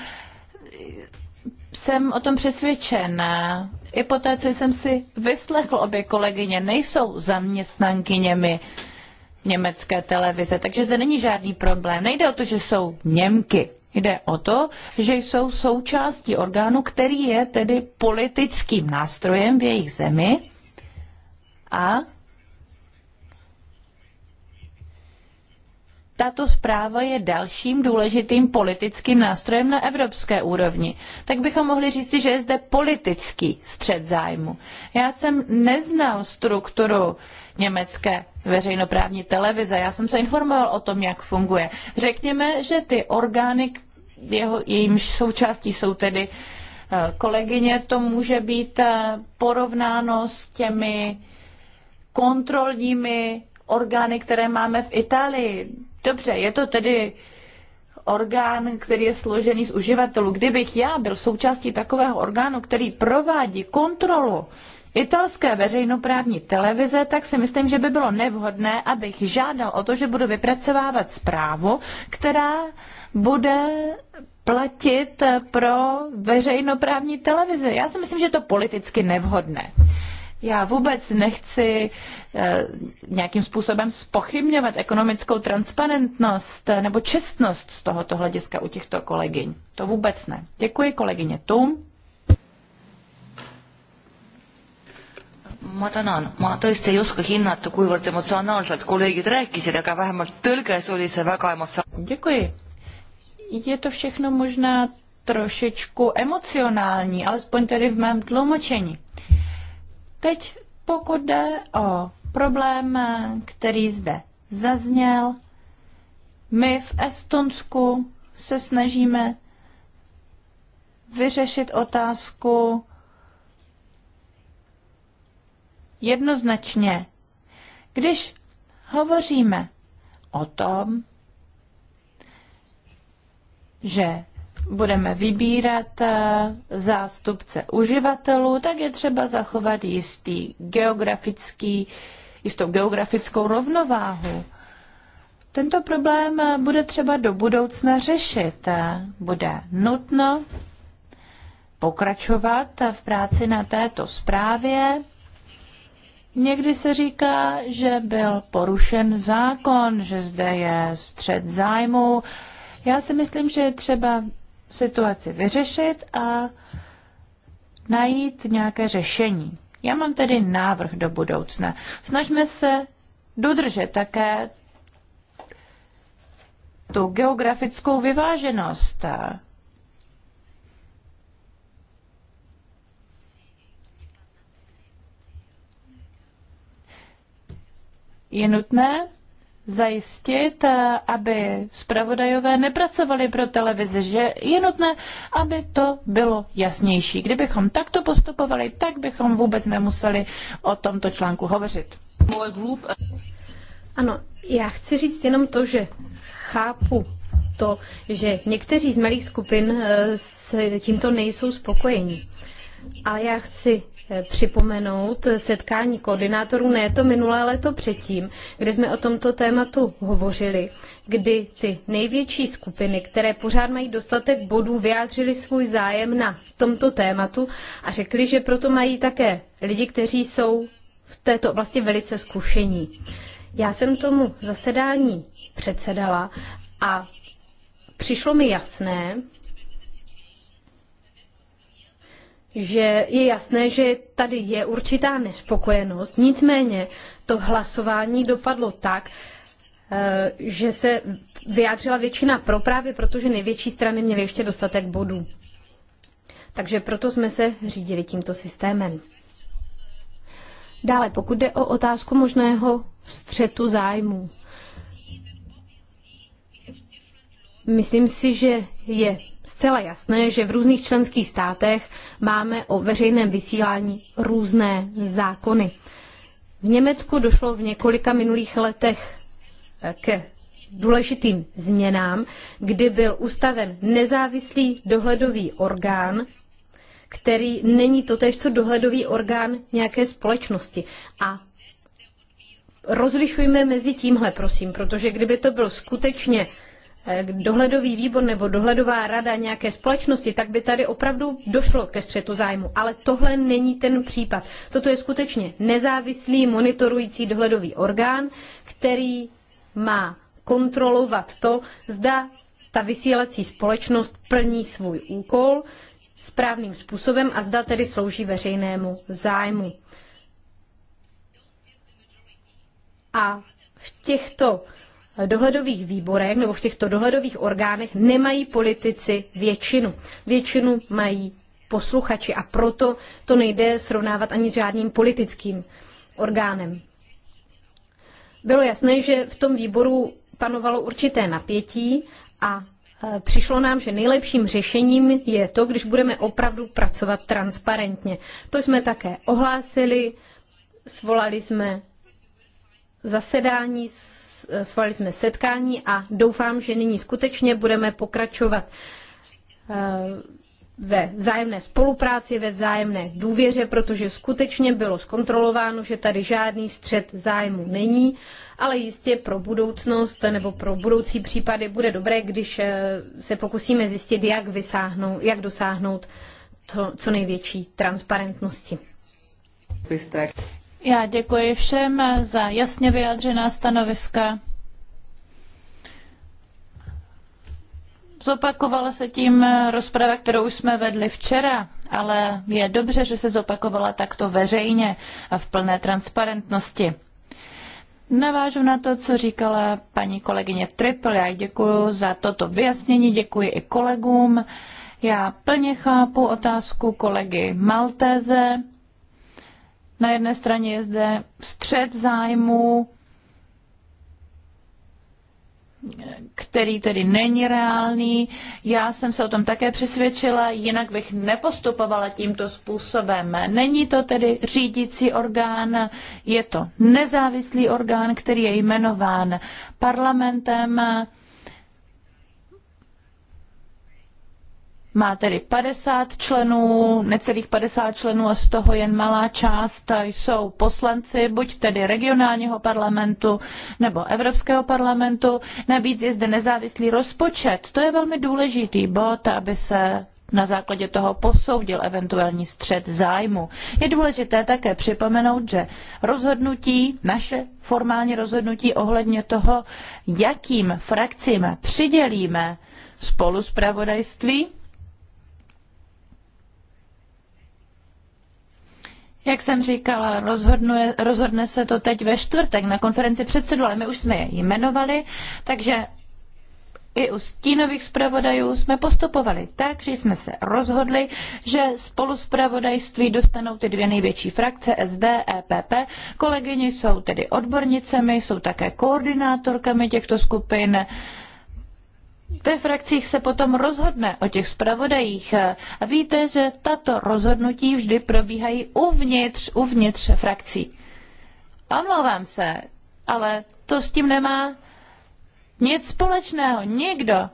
jsem o tom přesvědčená. I po té, co jsem si vyslechl obě kolegyně, nejsou zaměstnankyněmi německé televize, takže zde není žádný problém. Nejde o to, že jsou Němky. Jde o to, že jsou součástí orgánu, který je tedy politickým nástrojem v jejich zemi a Tato zpráva je dalším důležitým politickým nástrojem na evropské úrovni. Tak bychom mohli říci, že je zde politický střed zájmu. Já jsem neznal strukturu německé veřejnoprávní televize. Já jsem se informoval o tom, jak funguje. Řekněme, že ty orgány, jeho, jejímž součástí jsou tedy eh, kolegyně, to může být eh, porovnáno s těmi kontrolními orgány, které máme v Itálii. Dobře, je to tedy orgán, který je složený z uživatelů. Kdybych já byl součástí takového orgánu, který provádí kontrolu, italské veřejnoprávní televize, tak si myslím, že by bylo nevhodné, abych žádal o to, že budu vypracovávat zprávu, která bude platit pro veřejnoprávní televizi. Já si myslím, že je to politicky nevhodné. Já vůbec nechci eh, nějakým způsobem spochybňovat ekonomickou transparentnost eh, nebo čestnost z tohoto hlediska u těchto kolegyň. To vůbec ne. Děkuji kolegyně Tum. ma tänan, ma tõesti ei oska hinnata, kuivõrd emotsionaalselt kolleegid rääkisid, aga vähemalt tõlges oli see väga emotsionaalne. Je to všechno možná trošičku emocionální, v mém Teď pokud o problém, který zde zazněl, my v Estonsku se snažíme vyřešit otázku jednoznačně. Když hovoříme o tom, že budeme vybírat eh, zástupce uživatelů, tak je třeba zachovat jistý geografický, jistou geografickou rovnováhu. Tento problém eh, bude třeba do budoucna řešit. Eh, bude nutno pokračovat v práci na této zprávě Někdy se říká, že byl porušen zákon, že zde je střed zájmu. Já si myslím, že je třeba situaci vyřešit a najít nějaké řešení. Já mám tedy návrh do budoucna. Snažme se dodržet také tu geografickou vyváženost. Je nutné zajistit, eh, aby zpravodajové nepracovali pro televizi, že je nutné, aby to bylo jasnější. Kdybychom takto postupovali, tak bychom vůbec nemuseli o tomto článku hovořit. Ano, já chci říct jenom to, že chápu to, že někteří z malých skupin eh, s tímto nejsou spokojeni. Ale já chci připomenout setkání koordinátorů, ne to minulé léto předtím, kde jsme o tomto tématu hovořili, kdy ty největší skupiny, které pořád mají dostatek bodů, vyjádřili svůj zájem na tomto tématu a řekli, že proto mají také lidi, kteří jsou v této oblasti velice zkušení. Já jsem tomu zasedání předsedala a přišlo mi jasné, že je jasné, že tady je určitá nespokojenost. Nicméně to hlasování dopadlo tak, eh, že se vyjádřila většina pro právě, protože největší strany měly ještě dostatek bodů. Takže proto jsme se řídili tímto systémem. Dále, pokud jde o otázku možného střetu zájmů. Myslím si, že je zcela jasné, že v různých členských státech máme o veřejném vysílání různé zákony. V Německu došlo v několika minulých letech eh, ke důležitým změnám, kdy byl ustaven nezávislý dohledový orgán, který není totéž co dohledový orgán nějaké společnosti. A rozlišujme mezi tímhle, prosím, protože kdyby to byl skutečně Eh, dohledový výbor nebo dohledová rada nějaké společnosti, tak by tady opravdu došlo ke střetu zájmu. Ale tohle není ten případ. Toto je skutečně nezávislý monitorující dohledový orgán, který má kontrolovat to, zda ta vysílací společnost plní svůj úkol správným způsobem a zda tedy slouží veřejnému zájmu. A v těchto dohledových výborech nebo v těchto dohledových orgánech nemají politici většinu. Většinu mají posluchači a proto to nejde srovnávat ani s žádným politickým orgánem. Bylo jasné, že v tom výboru panovalo určité napětí a e, Přišlo nám, že nejlepším řešením je to, když budeme opravdu pracovat transparentně. To jsme také ohlásili, svolali jsme zasedání s svolali jsme setkání a doufám, že nyní skutečně budeme pokračovat eh, ve vzájemné spolupráci, ve vzájemné důvěře, protože skutečně bylo zkontrolováno, že tady žádný střed zájmu není, ale jistě pro budoucnost nebo pro budoucí případy bude dobré, když eh, se pokusíme zjistit, jak, vysáhnout, jak dosáhnout to, co největší transparentnosti. Já děkuji všem za jasně vyjádřená stanoviska. Zopakovala se tím rozprava, kterou jsme vedli včera, ale je dobře, že se zopakovala takto veřejně a v plné transparentnosti. Navážu na to, co říkala paní kolegyně Triple. Já děkuji za toto vyjasnění, děkuji i kolegům. Já plně chápu otázku kolegy Maltéze na jedné straně je zde střed zájmu, který tedy není reálný. Já jsem se o tom také přesvědčila, jinak bych nepostupovala tímto způsobem. Není to tedy řídící orgán, je to nezávislý orgán, který je jmenován parlamentem má tedy 50 členů, necelých 50 členů a z toho jen malá část jsou poslanci buď tedy regionálního parlamentu nebo Evropského parlamentu. Navíc je zde nezávislý rozpočet. To je velmi důležitý bod, aby se na základě toho posoudil eventuální střed zájmu. Je důležité také připomenout, že rozhodnutí, naše formální rozhodnutí ohledně toho, jakým frakcím přidělíme spolu Jak jsem říkala, rozhodnuje, rozhodne se to teď ve čtvrtek na konferenci předsedu, ale my už jsme je jmenovali, takže i u stínových zpravodajů jsme postupovali tak, že jsme se rozhodli, že spolu zpravodajství dostanou ty dvě největší frakce SD, EPP. Kolegyně jsou tedy odbornicemi, jsou také koordinátorkami těchto skupin ve frakcích se potom rozhodne o těch zpravodajích. A víte, že tato rozhodnutí vždy probíhají uvnitř, uvnitř frakcí. Omlouvám se, ale to s tím nemá nic společného. Nikdo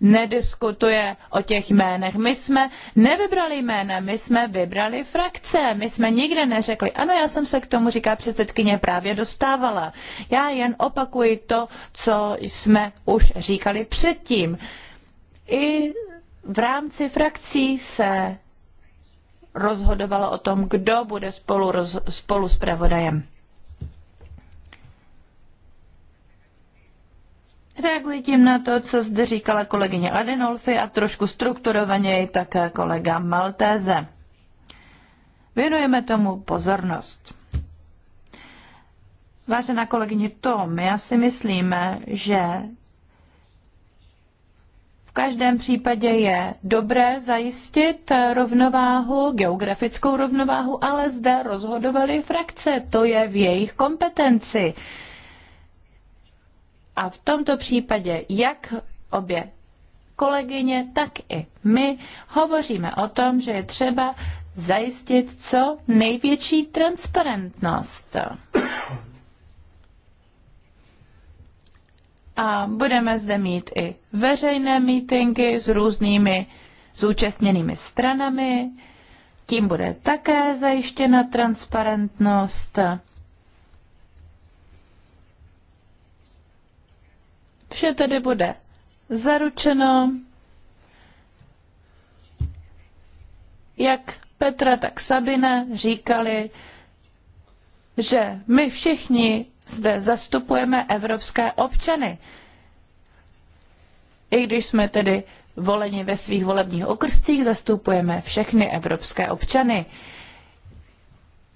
nediskutuje o těch jménech. My jsme nevybrali jména, my jsme vybrali frakce, my jsme nikde neřekli. Ano, já jsem se k tomu, říká předsedkyně, právě dostávala. Já jen opakuji to, co jsme už říkali předtím. I v rámci frakcí se rozhodovalo o tom, kdo bude spolu, roz, spolu s pravodajem. Reaguji tím na to, co zde říkala kolegyně Adenolfi a trošku strukturovaněji také kolega Maltéze. Věnujeme tomu pozornost. Vážená kolegyně Tom, já si myslím, že v každém případě je dobré zajistit rovnováhu, geografickou rovnováhu, ale zde rozhodovaly frakce. To je v jejich kompetenci. A v tomto případě jak obě kolegyně, tak i my hovoříme o tom, že je třeba zajistit co největší transparentnost. A budeme zde mít i veřejné mítinky s různými zúčastněnými stranami. Tím bude také zajištěna transparentnost. Vše tedy bude zaručeno, jak Petra, tak Sabine říkali, že my všichni zde zastupujeme evropské občany. I když jsme tedy voleni ve svých volebních okrscích, zastupujeme všechny evropské občany.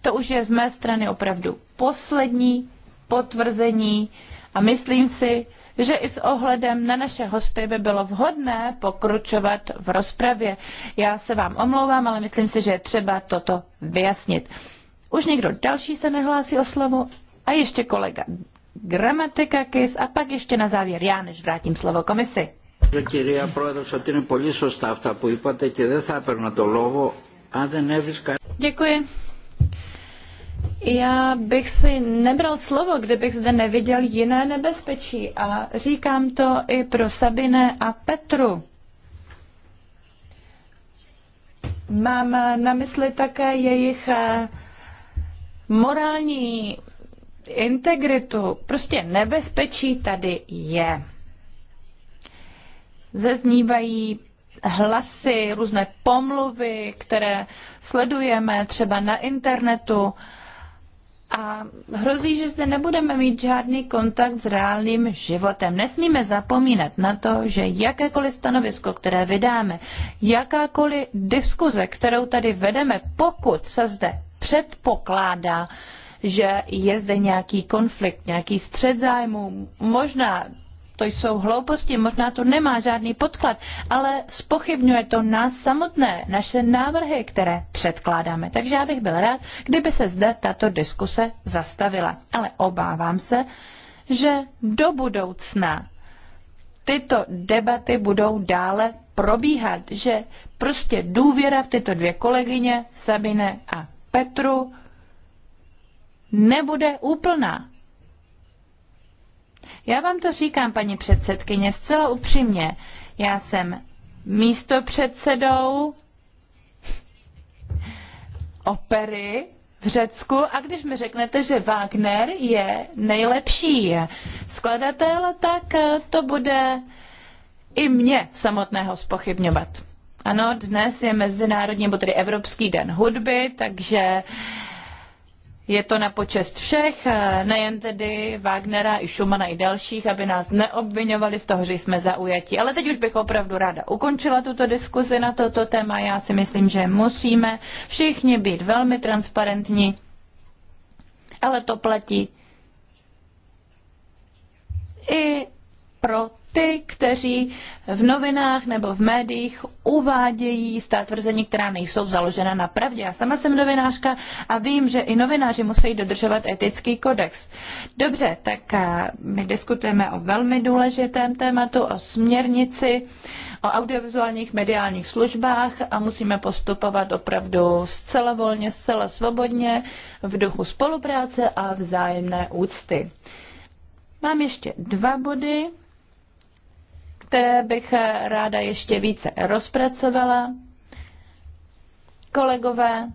To už je z mé strany opravdu poslední potvrzení a myslím si, že i s ohledem na naše hosty by bylo vhodné pokročovat v rozpravě. Já se vám omlouvám, ale myslím si, že je třeba toto vyjasnit. Už někdo další se nehlásí o slovo? A ještě kolega Gramatika Kis a pak ještě na závěr já, než vrátím slovo komisi. Děkuji. Já bych si nebral slovo, kdybych zde neviděl jiné nebezpečí a říkám to i pro Sabine a Petru. Mám na mysli také jejich eh, morální integritu. Prostě nebezpečí tady je. Zeznívají hlasy, různé pomluvy, které sledujeme třeba na internetu a hrozí, že zde nebudeme mít žádný kontakt s reálným životem. Nesmíme zapomínat na to, že jakékoliv stanovisko, které vydáme, jakákoliv diskuze, kterou tady vedeme, pokud se zde předpokládá, že je zde nějaký konflikt, nějaký střed zájmu, možná to jsou hlouposti, možná to nemá žádný podklad, ale spochybňuje to nás samotné, naše návrhy, které předkládáme. Takže já bych byl rád, kdyby se zde tato diskuse zastavila. Ale obávám se, že do budoucna tyto debaty budou dále probíhat, že prostě důvěra v tyto dvě kolegyně, Sabine a Petru, nebude úplná. Já vám to říkám, paní předsedkyně, zcela upřímně. Já jsem místo předsedou opery v Řecku a když mi řeknete, že Wagner je nejlepší skladatel, tak to bude i mě samotného spochybňovat. Ano, dnes je Mezinárodní, nebo tedy Evropský den hudby, takže je to na počest všech, eh, nejen tedy Wagnera i Schumana i dalších, aby nás neobvinovali z toho, že jsme zaujatí. Ale teď už bych opravdu ráda ukončila tuto diskuzi na toto téma. Já si myslím, že musíme všichni být velmi transparentní, ale to platí i pro ty, kteří v novinách nebo v médiích uvádějí stát tvrzení, která nejsou založena na pravdě. Já sama jsem novinářka a vím, že i novináři musí dodržovat etický kodex. Dobře, tak eh, my diskutujeme o velmi důležitém tématu, o směrnici, o audiovizuálních mediálních službách a musíme postupovat opravdu zcela volně, zcela svobodně, v duchu spolupráce a vzájemné úcty. Mám ještě dva body, které bych ráda ještě více rozpracovala. Kolegové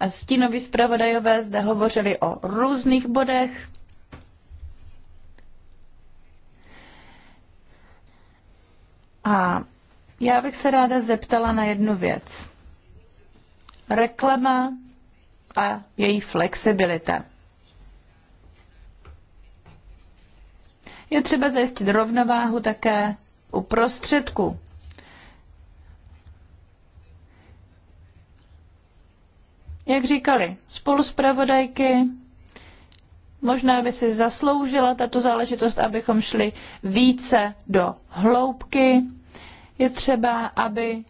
a stínoví zpravodajové zde hovořili o různých bodech. A já bych se ráda zeptala na jednu věc. Reklama a její flexibilita. Je třeba zajistit rovnováhu také u prostředku, Jak říkali spoluspravodajky, možná by si zasloužila tato záležitost, abychom šli více do hloubky. Je třeba, aby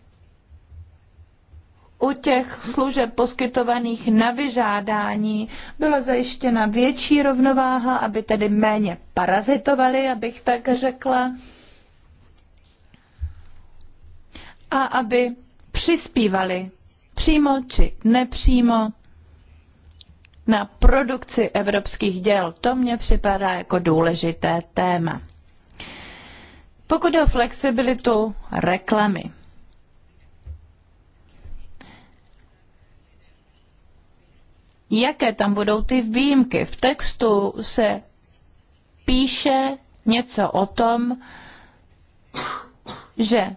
u těch služeb poskytovaných na vyžádání byla zajištěna větší rovnováha, aby tedy méně parazitovali, abych tak řekla. a aby přispívali přímo či nepřímo na produkci evropských děl. To mně připadá jako důležité téma. Pokud o flexibilitu reklamy. Jaké tam budou ty výjimky? V textu se píše něco o tom, že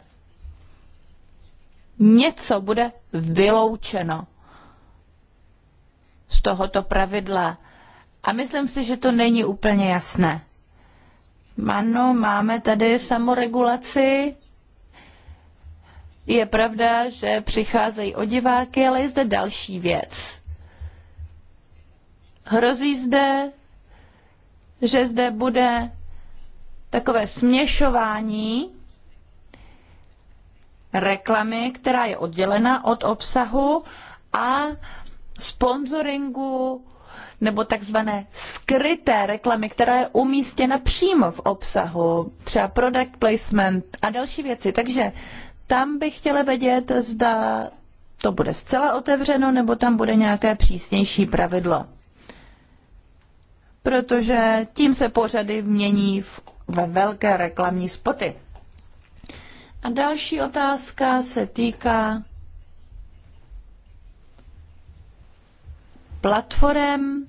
něco bude vyloučeno z tohoto pravidla. A myslím si, že to není úplně jasné. Ano, máme tady samoregulaci. Je pravda, že přicházejí o diváky, ale je zde další věc. Hrozí zde, že zde bude takové směšování reklamy, která je oddělena od obsahu a sponsoringu nebo takzvané skryté reklamy, která je umístěna přímo v obsahu, třeba product placement a další věci. Takže tam bych chtěla vědět, zda to bude zcela otevřeno, nebo tam bude nějaké přísnější pravidlo. Protože tím se pořady mění v, ve velké reklamní spoty. A další otázka se týká platform,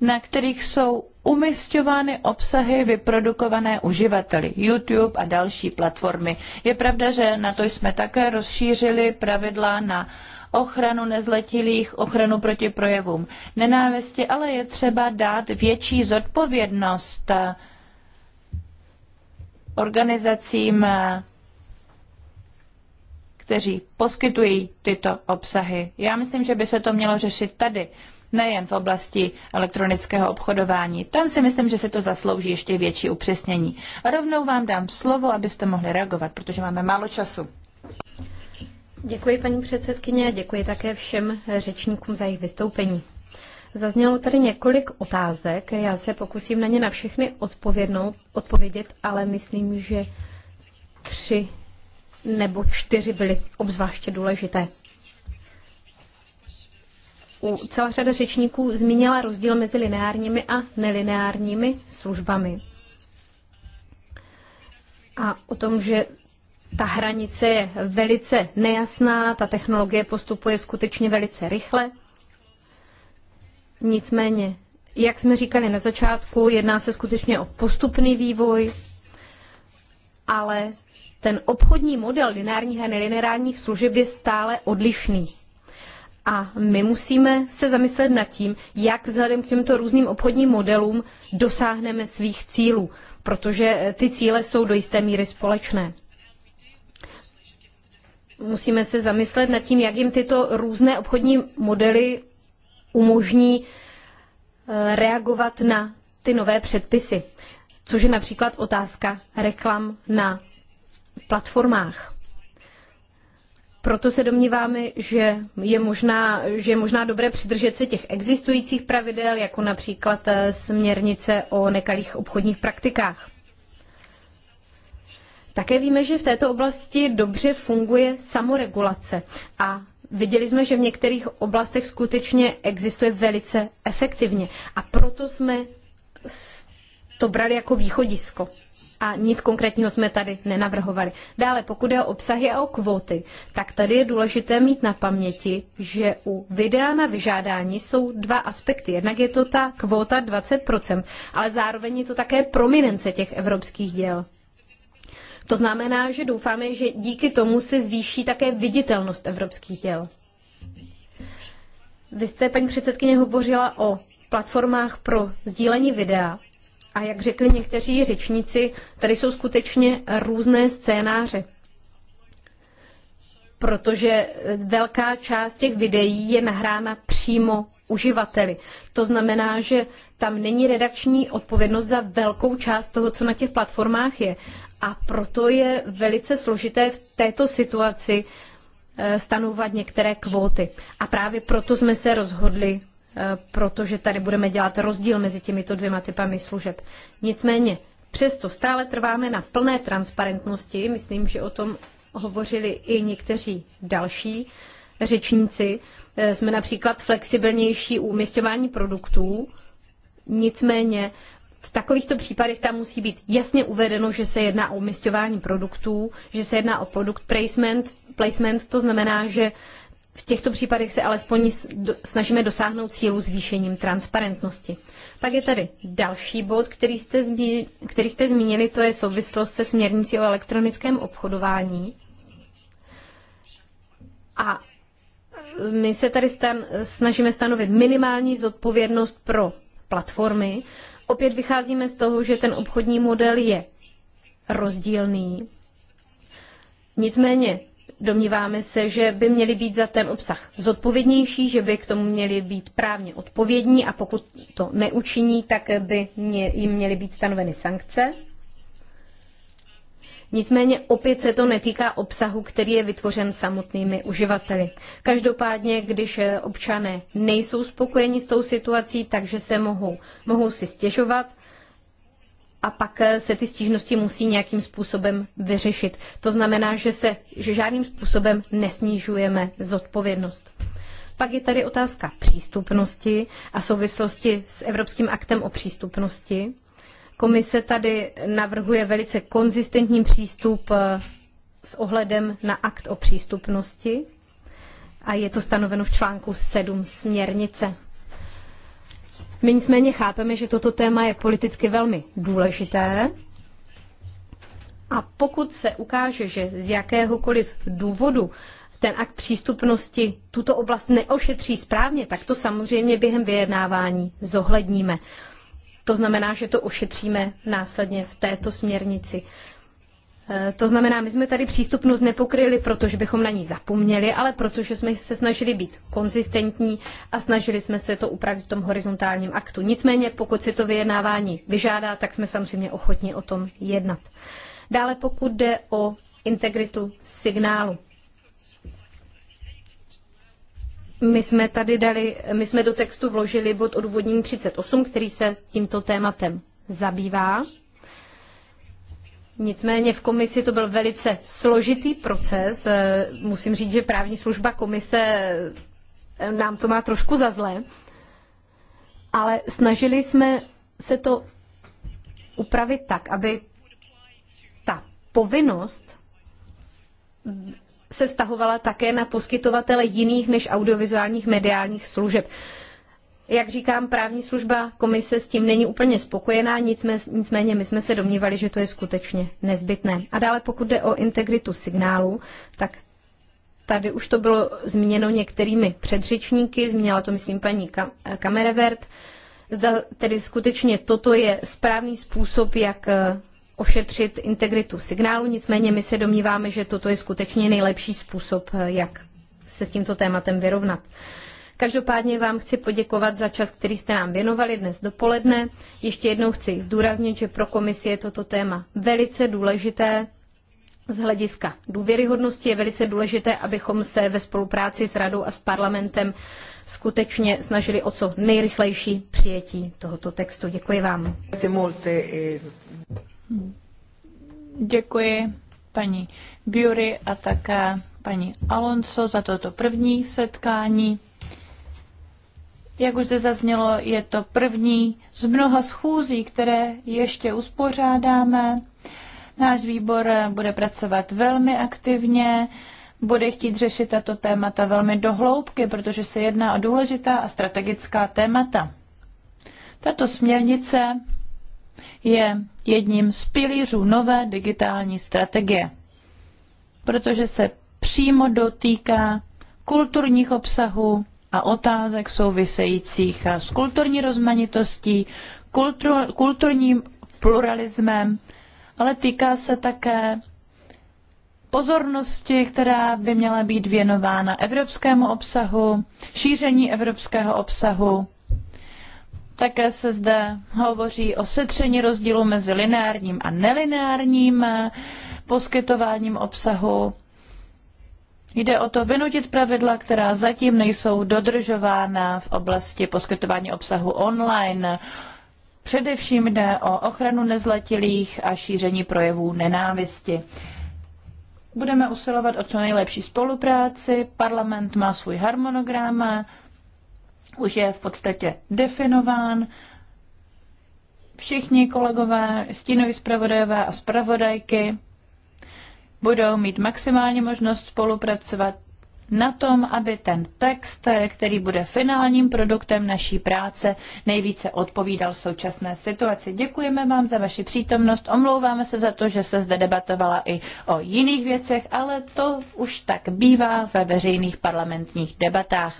na kterých jsou umistovány obsahy vyprodukované uživateli, YouTube a další platformy. Je pravda, že na to jsme také rozšířili pravidla na ochranu nezletilých, ochranu proti projevům nenávisti, ale je třeba dát větší zodpovědnost organizacím, eh, kteří poskytují tyto obsahy. Já myslím, že by se to mělo řešit tady, nejen v oblasti elektronického obchodování. Tam si myslím, že se to zaslouží ještě větší upřesnění. A rovnou vám dám slovo, abyste mohli reagovat, protože máme málo času. Děkuji paní předsedkyně a děkuji také všem řečníkům za jejich vystoupení. Zaznělo tady několik otázek, já se pokusím na ně na všechny odpovědět, ale myslím, že tři nebo čtyři byly obzvláště důležité. U celá řada řečníků zmínila rozdíl mezi lineárními a nelineárními službami. A o tom, že ta hranice je velice nejasná, ta technologie postupuje skutečně velice rychle. Nicméně, jak jsme říkali na začátku, jedná se skutečně o postupný vývoj, ale ten obchodní model lineárních a nelineárních služeb je stále odlišný. A my musíme se zamyslet nad tím, jak vzhledem k těmto různým obchodním modelům dosáhneme svých cílů, protože ty cíle jsou do jisté míry společné. Musíme se zamyslet nad tím, jak jim tyto různé obchodní modely umožní eh, reagovat na ty nové předpisy, což je například otázka reklam na platformách. Proto se domníváme, že je, možná, že je možná dobré přidržet se těch existujících pravidel, jako například eh, směrnice o nekalých obchodních praktikách. Také víme, že v této oblasti dobře funguje samoregulace a viděli jsme, že v některých oblastech skutečně existuje velice efektivně. A proto jsme to brali jako východisko. A nic konkrétního jsme tady nenavrhovali. Dále, pokud je o obsahy a o kvóty, tak tady je důležité mít na paměti, že u videa na vyžádání jsou dva aspekty. Jednak je to ta kvóta 20%, ale zároveň je to také prominence těch evropských děl. To znamená, že doufáme, že díky tomu se zvýší také viditelnost evropských děl. Vy jste, paní předsedkyně, hovořila o platformách pro sdílení videa. A jak řekli někteří řečníci, tady jsou skutečně různé scénáře. Protože velká část těch videí je nahrána přímo uživateli. To znamená, že tam není redakční odpovědnost za velkou část toho, co na těch platformách je. A proto je velice složité v této situaci eh, stanovat některé kvóty. A právě proto jsme se rozhodli, eh, protože tady budeme dělat rozdíl mezi těmito dvěma typami služeb. Nicméně, přesto stále trváme na plné transparentnosti. Myslím, že o tom hovořili i někteří další řečníci. Eh, jsme například flexibilnější u umistování produktů, nicméně v takovýchto případech tam musí být jasně uvedeno, že se jedná o umistování produktů, že se jedná o produkt placement, placement to znamená, že v těchto případech se alespoň snažíme dosáhnout cílu zvýšením transparentnosti. Pak je tady další bod, který jste, zmi- který jste zmínili, to je souvislost se směrnicí o elektronickém obchodování. A my se tady stan- snažíme stanovit minimální zodpovědnost pro platformy. Opět vycházíme z toho, že ten obchodní model je rozdílný. Nicméně domníváme se, že by měli být za ten obsah zodpovědnější, že by k tomu měli být právně odpovědní a pokud to neučiní, tak by jim měly být stanoveny sankce. Nicméně opět se to netýká obsahu, který je vytvořen samotnými uživateli. Každopádně, když eh, občané nejsou spokojeni s tou situací, takže se mohou, mohou si stěžovat, a pak eh, se ty stížnosti musí nějakým způsobem vyřešit. To znamená, že, se, že žádným způsobem nesnižujeme zodpovědnost. Pak je tady otázka přístupnosti a souvislosti s Evropským aktem o přístupnosti. Komise tady navrhuje velice konzistentní přístup eh, s ohledem na akt o přístupnosti a je to stanoveno v článku 7 směrnice. My nicméně chápeme, že toto téma je politicky velmi důležité a pokud se ukáže, že z jakéhokoliv důvodu ten akt přístupnosti tuto oblast neošetří správně, tak to samozřejmě během vyjednávání zohledníme. To znamená, že to ošetříme následně v této směrnici. E, to znamená, my jsme tady přístupnost nepokryli, protože bychom na ní zapomněli, ale protože jsme se snažili být konzistentní a snažili jsme se to upravit v tom horizontálním aktu. Nicméně, pokud si to vyjednávání vyžádá, tak jsme samozřejmě ochotni o tom jednat. Dále, pokud jde o integritu signálu. My jsme tady dali, my jsme do textu vložili bod odůvodnění 38, který se tímto tématem zabývá. Nicméně v komisi to byl velice složitý proces. Eh, musím říct, že právní služba komise eh, nám to má trošku za zlé, ale snažili jsme se to upravit tak, aby ta povinnost se stahovala také na poskytovatele jiných než audiovizuálních mediálních služeb. Jak říkám, právní služba komise s tím není úplně spokojená, nicméně my jsme se domnívali, že to je skutečně nezbytné. A dále pokud jde o integritu signálu, tak tady už to bylo zmíněno některými předřečníky, zmínila to myslím paní Kamerevert, zda tedy skutečně toto je správný způsob, jak eh, ošetřit integritu signálu, nicméně my se domníváme, že toto je skutečně nejlepší způsob, jak se s tímto tématem vyrovnat. Každopádně vám chci poděkovat za čas, který jste nám věnovali dnes dopoledne. Ještě jednou chci zdůraznit, že pro komisi je toto téma velice důležité. Z hlediska důvěryhodnosti je velice důležité, abychom se ve spolupráci s radou a s parlamentem skutečně snažili o co nejrychlejší přijetí tohoto textu. Děkuji vám. Děkuji paní Bury a také paní Alonso za toto první setkání. Jak už zde zaznělo, je to první z mnoha schůzí, které ještě uspořádáme. Náš výbor bude pracovat velmi aktivně, bude chtít řešit tato témata velmi dohloubky, protože se jedná o důležitá a strategická témata. Tato směrnice je jedním z pilířů nové digitální strategie, protože se přímo dotýká kulturních obsahů a otázek souvisejících s kulturní rozmanitostí, kultur, kulturním pluralismem, ale týká se také pozornosti, která by měla být věnována evropskému obsahu, šíření evropského obsahu také se zde hovoří o setření rozdílu mezi lineárním a nelineárním eh, poskytováním obsahu. Jde o to vynutit pravidla, která zatím nejsou dodržována v oblasti poskytování obsahu online. Především jde o ochranu nezletilých a šíření projevů nenávisti. Budeme usilovat o co nejlepší spolupráci. Parlament má svůj harmonogram, už je v podstatě definován. Všichni kolegové, stínoví zpravodajové a zpravodajky budou mít maximální možnost spolupracovat na tom, aby ten text, který bude finálním produktem naší práce, nejvíce odpovídal současné situaci. Děkujeme vám za vaši přítomnost, omlouváme se za to, že se zde debatovala i o jiných věcech, ale to už tak bývá ve veřejných parlamentních debatách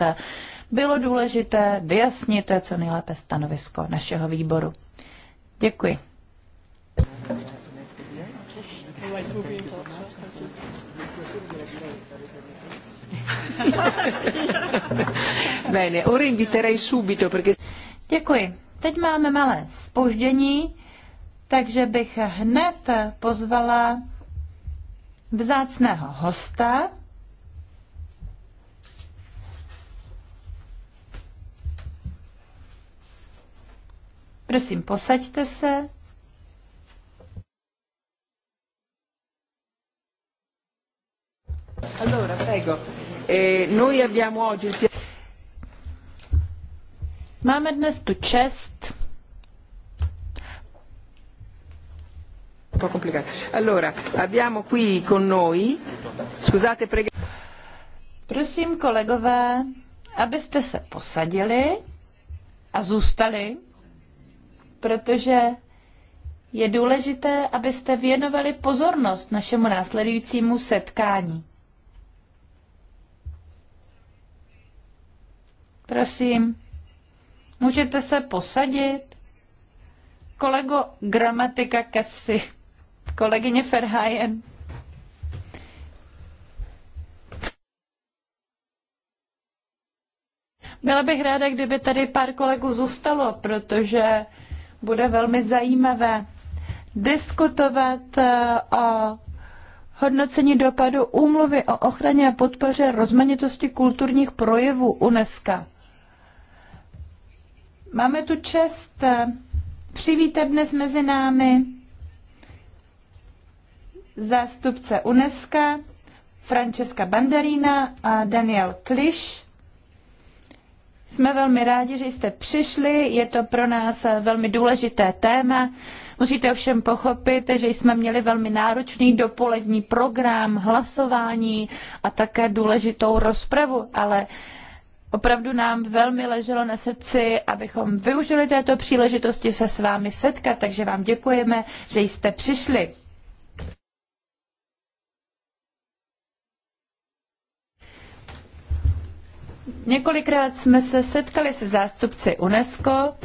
bylo důležité vyjasnit, to je co nejlépe stanovisko našeho výboru. Děkuji. Bene, Děkuji. Teď máme malé spoždění, takže bych hned pozvala vzácného hosta, Prosím, posaďte se. Allora, prego. E noi abbiamo oggi il Máme dnes tu čest. po' complicato. Allora, abbiamo qui con noi. Scusate, prego. Prosím, kolegové, abyste se posadili a zůstali protože je důležité, abyste věnovali pozornost našemu následujícímu setkání. Prosím, můžete se posadit? Kolego gramatika Kessy, kolegyně Ferhajen. Byla bych ráda, kdyby tady pár kolegů zůstalo, protože bude velmi zajímavé diskutovat eh, o hodnocení dopadu úmluvy o ochraně a podpoře rozmanitosti kulturních projevů UNESCO. Máme tu čest eh, přivítat dnes mezi námi zástupce UNESCO, Francesca Bandarina a Daniel Kliš jsme velmi rádi, že jste přišli, je to pro nás velmi důležité téma. Musíte ovšem pochopit, že jsme měli velmi náročný dopolední program, hlasování a také důležitou rozpravu, ale opravdu nám velmi leželo na srdci, abychom využili této příležitosti se s vámi setkat, takže vám děkujeme, že jste přišli. Několikrát jsme se setkali se zástupci UNESCO,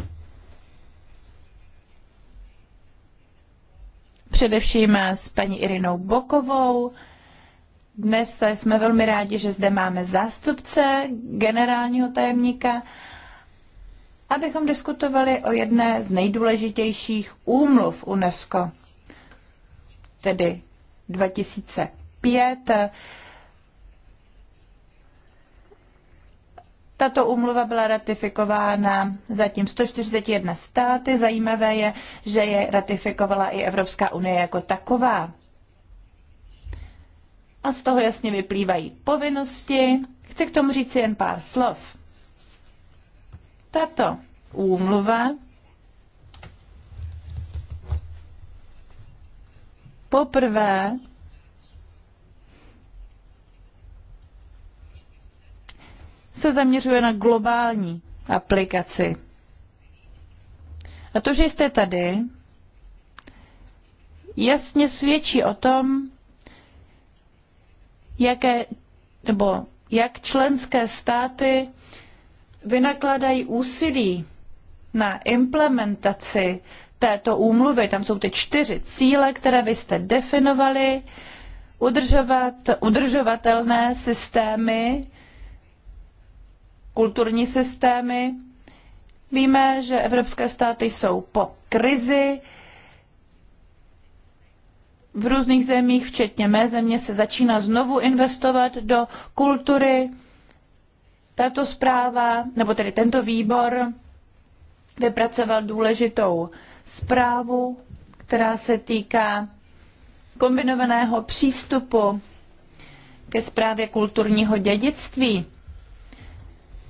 především s paní Irinou Bokovou. Dnes jsme velmi rádi, že zde máme zástupce generálního tajemníka, abychom diskutovali o jedné z nejdůležitějších úmluv UNESCO, tedy 2005 Tato úmluva byla ratifikována zatím 141 státy. Zajímavé je, že je ratifikovala i Evropská unie jako taková. A z toho jasně vyplývají povinnosti. Chci k tomu říct jen pár slov. Tato úmluva poprvé se zaměřuje na globální aplikaci. A to, že jste tady, jasně svědčí o tom, jaké, nebo jak členské státy vynakladají úsilí na implementaci této úmluvy. Tam jsou ty čtyři cíle, které vy jste definovali. Udržovat udržovatelné systémy kulturní systémy. Víme, že evropské státy jsou po krizi. V různých zemích, včetně mé země, se začíná znovu investovat do kultury. Tato zpráva, nebo tedy tento výbor, vypracoval důležitou zprávu, která se týká kombinovaného přístupu ke zprávě kulturního dědictví.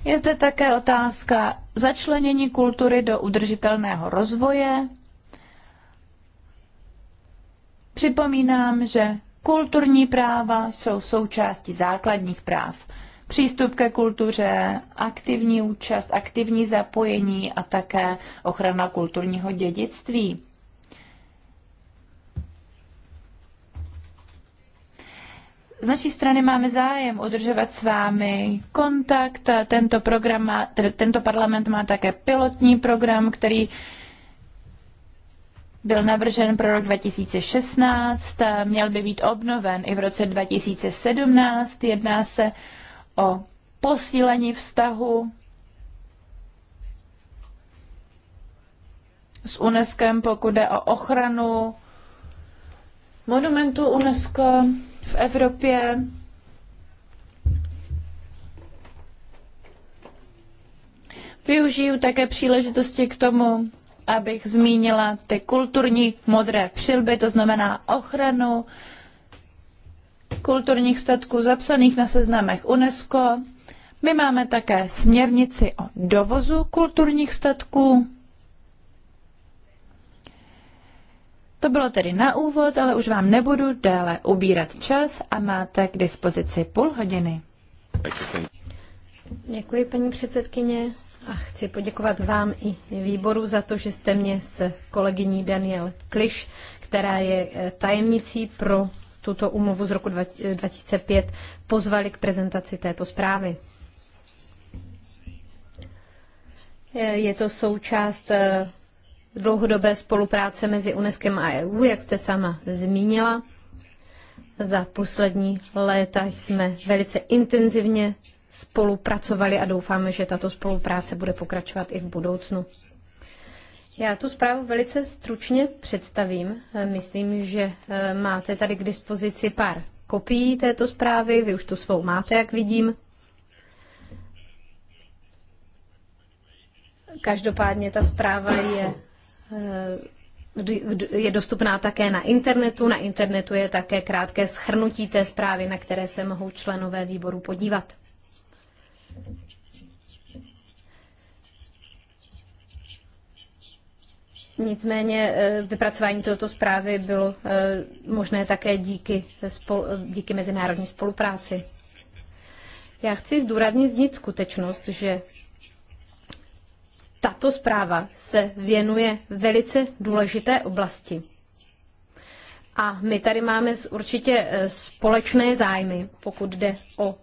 Je zde také otázka začlenění kultury do udržitelného rozvoje. Připomínám, že kulturní práva jsou součástí základních práv. Přístup ke kultuře, aktivní účast, aktivní zapojení a také ochrana kulturního dědictví. Z naší strany máme zájem udržovat s vámi kontakt. Tento, program má, tento parlament má také pilotní program, který byl navržen pro rok 2016, měl by být obnoven i v roce 2017. Jedná se o posílení vztahu s UNESCO, pokud jde o ochranu monumentu UNESCO v Evropě. Využiju také příležitosti k tomu, abych zmínila ty kulturní modré přilby, to znamená ochranu kulturních statků zapsaných na seznamech UNESCO. My máme také směrnici o dovozu kulturních statků. To bylo tedy na úvod, ale už vám nebudu déle ubírat čas a máte k dispozici půl hodiny. Děkuji, paní předsedkyně, a chci poděkovat vám i výboru za to, že jste mě s kolegyní Daniel Kliš, která je eh, tajemnicí pro tuto umluvu z roku 2005, eh, pozvali k prezentaci této zprávy. Eh, je to součást dlouhodobé spolupráce mezi UNESCO a EU, jak jste sama zmínila. Za poslední léta jsme velice intenzivně spolupracovali a doufáme, že tato spolupráce bude pokračovat i v budoucnu. Já tu zprávu velice stručně představím. Myslím, že eh, máte tady k dispozici pár kopií této zprávy. Vy už tu svou máte, jak vidím. Každopádně ta zpráva je Eh, je dostupná také na internetu. Na internetu je také krátké schrnutí té zprávy, na které se mohou členové výboru podívat. Nicméně eh, vypracování této zprávy bylo eh, možné také díky, díky mezinárodní spolupráci. Já chci zdůraznit skutečnost, že tato zpráva se věnuje velice důležité oblasti. A my tady máme určitě eh, společné zájmy, pokud jde o,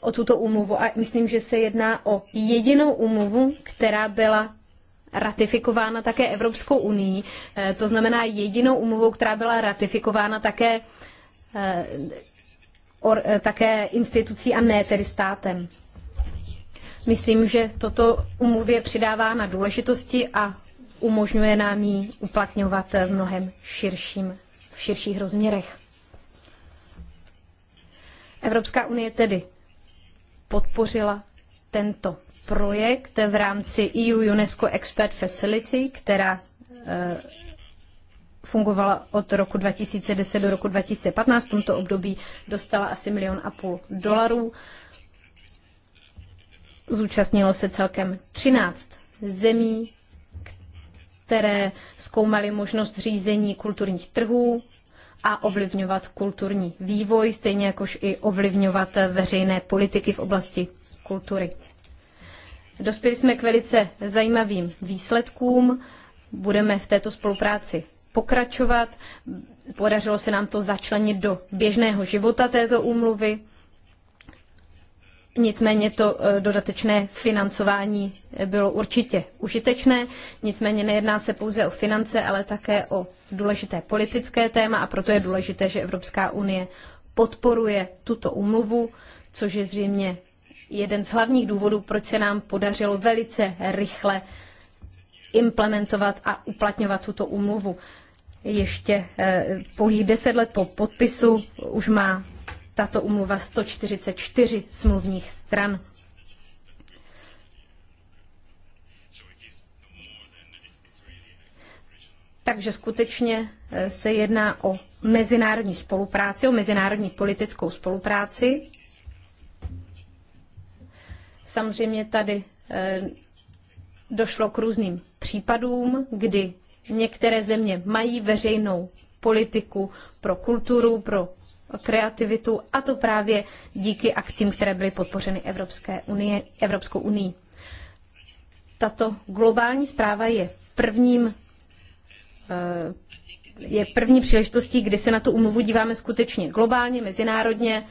o tuto úmluvu. A myslím, že se jedná o jedinou úmluvu, která byla ratifikována také Evropskou unii. Eh, to znamená jedinou úmluvu, která byla ratifikována také, eh, také institucí a ne tedy státem. Myslím, že toto umluvě přidává na důležitosti a umožňuje nám ji uplatňovat v mnohem širším, v širších rozměrech. Evropská unie tedy podpořila tento projekt v rámci EU UNESCO Expert Facility, která eh, fungovala od roku 2010 do roku 2015. V tomto období dostala asi milion a půl dolarů. Zúčastnilo se celkem 13 zemí, které zkoumaly možnost řízení kulturních trhů a ovlivňovat kulturní vývoj, stejně jakož i ovlivňovat veřejné politiky v oblasti kultury. Dospěli jsme k velice zajímavým výsledkům. Budeme v této spolupráci pokračovat. Podařilo se nám to začlenit do běžného života této úmluvy. Nicméně to e, dodatečné financování e, bylo určitě užitečné, nicméně nejedná se pouze o finance, ale také o důležité politické téma a proto je důležité, že Evropská unie podporuje tuto úmluvu, což je zřejmě jeden z hlavních důvodů, proč se nám podařilo velice rychle implementovat a uplatňovat tuto úmluvu. Ještě e, pouhých deset let po podpisu už má tato umluva 144 smluvních stran. Takže skutečně eh, se jedná o mezinárodní spolupráci, o mezinárodní politickou spolupráci. Samozřejmě tady eh, došlo k různým případům, kdy některé země mají veřejnou politiku pro kulturu, pro kreativitu a to právě díky akcím, které byly podpořeny Evropské unie, Evropskou unii. Tato globální zpráva je prvním eh, je první příležitostí, kdy se na tu umluvu díváme skutečně globálně, mezinárodně.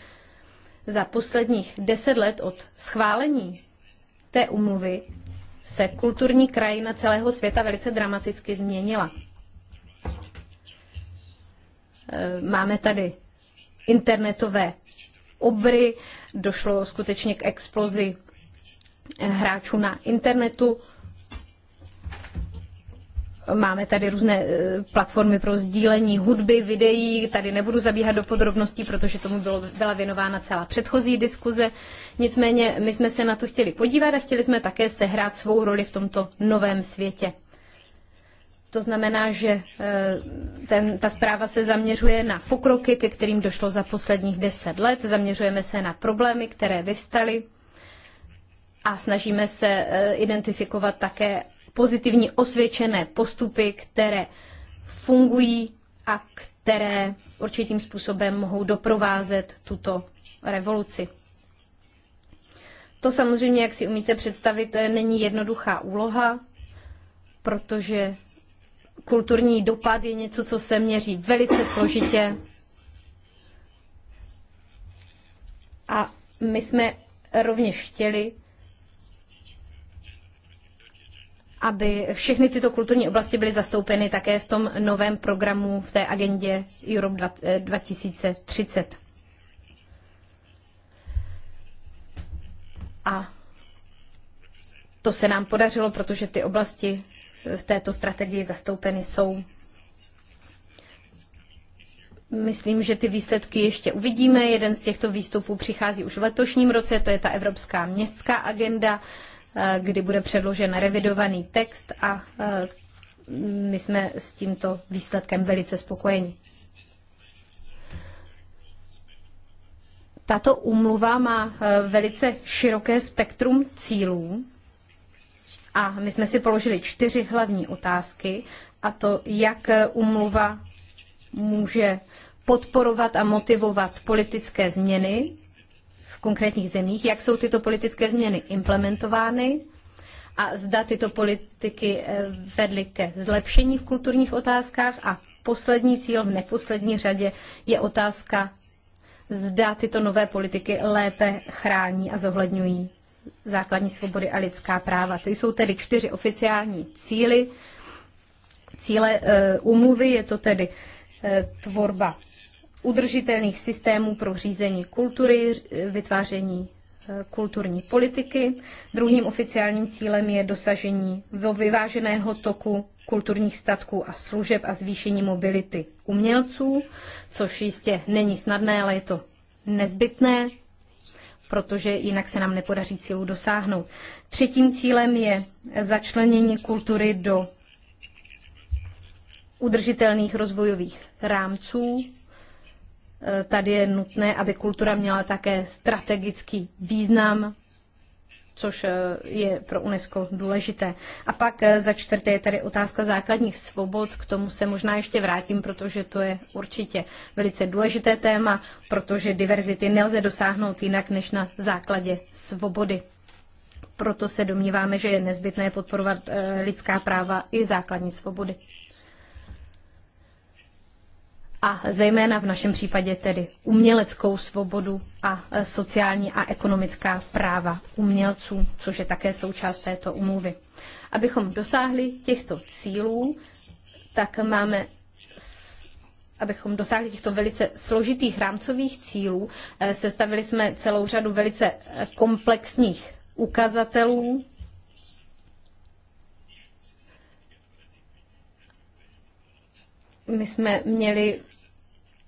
Za posledních deset let od schválení té umluvy se kulturní krajina celého světa velice dramaticky změnila. Eh, máme tady internetové obry, došlo skutečně k explozi eh, hráčů na internetu. Máme tady různé eh, platformy pro sdílení hudby, videí. Tady nebudu zabíhat do podrobností, protože tomu bylo, byla věnována celá předchozí diskuze. Nicméně my jsme se na to chtěli podívat a chtěli jsme také sehrát svou roli v tomto novém světě. To znamená, že eh, ten, ta zpráva se zaměřuje na pokroky, ke kterým došlo za posledních deset let. Zaměřujeme se na problémy, které vyvstaly a snažíme se eh, identifikovat také pozitivní osvědčené postupy, které fungují a které určitým způsobem mohou doprovázet tuto revoluci. To samozřejmě, jak si umíte představit, eh, není jednoduchá úloha, protože kulturní dopad je něco, co se měří velice složitě. A my jsme rovněž chtěli, aby všechny tyto kulturní oblasti byly zastoupeny také v tom novém programu v té agendě Europe 2030. Eh, A to se nám podařilo, protože ty oblasti v této strategii zastoupeny jsou. Myslím, že ty výsledky ještě uvidíme. Jeden z těchto výstupů přichází už v letošním roce, to je ta Evropská městská agenda, eh, kdy bude předložen revidovaný text a eh, my jsme s tímto výsledkem velice spokojeni. Tato úmluva má eh, velice široké spektrum cílů a my jsme si položili čtyři hlavní otázky, a to, jak eh, umluva může podporovat a motivovat politické změny v konkrétních zemích, jak jsou tyto politické změny implementovány a zda tyto politiky eh, vedly ke zlepšení v kulturních otázkách a poslední cíl v neposlední řadě je otázka, zda tyto nové politiky lépe chrání a zohledňují základní svobody a lidská práva. To jsou tedy čtyři oficiální cíly. Cíle umluvy eh, je to tedy eh, tvorba udržitelných systémů pro řízení kultury, vytváření eh, kulturní politiky. Druhým oficiálním cílem je dosažení vyváženého toku kulturních statků a služeb a zvýšení mobility umělců, což jistě není snadné, ale je to nezbytné protože jinak se nám nepodaří cílu dosáhnout. Třetím cílem je začlenění kultury do udržitelných rozvojových rámců. E, tady je nutné, aby kultura měla také strategický význam což eh, je pro UNESCO důležité. A pak eh, za čtvrté je tady otázka základních svobod, k tomu se možná ještě vrátím, protože to je určitě velice důležité téma, protože diverzity nelze dosáhnout jinak než na základě svobody. Proto se domníváme, že je nezbytné podporovat eh, lidská práva i základní svobody a zejména v našem případě tedy uměleckou svobodu a e, sociální a ekonomická práva umělců, což je také součást této umluvy. Abychom dosáhli těchto cílů, tak máme abychom dosáhli těchto velice složitých rámcových cílů, e, sestavili jsme celou řadu velice e, komplexních ukazatelů, my jsme měli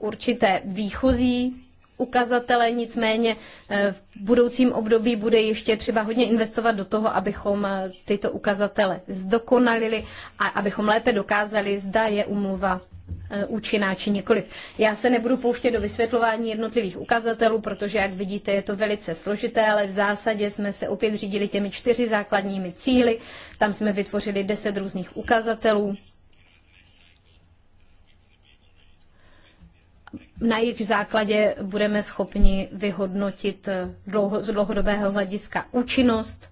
určité výchozí ukazatele, nicméně eh, v budoucím období bude ještě třeba hodně investovat do toho, abychom eh, tyto ukazatele zdokonalili a abychom lépe dokázali, zda je umluva eh, účinná či nikoliv. Já se nebudu pouštět do vysvětlování jednotlivých ukazatelů, protože, jak vidíte, je to velice složité, ale v zásadě jsme se opět řídili těmi čtyři základními cíly. Tam jsme vytvořili deset různých ukazatelů, na jejich základě budeme schopni vyhodnotit eh, dlouho, z dlouhodobého hlediska účinnost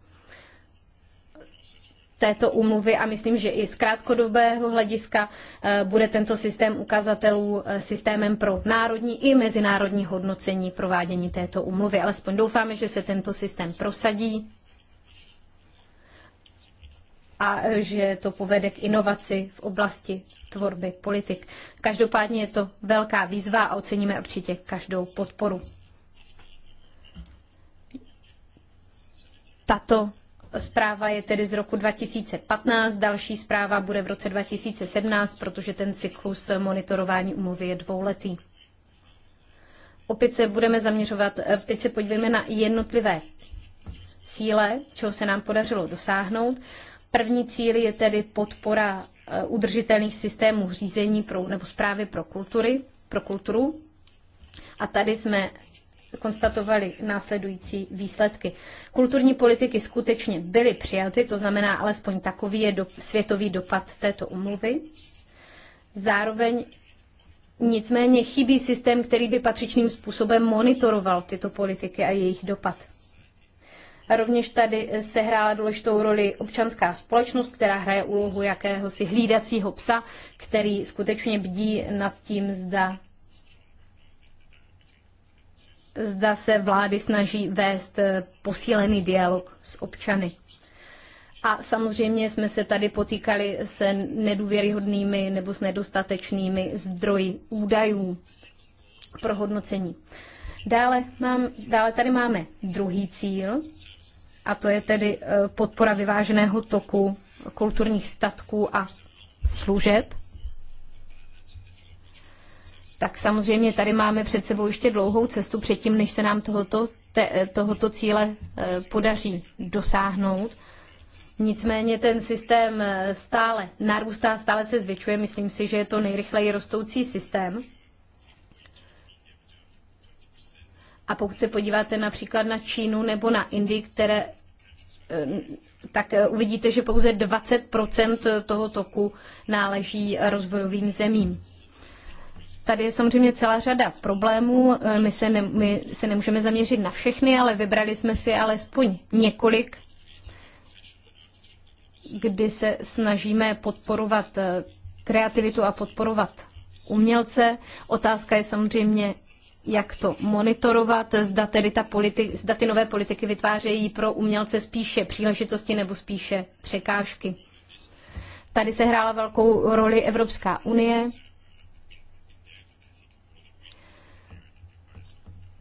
této úmluvy a myslím, že i z krátkodobého hlediska eh, bude tento systém ukazatelů eh, systémem pro národní i mezinárodní hodnocení provádění této úmluvy. Alespoň doufáme, že se tento systém prosadí a že to povede k inovaci v oblasti tvorby politik. Každopádně je to velká výzva a oceníme určitě každou podporu. Tato zpráva je tedy z roku 2015, další zpráva bude v roce 2017, protože ten cyklus monitorování umluvy je dvouletý. Opět se budeme zaměřovat, teď se podívejme na jednotlivé cíle, čeho se nám podařilo dosáhnout První cíl je tedy podpora eh, udržitelných systémů řízení pro, nebo zprávy pro, kultury, pro kulturu. A tady jsme konstatovali následující výsledky. Kulturní politiky skutečně byly přijaty, to znamená alespoň takový je do, světový dopad této umluvy. Zároveň nicméně chybí systém, který by patřičným způsobem monitoroval tyto politiky a jejich dopad. Rovněž tady sehrála důležitou roli občanská společnost, která hraje úlohu jakéhosi hlídacího psa, který skutečně bdí nad tím, zda zda se vlády snaží vést eh, posílený dialog s občany. A samozřejmě jsme se tady potýkali se nedůvěryhodnými nebo s nedostatečnými zdroji údajů pro hodnocení. Dále, mám, dále tady máme druhý cíl, a to je tedy eh, podpora vyváženého toku kulturních statků a služeb. Tak samozřejmě tady máme před sebou ještě dlouhou cestu předtím, než se nám tohoto, te, eh, tohoto cíle eh, podaří dosáhnout. Nicméně ten systém stále narůstá, stále se zvětšuje. Myslím si, že je to nejrychleji rostoucí systém. A pokud se podíváte například na Čínu nebo na Indii, které Eh, tak eh, uvidíte, že pouze 20 toho toku náleží rozvojovým zemím. Tady je samozřejmě celá řada problémů. Eh, my se, ne, my se nemůžeme zaměřit na všechny, ale vybrali jsme si alespoň několik, kdy se snažíme podporovat kreativitu a podporovat umělce. Otázka je samozřejmě jak to monitorovat, zda tedy ta politi- zda ty nové politiky vytvářejí pro umělce spíše příležitosti nebo spíše překážky. Tady se hrála velkou roli Evropská unie.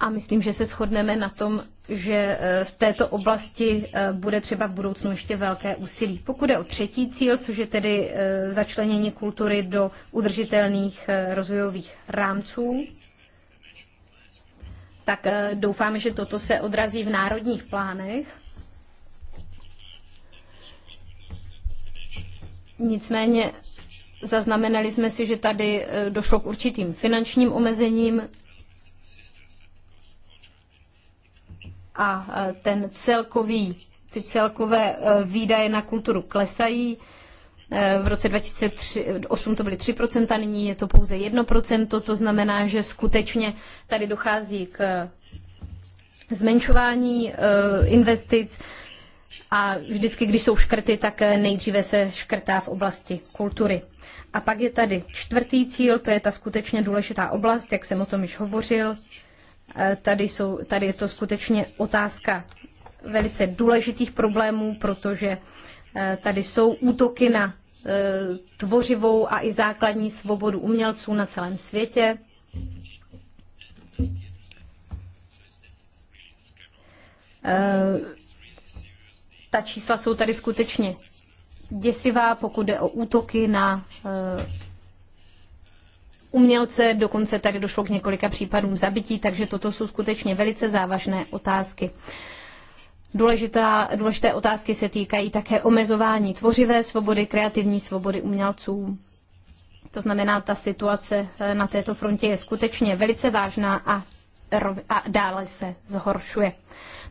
A myslím, že se shodneme na tom, že e, v této oblasti e, bude třeba v budoucnu ještě velké úsilí. Pokud je o třetí cíl, což je tedy e, začlenění kultury do udržitelných rozvojových rámců, tak eh, doufám, že toto se odrazí v národních plánech. Nicméně zaznamenali jsme si, že tady eh, došlo k určitým finančním omezením a eh, ten celkový, ty celkové výdaje na kulturu klesají. Eh, v roce 2008 to byly 3%, nyní je to pouze 1%, to znamená, že skutečně tady dochází k eh, zmenšování eh, investic a vždycky, když jsou škrty, tak nejdříve se škrtá v oblasti kultury. A pak je tady čtvrtý cíl, to je ta skutečně důležitá oblast, jak jsem o tom již hovořil. Tady, jsou, tady je to skutečně otázka velice důležitých problémů, protože Eh, tady jsou útoky na eh, tvořivou a i základní svobodu umělců na celém světě. Eh, ta čísla jsou tady skutečně děsivá, pokud jde o útoky na umělce, dokonce tady došlo k několika případům zabití, takže toto jsou skutečně velice závažné otázky. Důležitá, důležité otázky se týkají také omezování tvořivé svobody, kreativní svobody umělců. To znamená, ta situace eh, na této frontě je skutečně velice vážná a a dále se zhoršuje.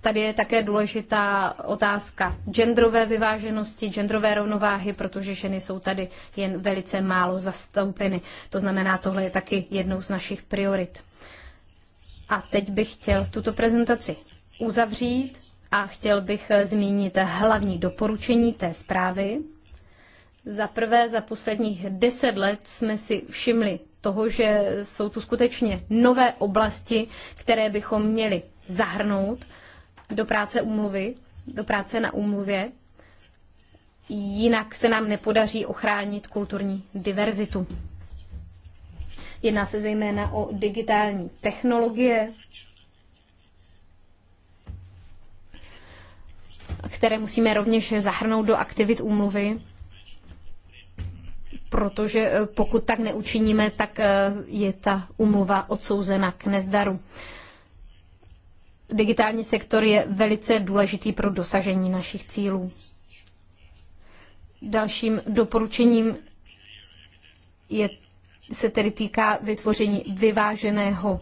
Tady je také důležitá otázka genderové vyváženosti, genderové rovnováhy, protože ženy jsou tady jen velice málo zastoupeny. To znamená, tohle je taky jednou z našich priorit. A teď bych chtěl tuto prezentaci uzavřít a chtěl bych eh, zmínit hlavní doporučení té zprávy. Za prvé, za posledních deset let jsme si všimli toho, že jsou tu skutečně nové oblasti, které bychom měli zahrnout do práce umluvy, do práce na umluvě. Jinak se nám nepodaří ochránit kulturní diverzitu. Jedná se zejména o digitální technologie, které musíme rovněž zahrnout do aktivit úmluvy, protože eh, pokud tak neučiníme, tak eh, je ta úmluva odsouzena k nezdaru. Digitální sektor je velice důležitý pro dosažení našich cílů. Dalším doporučením je, se tedy týká vytvoření vyváženého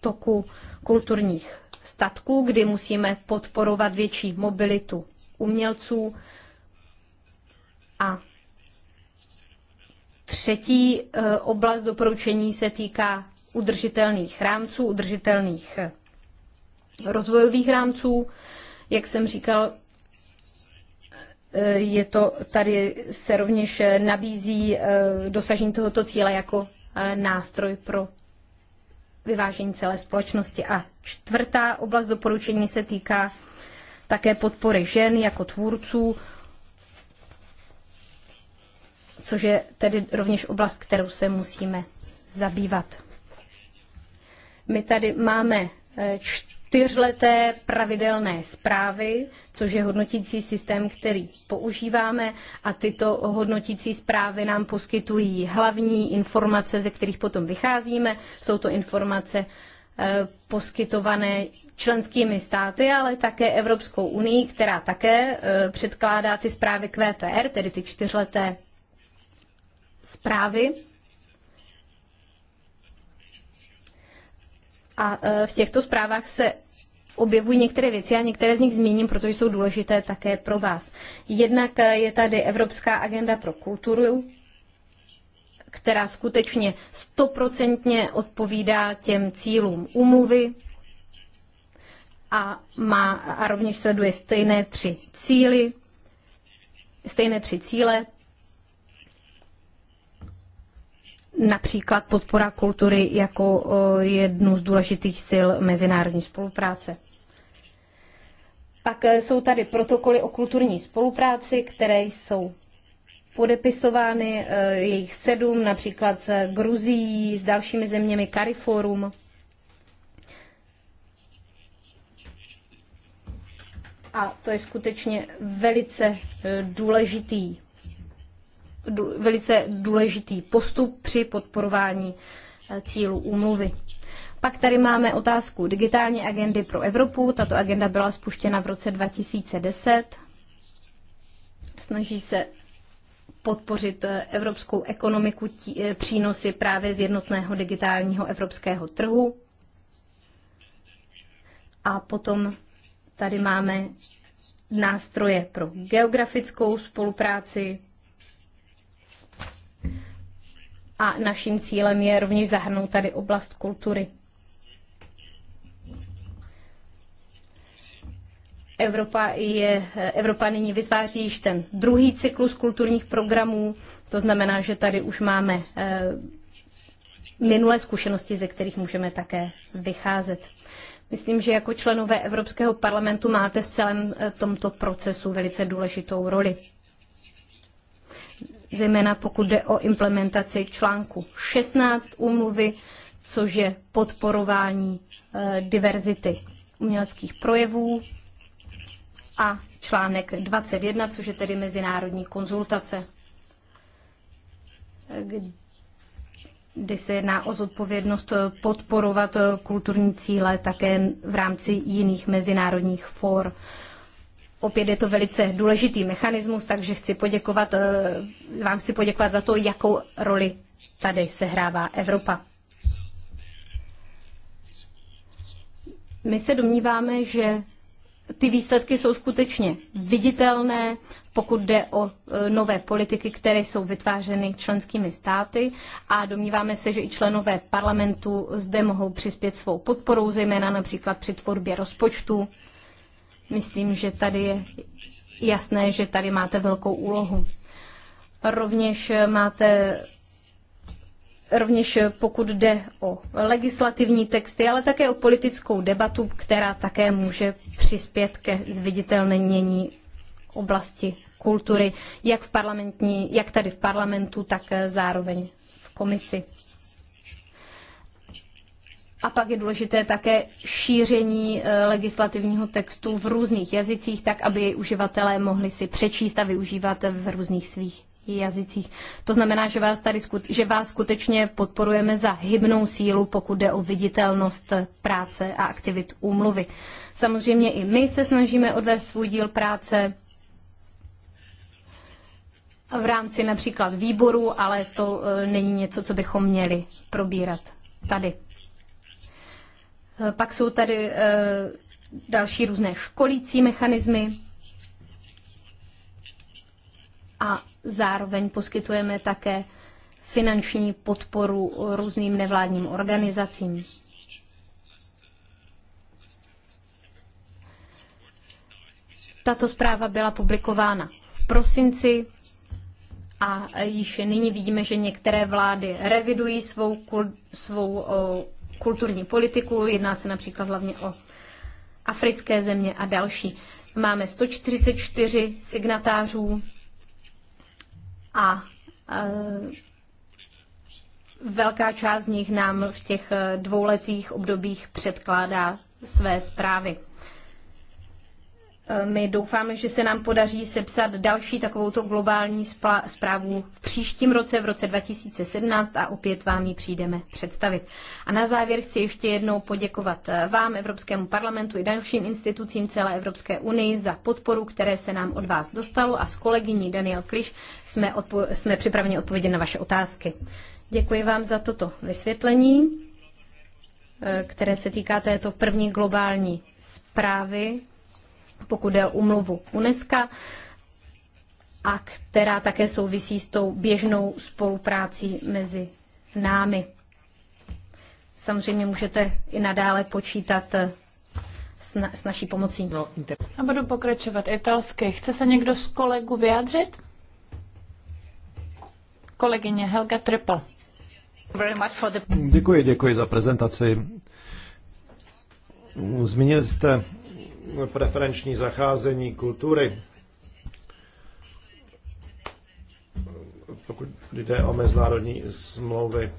toku kulturních statků, kdy musíme podporovat větší mobilitu umělců. A třetí eh, oblast doporučení se týká udržitelných rámců, udržitelných eh, rozvojových rámců. Jak jsem říkal, eh, je to, tady se rovněž nabízí dosažení tohoto cíle jako nástroj pro vyvážení celé společnosti. A čtvrtá oblast doporučení se týká také podpory žen jako tvůrců, což je tedy rovněž oblast, kterou se musíme zabývat. My tady máme čtyřleté pravidelné zprávy, což je hodnotící systém, který používáme a tyto hodnotící zprávy nám poskytují hlavní informace, ze kterých potom vycházíme. Jsou to informace eh, poskytované členskými státy, ale také Evropskou unii, která také eh, předkládá ty zprávy k VPR, tedy ty čtyřleté zprávy. A e, v těchto zprávách se objevují některé věci a některé z nich zmíním, protože jsou důležité také pro vás. Jednak e, je tady Evropská agenda pro kulturu, která skutečně stoprocentně odpovídá těm cílům umluvy a, má, a rovněž sleduje stejné tři cíly, stejné tři cíle, například podpora kultury jako jednu z důležitých sil mezinárodní spolupráce. Pak e, jsou tady protokoly o kulturní spolupráci, které jsou podepisovány, e, jejich sedm, například s Gruzií, s dalšími zeměmi Cariforum. A to je skutečně velice e, důležitý velice důležitý postup při podporování eh, cílů úmluvy. Pak tady máme otázku digitální agendy pro Evropu. Tato agenda byla spuštěna v roce 2010. Snaží se podpořit eh, evropskou ekonomiku tí, eh, přínosy právě z jednotného digitálního evropského trhu. A potom tady máme nástroje pro geografickou spolupráci, a naším cílem je rovněž zahrnout tady oblast kultury. Evropa, je, Evropa nyní vytváří již ten druhý cyklus kulturních programů, to znamená, že tady už máme eh, minulé zkušenosti, ze kterých můžeme také vycházet. Myslím, že jako členové Evropského parlamentu máte v celém eh, tomto procesu velice důležitou roli zejména pokud jde o implementaci článku 16 úmluvy, což je podporování eh, diverzity uměleckých projevů a článek 21, což je tedy mezinárodní konzultace, kdy se jedná o zodpovědnost eh, podporovat eh, kulturní cíle také v rámci jiných mezinárodních for. Opět je to velice důležitý mechanismus, takže chci poděkovat, eh, vám chci poděkovat za to, jakou roli tady sehrává Evropa. My se domníváme, že ty výsledky jsou skutečně viditelné, pokud jde o eh, nové politiky, které jsou vytvářeny členskými státy a domníváme se, že i členové parlamentu zde mohou přispět svou podporou, zejména například při tvorbě rozpočtu Myslím, že tady je jasné, že tady máte velkou úlohu. Rovněž máte rovněž pokud jde o legislativní texty, ale také o politickou debatu, která také může přispět ke zviditelnění oblasti kultury, jak, v parlamentní, jak tady v parlamentu, tak zároveň v komisi. A pak je důležité také šíření eh, legislativního textu v různých jazycích, tak aby jej uživatelé mohli si přečíst a využívat v různých svých jazycích. To znamená, že vás, tady, že vás skutečně podporujeme za hybnou sílu, pokud jde o viditelnost eh, práce a aktivit úmluvy. Samozřejmě i my se snažíme odvést svůj díl práce v rámci například výboru, ale to eh, není něco, co bychom měli probírat tady. Eh, pak jsou tady eh, další různé školící mechanismy a zároveň poskytujeme také finanční podporu různým nevládním organizacím. Tato zpráva byla publikována v prosinci a již nyní vidíme, že některé vlády revidují svou, svou kulturní politiku, jedná se například hlavně o africké země a další. Máme 144 signatářů a e, velká část z nich nám v těch e, dvouletých obdobích předkládá své zprávy. Eh, my doufáme, že se nám podaří sepsat další takovouto globální zprávu v příštím roce, v roce 2017 a opět vám ji přijdeme představit. A na závěr chci ještě jednou poděkovat eh, vám, Evropskému parlamentu i dalším institucím celé Evropské unii za podporu, které se nám od vás dostalo a s kolegyní Daniel Kliš jsme, jsme připraveni odpovědět na vaše otázky. Děkuji vám za toto vysvětlení, eh, které se týká této první globální zprávy pokud jde o umluvu UNESCO a která také souvisí s tou běžnou spoluprácí mezi námi. Samozřejmě můžete i nadále počítat eh, s, na, s naší pomocí. No, budu pokračovat italsky. Chce se někdo z kolegu vyjádřit? Kolegyně Helga Triple. Děkuji, děkuji za prezentaci. Zmínili jste preferenční zacházení kultury. Pokud jde o mezinárodní smlouvy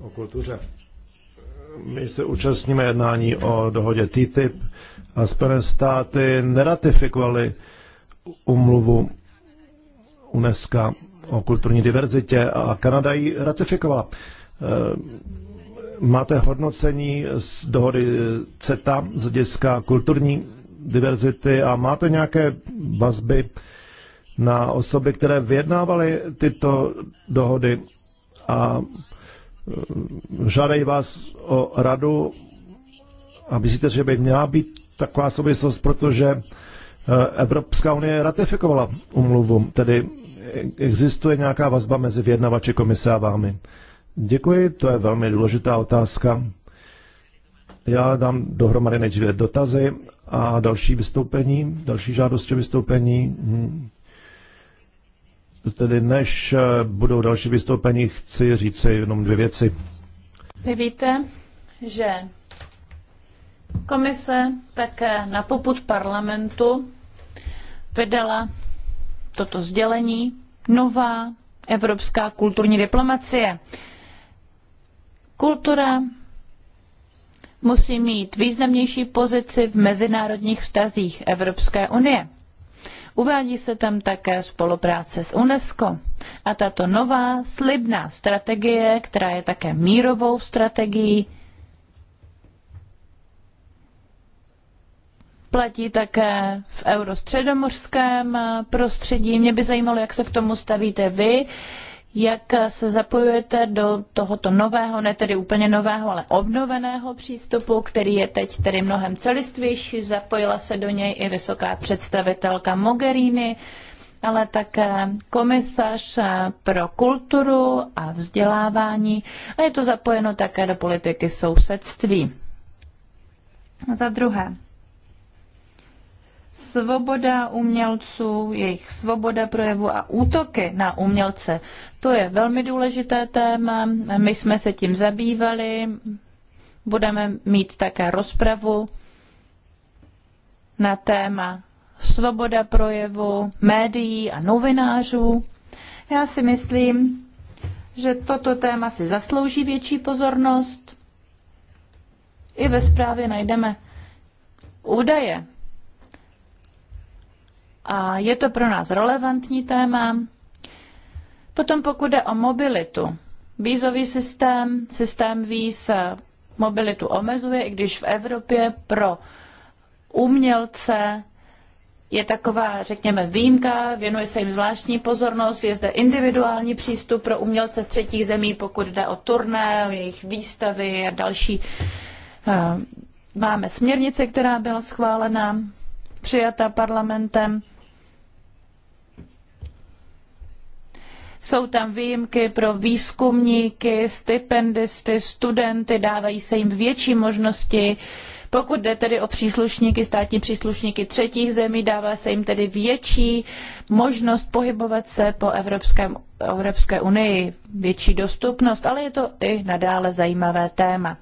o kultuře. My se účastníme jednání o dohodě TTIP a Spojené státy neratifikovaly umluvu UNESCO o kulturní diverzitě a Kanada ji ratifikovala máte hodnocení z dohody CETA z hlediska kulturní diverzity a máte nějaké vazby na osoby, které vyjednávaly tyto dohody a e, žádají vás o radu a myslíte, že by měla být taková souvislost, protože e, Evropská unie ratifikovala umluvu, tedy existuje nějaká vazba mezi vyjednavači komise a vámi. Děkuji, to je velmi důležitá otázka. Já dám dohromady nejdříve dotazy a další vystoupení, další žádosti o vystoupení. Hm. Tedy než eh, budou další vystoupení, chci říct jenom dvě věci. Vy víte, že komise také na poput parlamentu vydala toto sdělení nová evropská kulturní diplomacie. Kultura musí mít významnější pozici v mezinárodních vztazích Evropské unie. Uvádí se tam také spolupráce s UNESCO. A tato nová slibná strategie, která je také mírovou strategií, platí také v eurostředomořském prostředí. Mě by zajímalo, jak se k tomu stavíte vy jak se zapojujete do tohoto nového, ne tedy úplně nového, ale obnoveného přístupu, který je teď tedy mnohem celistvější. Zapojila se do něj i vysoká představitelka Mogherini, ale také komisař pro kulturu a vzdělávání a je to zapojeno také do politiky sousedství. Za druhé, svoboda umělců, jejich svoboda projevu a útoky na umělce. To je velmi důležité téma, my jsme se tím zabývali, budeme mít také rozpravu na téma svoboda projevu, médií a novinářů. Já si myslím, že toto téma si zaslouží větší pozornost. I ve zprávě najdeme údaje. A je to pro nás relevantní téma. Potom pokud jde o mobilitu, vízový systém, systém víz eh, mobilitu omezuje, i když v Evropě pro umělce je taková, řekněme, výjimka, věnuje se jim zvláštní pozornost, je zde individuální přístup pro umělce z třetích zemí, pokud jde o turné, o jejich výstavy a další. Eh, máme směrnici, která byla schválena, přijata parlamentem Jsou tam výjimky pro výzkumníky, stipendisty, studenty, dávají se jim větší možnosti. Pokud jde tedy o příslušníky, státní příslušníky třetích zemí, dává se jim tedy větší možnost pohybovat se po Evropském, Evropské unii, větší dostupnost, ale je to i nadále zajímavé téma.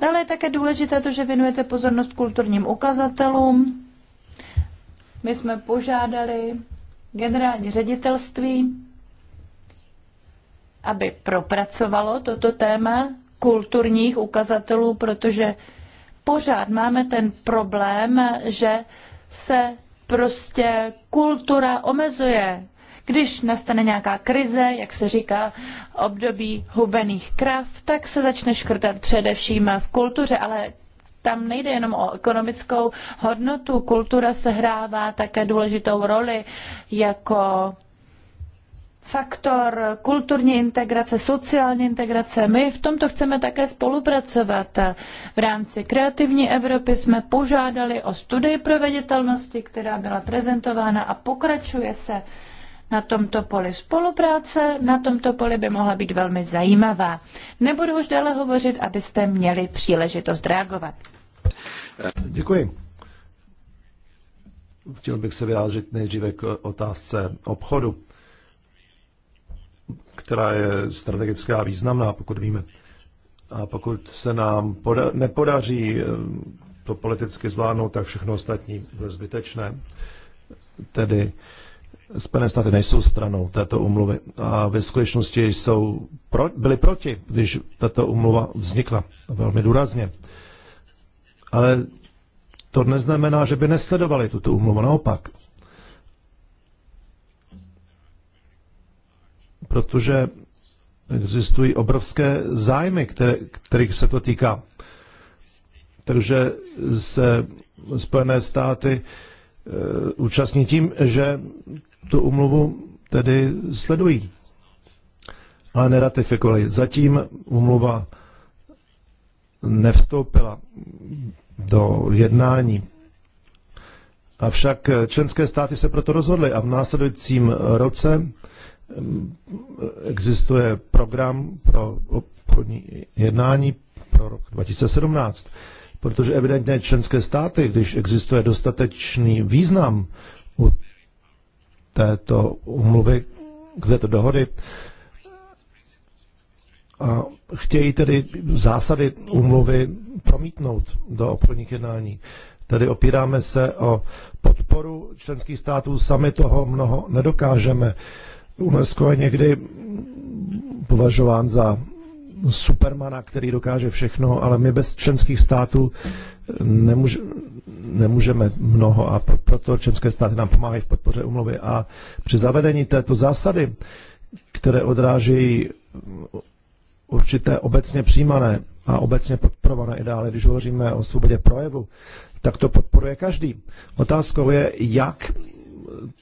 Dále je také důležité to, že věnujete pozornost kulturním ukazatelům. My jsme požádali generální ředitelství aby propracovalo toto téma kulturních ukazatelů, protože pořád máme ten problém, že se prostě kultura omezuje. Když nastane nějaká krize, jak se říká, období hubených krav, tak se začne škrtat především v kultuře, ale tam nejde jenom o ekonomickou hodnotu. Kultura sehrává také důležitou roli jako faktor kulturní integrace, sociální integrace. My v tomto chceme také spolupracovat. V rámci Kreativní Evropy jsme požádali o studii proveditelnosti, která byla prezentována a pokračuje se na tomto poli spolupráce, na tomto poli by mohla být velmi zajímavá. Nebudu už dále hovořit, abyste měli příležitost reagovat. Děkuji. Chtěl bych se vyjádřit nejdříve k otázce obchodu která je strategická a významná, pokud víme. A pokud se nám poda- nepodaří eh, to politicky zvládnout, tak všechno ostatní bude zbytečné. Tedy Spojené státy nejsou stranou této umluvy a ve skutečnosti jsou pro, byli proti, když tato umluva vznikla velmi důrazně. Ale to neznamená, že by nesledovali tuto umluvu, naopak. protože existují obrovské zájmy, které, kterých se to týká. Takže se Spojené státy e, účastní tím, že tu umluvu tedy sledují, ale neratifikovali. Zatím umluva nevstoupila do jednání. Avšak členské státy se proto rozhodly a v následujícím roce existuje program pro obchodní jednání pro rok 2017, protože evidentně členské státy, když existuje dostatečný význam u této umluvy, k této dohody, a chtějí tedy zásady umluvy promítnout do obchodních jednání. Tedy opíráme se o podporu členských států, sami toho mnoho nedokážeme. UNESCO je někdy považován za supermana, který dokáže všechno, ale my bez členských států nemůže, nemůžeme mnoho a proto členské státy nám pomáhají v podpoře umluvy. A při zavedení této zásady, které odrážejí určité obecně přijímané a obecně podporované ideály, když hovoříme o svobodě projevu, tak to podporuje každý. Otázkou je, jak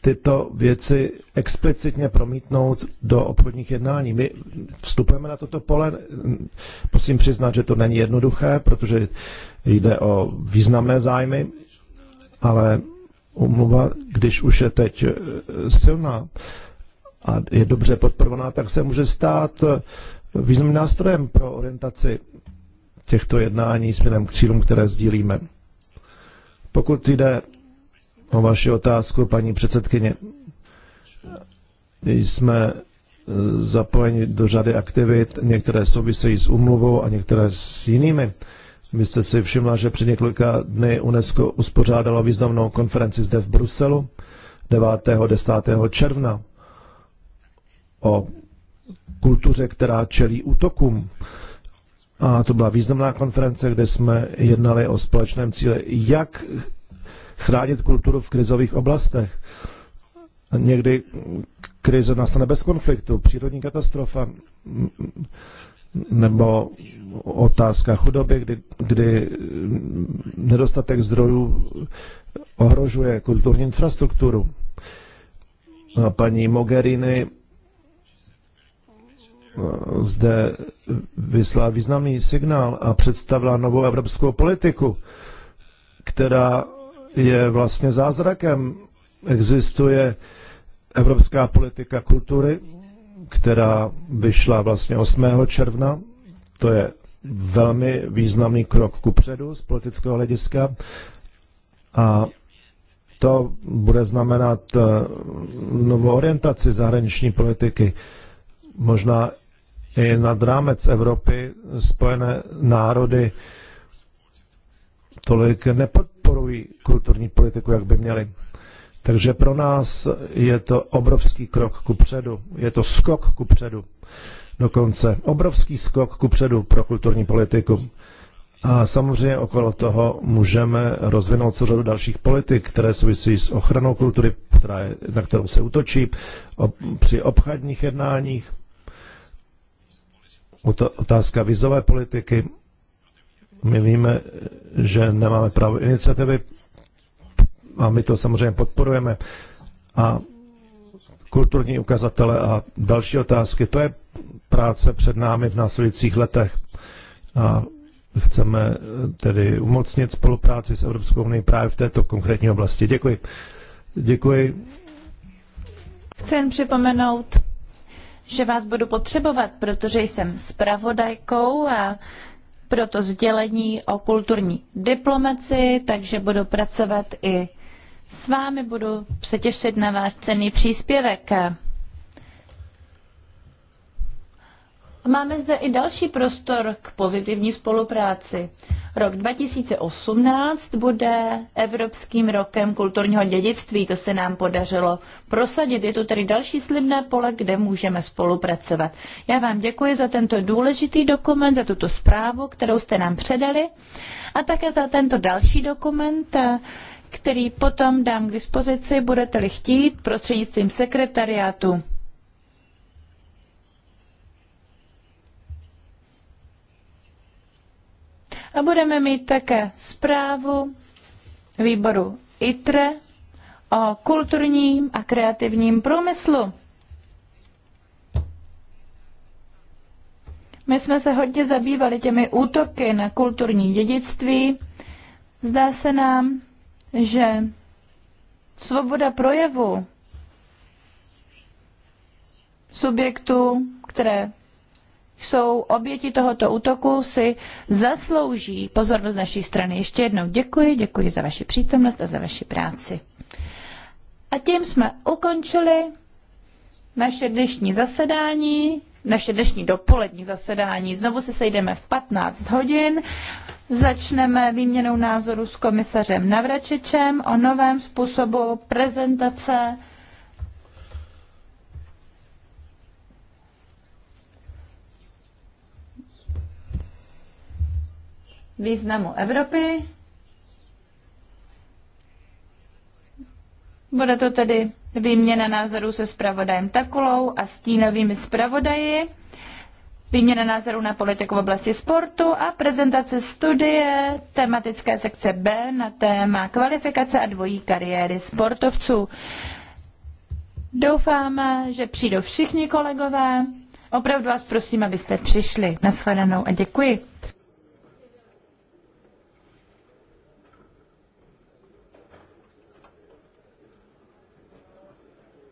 tyto věci explicitně promítnout do obchodních jednání. My vstupujeme na toto pole, musím přiznat, že to není jednoduché, protože jde o významné zájmy, ale umluva, když už je teď eh, silná a je dobře podporovaná, tak se může stát eh, významným nástrojem pro orientaci těchto jednání směrem k cílům, které sdílíme. Pokud jde o vaši otázku, paní předsedkyně. Jsme e, zapojeni do řady aktivit, některé souvisejí s umluvou a některé s jinými. Vy jste si všimla, že před několika dny UNESCO uspořádalo významnou konferenci zde v Bruselu 9. 10. června o kultuře, která čelí útokům. A to byla významná konference, kde jsme jednali o společném cíle, jak chránit kulturu v krizových oblastech. Někdy krize nastane bez konfliktu, přírodní katastrofa nebo otázka chudoby, kdy, kdy nedostatek zdrojů ohrožuje kulturní infrastrukturu. A paní Mogherini eh, zde vyslá významný signál a představila novou evropskou politiku, která je vlastně zázrakem. Existuje evropská politika kultury, která vyšla vlastně 8. června. To je velmi významný krok ku předu z politického hlediska. A to bude znamenat eh, novou orientaci zahraniční politiky, možná i nad rámec Evropy, Spojené národy tolik nepod, podporují kulturní politiku, jak by měli. Takže pro nás je to obrovský krok ku předu. Je to skok ku předu. Dokonce obrovský skok ku předu pro kulturní politiku. A samozřejmě okolo toho můžeme rozvinout celou řadu dalších politik, které souvisí s ochranou kultury, která je, na kterou se utočí, o, při obchodních jednáních, otázka vizové politiky my víme, že nemáme právo iniciativy a my to samozřejmě podporujeme. A kulturní ukazatele a další otázky, to je práce před námi v následujících letech. A chceme tedy umocnit spolupráci s Evropskou unii právě v této konkrétní oblasti. Děkuji. Děkuji. Chci jen připomenout, že vás budu potřebovat, protože jsem spravodajkou a pro to sdělení o kulturní diplomaci, takže budu pracovat i s vámi, budu se těšit na váš cený příspěvek. Máme zde i další prostor k pozitivní spolupráci. Rok 2018 bude Evropským rokem kulturního dědictví, to se nám podařilo prosadit. Je to tedy další slibné pole, kde můžeme spolupracovat. Já vám děkuji za tento důležitý dokument, za tuto zprávu, kterou jste nám předali a také za tento další dokument, který potom dám k dispozici, budete-li chtít, prostřednictvím sekretariátu. A budeme mít také zprávu výboru ITRE o kulturním a kreativním průmyslu. My jsme se hodně zabývali těmi útoky na kulturní dědictví. Zdá se nám, že svoboda projevu subjektů, které jsou oběti tohoto útoku, si zaslouží pozornost naší strany. Ještě jednou děkuji, děkuji za vaši přítomnost a za vaši práci. A tím jsme ukončili naše dnešní zasedání, naše dnešní dopolední zasedání. Znovu se sejdeme v 15 hodin. Začneme výměnou názoru s komisařem Navračičem o novém způsobu prezentace významu Evropy. Bude to tedy výměna názorů se spravodajem Takulou a stínovými zpravodaji, výměna názorů na politiku v oblasti sportu a prezentace studie tematické sekce B na téma kvalifikace a dvojí kariéry sportovců. Doufáme, že přijdou všichni kolegové. Opravdu vás prosím, abyste přišli. Naschledanou a děkuji.